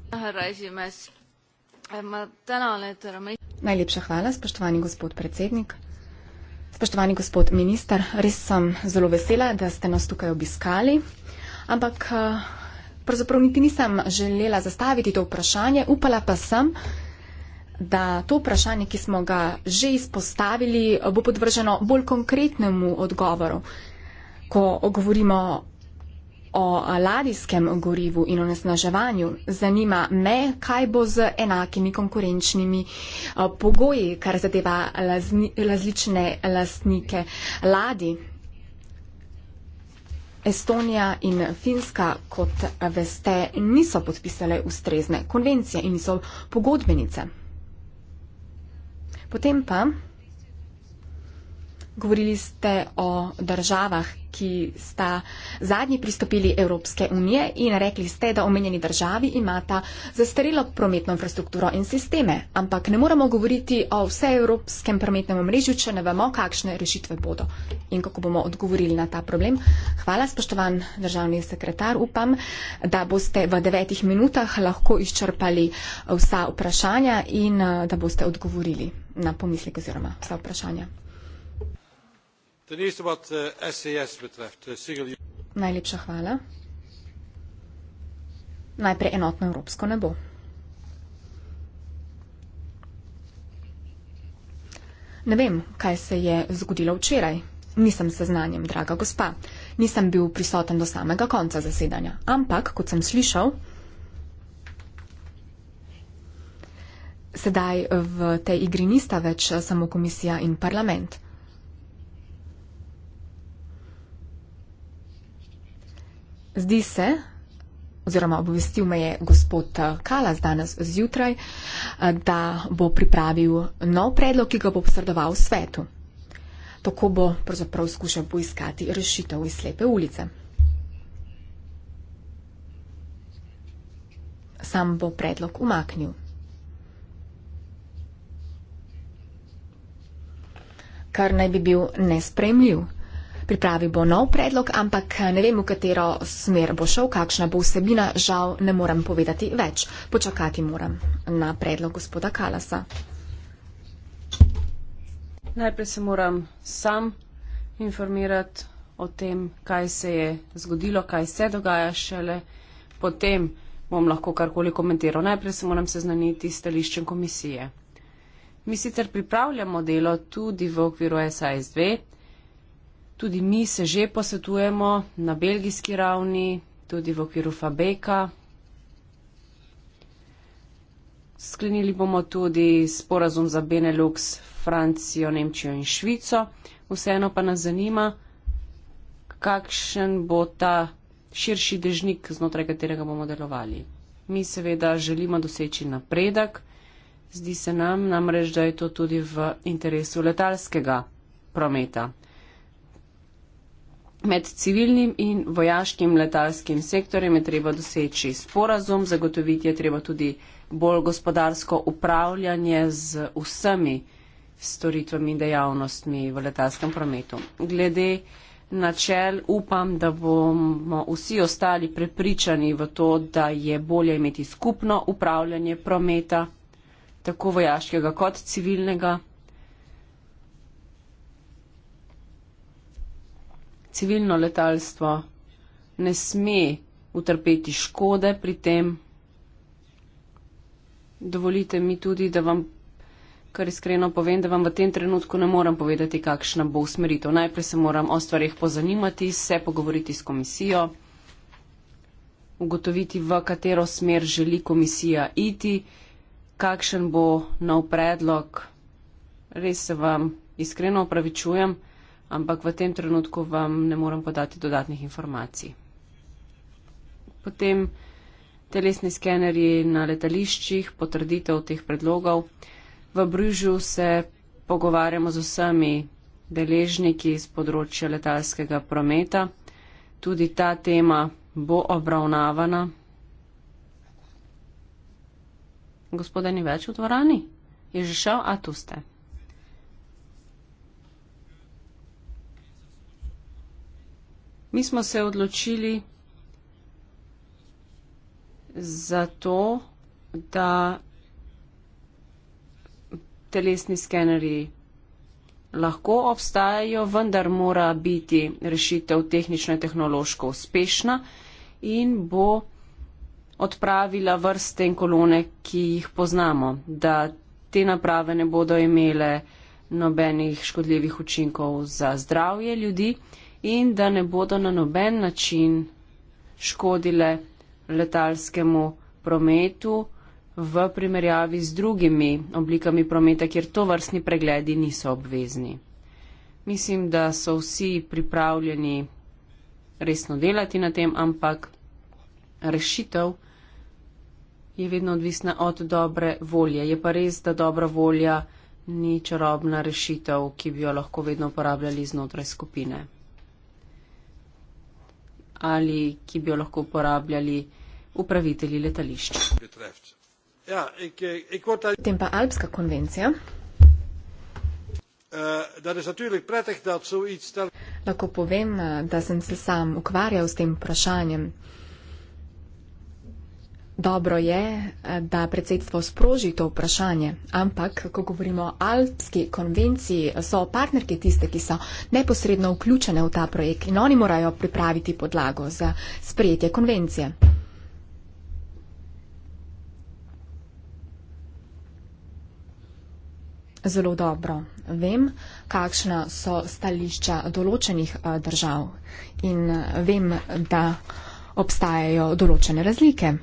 Najlepša hvala, spoštovani gospod predsednik. Spoštovani gospod minister, res sem zelo vesela, da ste nas tukaj obiskali, ampak eh, pravzaprav niti nisem želela zastaviti to vprašanje, upala pa sem, da to vprašanje, ki smo ga že izpostavili, bo podvrženo bolj konkretnemu odgovoru, ko govorimo o ladijskem gorivu in o nesnaževanju. Zanima me, kaj bo z enakimi konkurenčnimi eh, pogoji, kar zadeva različne lastnike ladi. Estonija in Finska, kot veste, niso podpisale ustrezne konvencije in niso pogodbenice. Potem pa, govorili ste o državah, ki sta zadnji pristopili Evropske unije in rekli ste, da omenjeni državi imata zastarelo prometno infrastrukturo in sisteme. Ampak ne moremo govoriti o vseevropskem prometnem omrežju, če ne vemo, kakšne rešitve bodo in kako bomo odgovorili na ta problem. Hvala, spoštovan državni sekretar. Upam, da boste v devetih minutah lahko izčrpali vsa vprašanja in eh, da boste odgovorili na pomislek oziroma vsa vprašanja. Uh, uh, Najlepša hvala. Najprej enotno evropsko nebo. Ne vem, kaj se je zgodilo včeraj. Nisem seznanjen, draga gospa. Nisem bil prisoten do samega konca zasedanja. Ampak, kot sem slišal, sedaj v tej igri nista več eh, samo komisija in parlament. Zdi se, oziroma obvestil me je gospod eh, Kalas danes zjutraj, eh, da bo pripravil nov predlog, ki ga bo posredoval v svetu. Tako bo pravzaprav skušal poiskati rešitev iz slepe ulice. Sam bo predlog umaknil. kar naj bi bil nespremljiv. Pripravi bo nov predlog, ampak ne vem, v katero smer bo šel, kakšna bo vsebina, žal ne morem povedati več. Počakati moram na predlog gospoda Kalasa. Najprej se moram sam informirati o tem, kaj se je zgodilo, kaj se dogaja šele. Potem bom lahko karkoli komentiral. Najprej se moram seznaniti s stališčem komisije. Mi sicer pripravljamo delo tudi v okviru SIS-2, tudi mi se že posvetujemo na belgijski ravni, tudi v okviru Fabeka. Sklenili bomo tudi sporazum za Benelux, Francijo, Nemčijo in Švico. Vseeno pa nas zanima, kakšen bo ta širši dežnik, znotraj katerega bomo delovali. Mi seveda želimo doseči napredek, Zdi se nam namreč, da je to tudi v interesu letalskega prometa. Med civilnim in vojaškim letalskim sektorjem je treba doseči sporazum, zagotoviti je treba tudi bolj gospodarsko upravljanje z vsemi storitvami in dejavnostmi v letalskem prometu. Glede načel upam, da bomo vsi ostali prepričani v to, da je bolje imeti skupno upravljanje prometa tako vojaškega kot civilnega. Civilno letalstvo ne sme utrpeti škode pri tem. Dovolite mi tudi, da vam kar iskreno povem, da vam v tem trenutku ne morem povedati, kakšna bo usmeritev. Najprej se moram o stvarih pozanimati, se pogovoriti s komisijo, ugotoviti, v katero smer želi komisija iti kakšen bo nov predlog. Res se vam iskreno opravičujem, ampak v tem trenutku vam ne morem podati dodatnih informacij. Potem telesni skenerji na letališčih, potrditev teh predlogov. V Brižu se pogovarjamo z vsemi deležniki z področja letalskega prometa. Tudi ta tema bo obravnavana Gospoda ni več v dvorani? Je že šel, a tu ste? Mi smo se odločili za to, da telesni skeneri lahko obstajajo, vendar mora biti rešitev tehnično in tehnološko uspešna in bo odpravila vrste in kolone, ki jih poznamo, da te naprave ne bodo imele nobenih škodljivih učinkov za zdravje ljudi in da ne bodo na noben način škodile letalskemu prometu v primerjavi z drugimi oblikami prometa, kjer to vrstni pregledi niso obvezni. Mislim, da so vsi pripravljeni resno delati na tem, ampak rešitev je vedno odvisna od dobre volje. Je pa res, da dobra volja ni čarobna rešitev, ki bi jo lahko vedno uporabljali znotraj skupine. Ali ki bi jo lahko uporabljali upravitelji letališč. Ja, eh, Potem pa Alpska konvencija. Eh, lahko povem, eh, da sem se sam ukvarjal s tem vprašanjem. Dobro je, da predsedstvo sproži to vprašanje, ampak, ko govorimo o Alpski konvenciji, so partnerke tiste, ki so neposredno vključene v ta projekt in oni morajo pripraviti podlago za sprejetje konvencije. Zelo dobro vem, kakšna so stališča določenih eh, držav in eh, vem, da obstajajo določene razlike.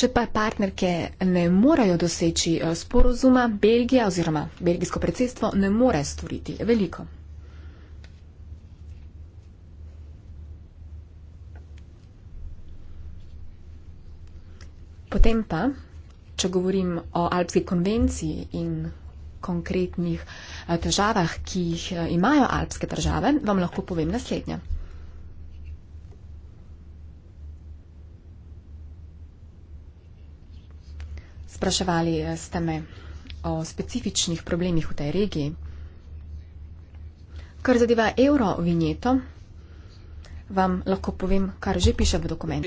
Če pa partnerke ne morejo doseči eh, sporozuma, Belgija oziroma belgijsko predsedstvo ne more storiti veliko. Potem pa, če govorim o Alpski konvenciji in konkretnih eh, težavah, ki jih eh, imajo alpske države, vam lahko povem naslednje. Spraševali ste me o specifičnih problemih v tej regiji. Kar zadeva evro vinjeto, vam lahko povem, kar že piše v dokumentu.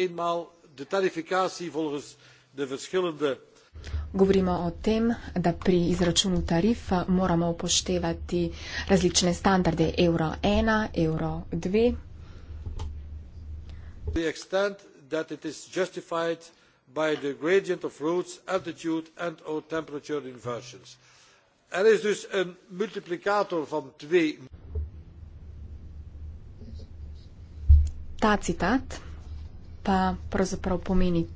Govorimo o tem, da pri izračunu tarif moramo upoštevati različne standarde evro 1, evro 2 by the gradient of roads altitude and or temperature inversions. er is dus een multiplicator van twee. Ta citat pa pravzaprav pomeni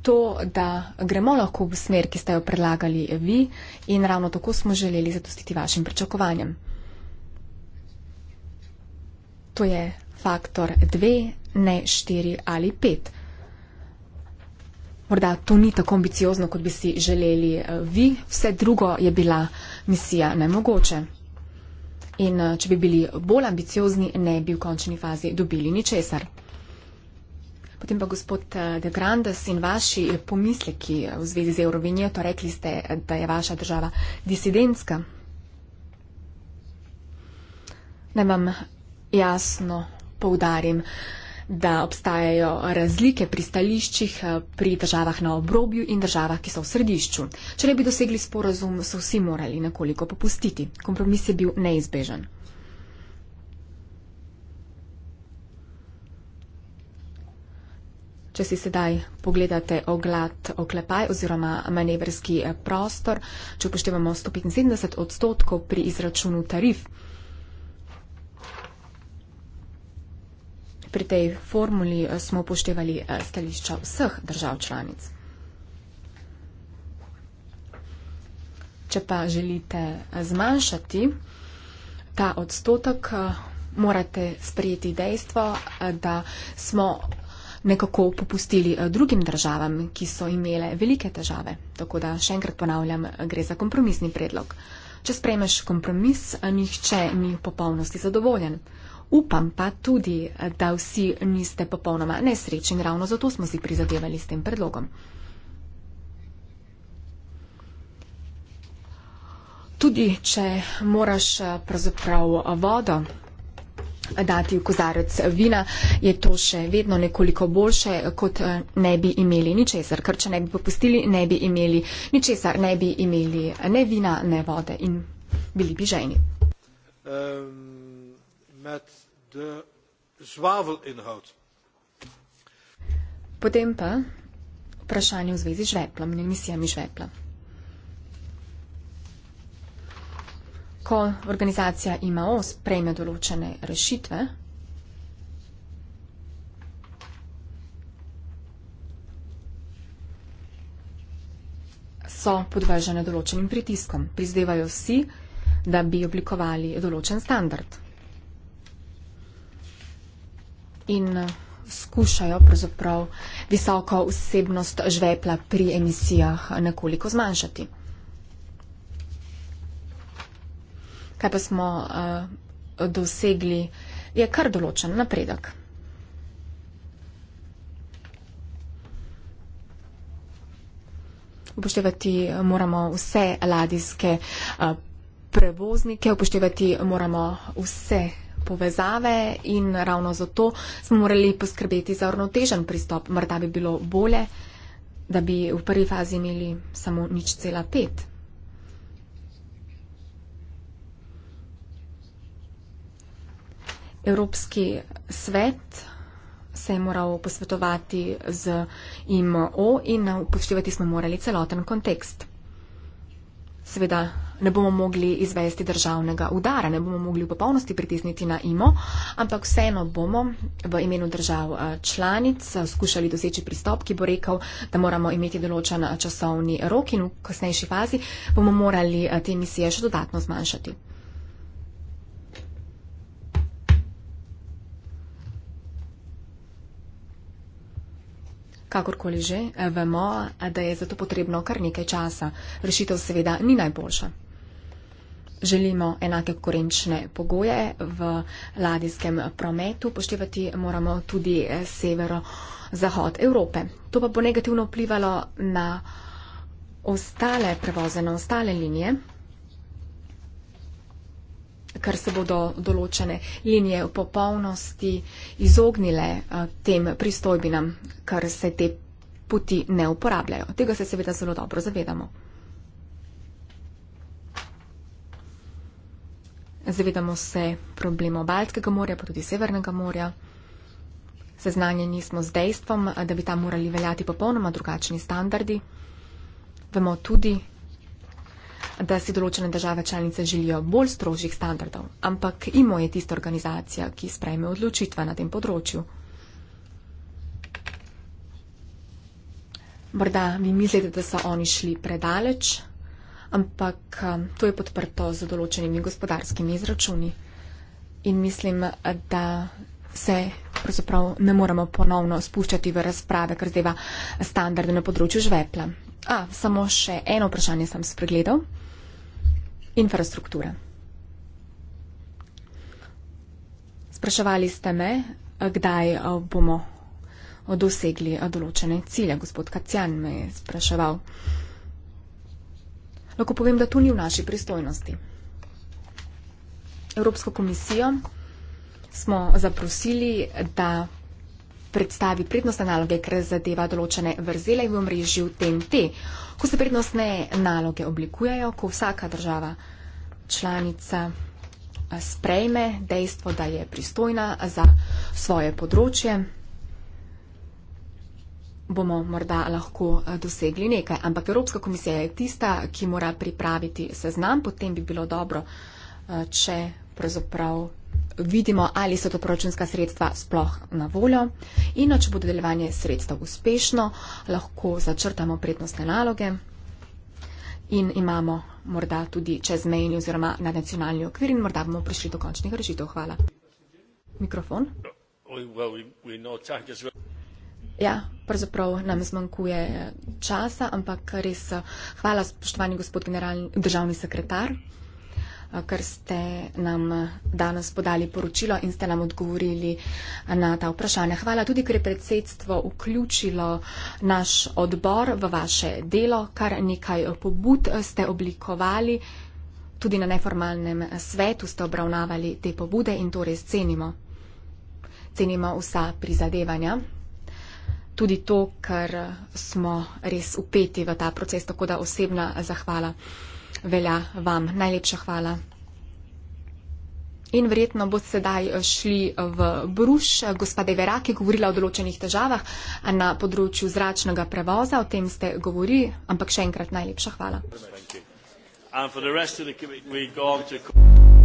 to, da gremo lahko v smer, ki ste jo predlagali vi in ravno tako smo želeli zadostiti vašim pričakovanjem. To je faktor dve, ne štiri ali pet morda to ni tako ambiciozno, kot bi si želeli eh, vi, vse drugo je bila misija nemogoče. In eh, če bi bili bolj ambiciozni, ne bi v končni fazi dobili ničesar. Potem pa gospod eh, De Grandes in vaši pomisleki v zvezi z Eurovinijo, to rekli ste, da je vaša država disidentska. Naj vam jasno poudarim, da obstajajo razlike pri stališčih eh, pri državah na obrobju in državah, ki so v središču. Če ne bi dosegli sporazum, so vsi morali nekoliko popustiti. Kompromis je bil neizbežen. Če si sedaj pogledate oglad oklepaj oziroma manevrski eh, prostor, če upoštevamo 175 odstotkov pri izračunu tarif. Pri tej formuli eh, smo upoštevali eh, stališča vseh držav članic. Če pa želite eh, zmanjšati ta odstotek, morate sprejeti dejstvo, da smo nekako popustili drugim državam, ki so imele velike težave. Tako da še enkrat ponavljam, gre za kompromisni predlog. Če sprejmeš kompromis, nihče ni v popolnosti zadovoljen. Upam pa tudi, da vsi niste popolnoma nesrečni, ravno zato smo si prizadevali s tem predlogom. Tudi, če moraš pravzaprav vodo dati v kozarec vina, je to še vedno nekoliko boljše, kot ne bi imeli ničesar, ker če ne bi popustili, ne bi imeli ničesar, ne bi imeli ne vina, ne vode in bili bi ženi. Um, med de zwavelinhoud. Potem pa vprašanje v zvezi z žveplom in emisijami žvepla. Ko organizacija IMAO sprejme določene rešitve, so podvržene določenim pritiskom. Prizdevajo si, da bi oblikovali določen standard. in eh, skušajo pravzaprav visoko vsebnost žvepla pri emisijah nekoliko zmanjšati. Kaj pa smo uh, dosegli, je kar določen napredek. Upoštevati moramo vse ladijske uh, prevoznike, upoštevati moramo vse uh, povezave in ravno zato smo morali poskrbeti za ravnotežen pristop. Morda bi bilo bolje, da bi v prvi fazi imeli samo nič cela pet. Evropski svet se je moral posvetovati z IMO in upoštevati smo morali celoten kontekst seveda ne bomo mogli izvesti državnega udara, ne bomo mogli v popolnosti pritisniti na IMO, ampak vseeno bomo v imenu držav eh, članic eh, skušali doseči pristop, ki bo rekel, da moramo imeti določen eh, časovni rok in v kasnejši fazi bomo morali te misije še dodatno zmanjšati. Kakorkoli že, vemo, da je za to potrebno kar nekaj časa. Rešitev seveda ni najboljša. Želimo enake korenčne pogoje v ladijskem prometu, poštevati moramo tudi severo-zahod Evrope. To pa bo negativno vplivalo na ostale prevoze, na ostale linije ker se bodo določene linije v popolnosti izognile eh, tem pristojbinam, ker se te poti ne uporabljajo. Tega se seveda zelo dobro zavedamo. Zavedamo se problemo Baltskega morja, pa tudi Severnega morja. Seznanjeni smo z dejstvom, eh, da bi tam morali veljati popolnoma drugačni standardi. Vemo tudi, da si določene države članice želijo bolj strožjih standardov, ampak IMO je tista organizacija, ki sprejme odločitve na tem področju. Morda vi mislite, da so oni šli predaleč, ampak um, to je podprto z določenimi gospodarskimi izračuni. In mislim, da se pravzaprav ne moremo ponovno spuščati v razprave, kar zdeva standarde na področju žvepla. A, samo še eno vprašanje sem spregledal infrastrukture. Spraševali ste me, kdaj eh, bomo eh, dosegli eh, določene cilje. Gospod Kacjan me je spraševal. Lahko povem, da to ni v naši pristojnosti. Evropsko komisijo smo zaprosili, da predstavi prednostne naloge, ker zadeva določene vrzele v omrežju TNT ko se prednostne naloge oblikujejo, ko vsaka država članica eh, sprejme dejstvo, da je pristojna za svoje področje, bomo morda lahko eh, dosegli nekaj. Ampak Evropska komisija je tista, ki mora pripraviti seznam, potem bi bilo dobro, eh, če pravzaprav vidimo, ali so to proračunska sredstva sploh na voljo in no, če bo delovanje sredstev uspešno, lahko začrtamo prednostne naloge in imamo morda tudi čezmejni oziroma nadnacionalni okvir in morda bomo prišli do končnih rešitev. Hvala. Mikrofon. Ja, pravzaprav nam zmanjkuje časa, ampak res hvala, spoštovani gospod državni sekretar ker ste nam danes podali poročilo in ste nam odgovorili na ta vprašanja. Hvala tudi, ker je predsedstvo vključilo naš odbor v vaše delo, kar nekaj pobud ste oblikovali. Tudi na neformalnem svetu ste obravnavali te pobude in to res cenimo. Cenimo vsa prizadevanja. Tudi to, ker smo res upeti v ta proces, tako da osebna zahvala velja vam. Najlepša hvala. In verjetno bo sedaj eh, šli eh, v Bruš. Gospa Devera, ki je govorila o določenih težavah na področju zračnega prevoza, o tem ste govorili, ampak še enkrat najlepša hvala. Thank you. And for the rest of the committee, we've gone to...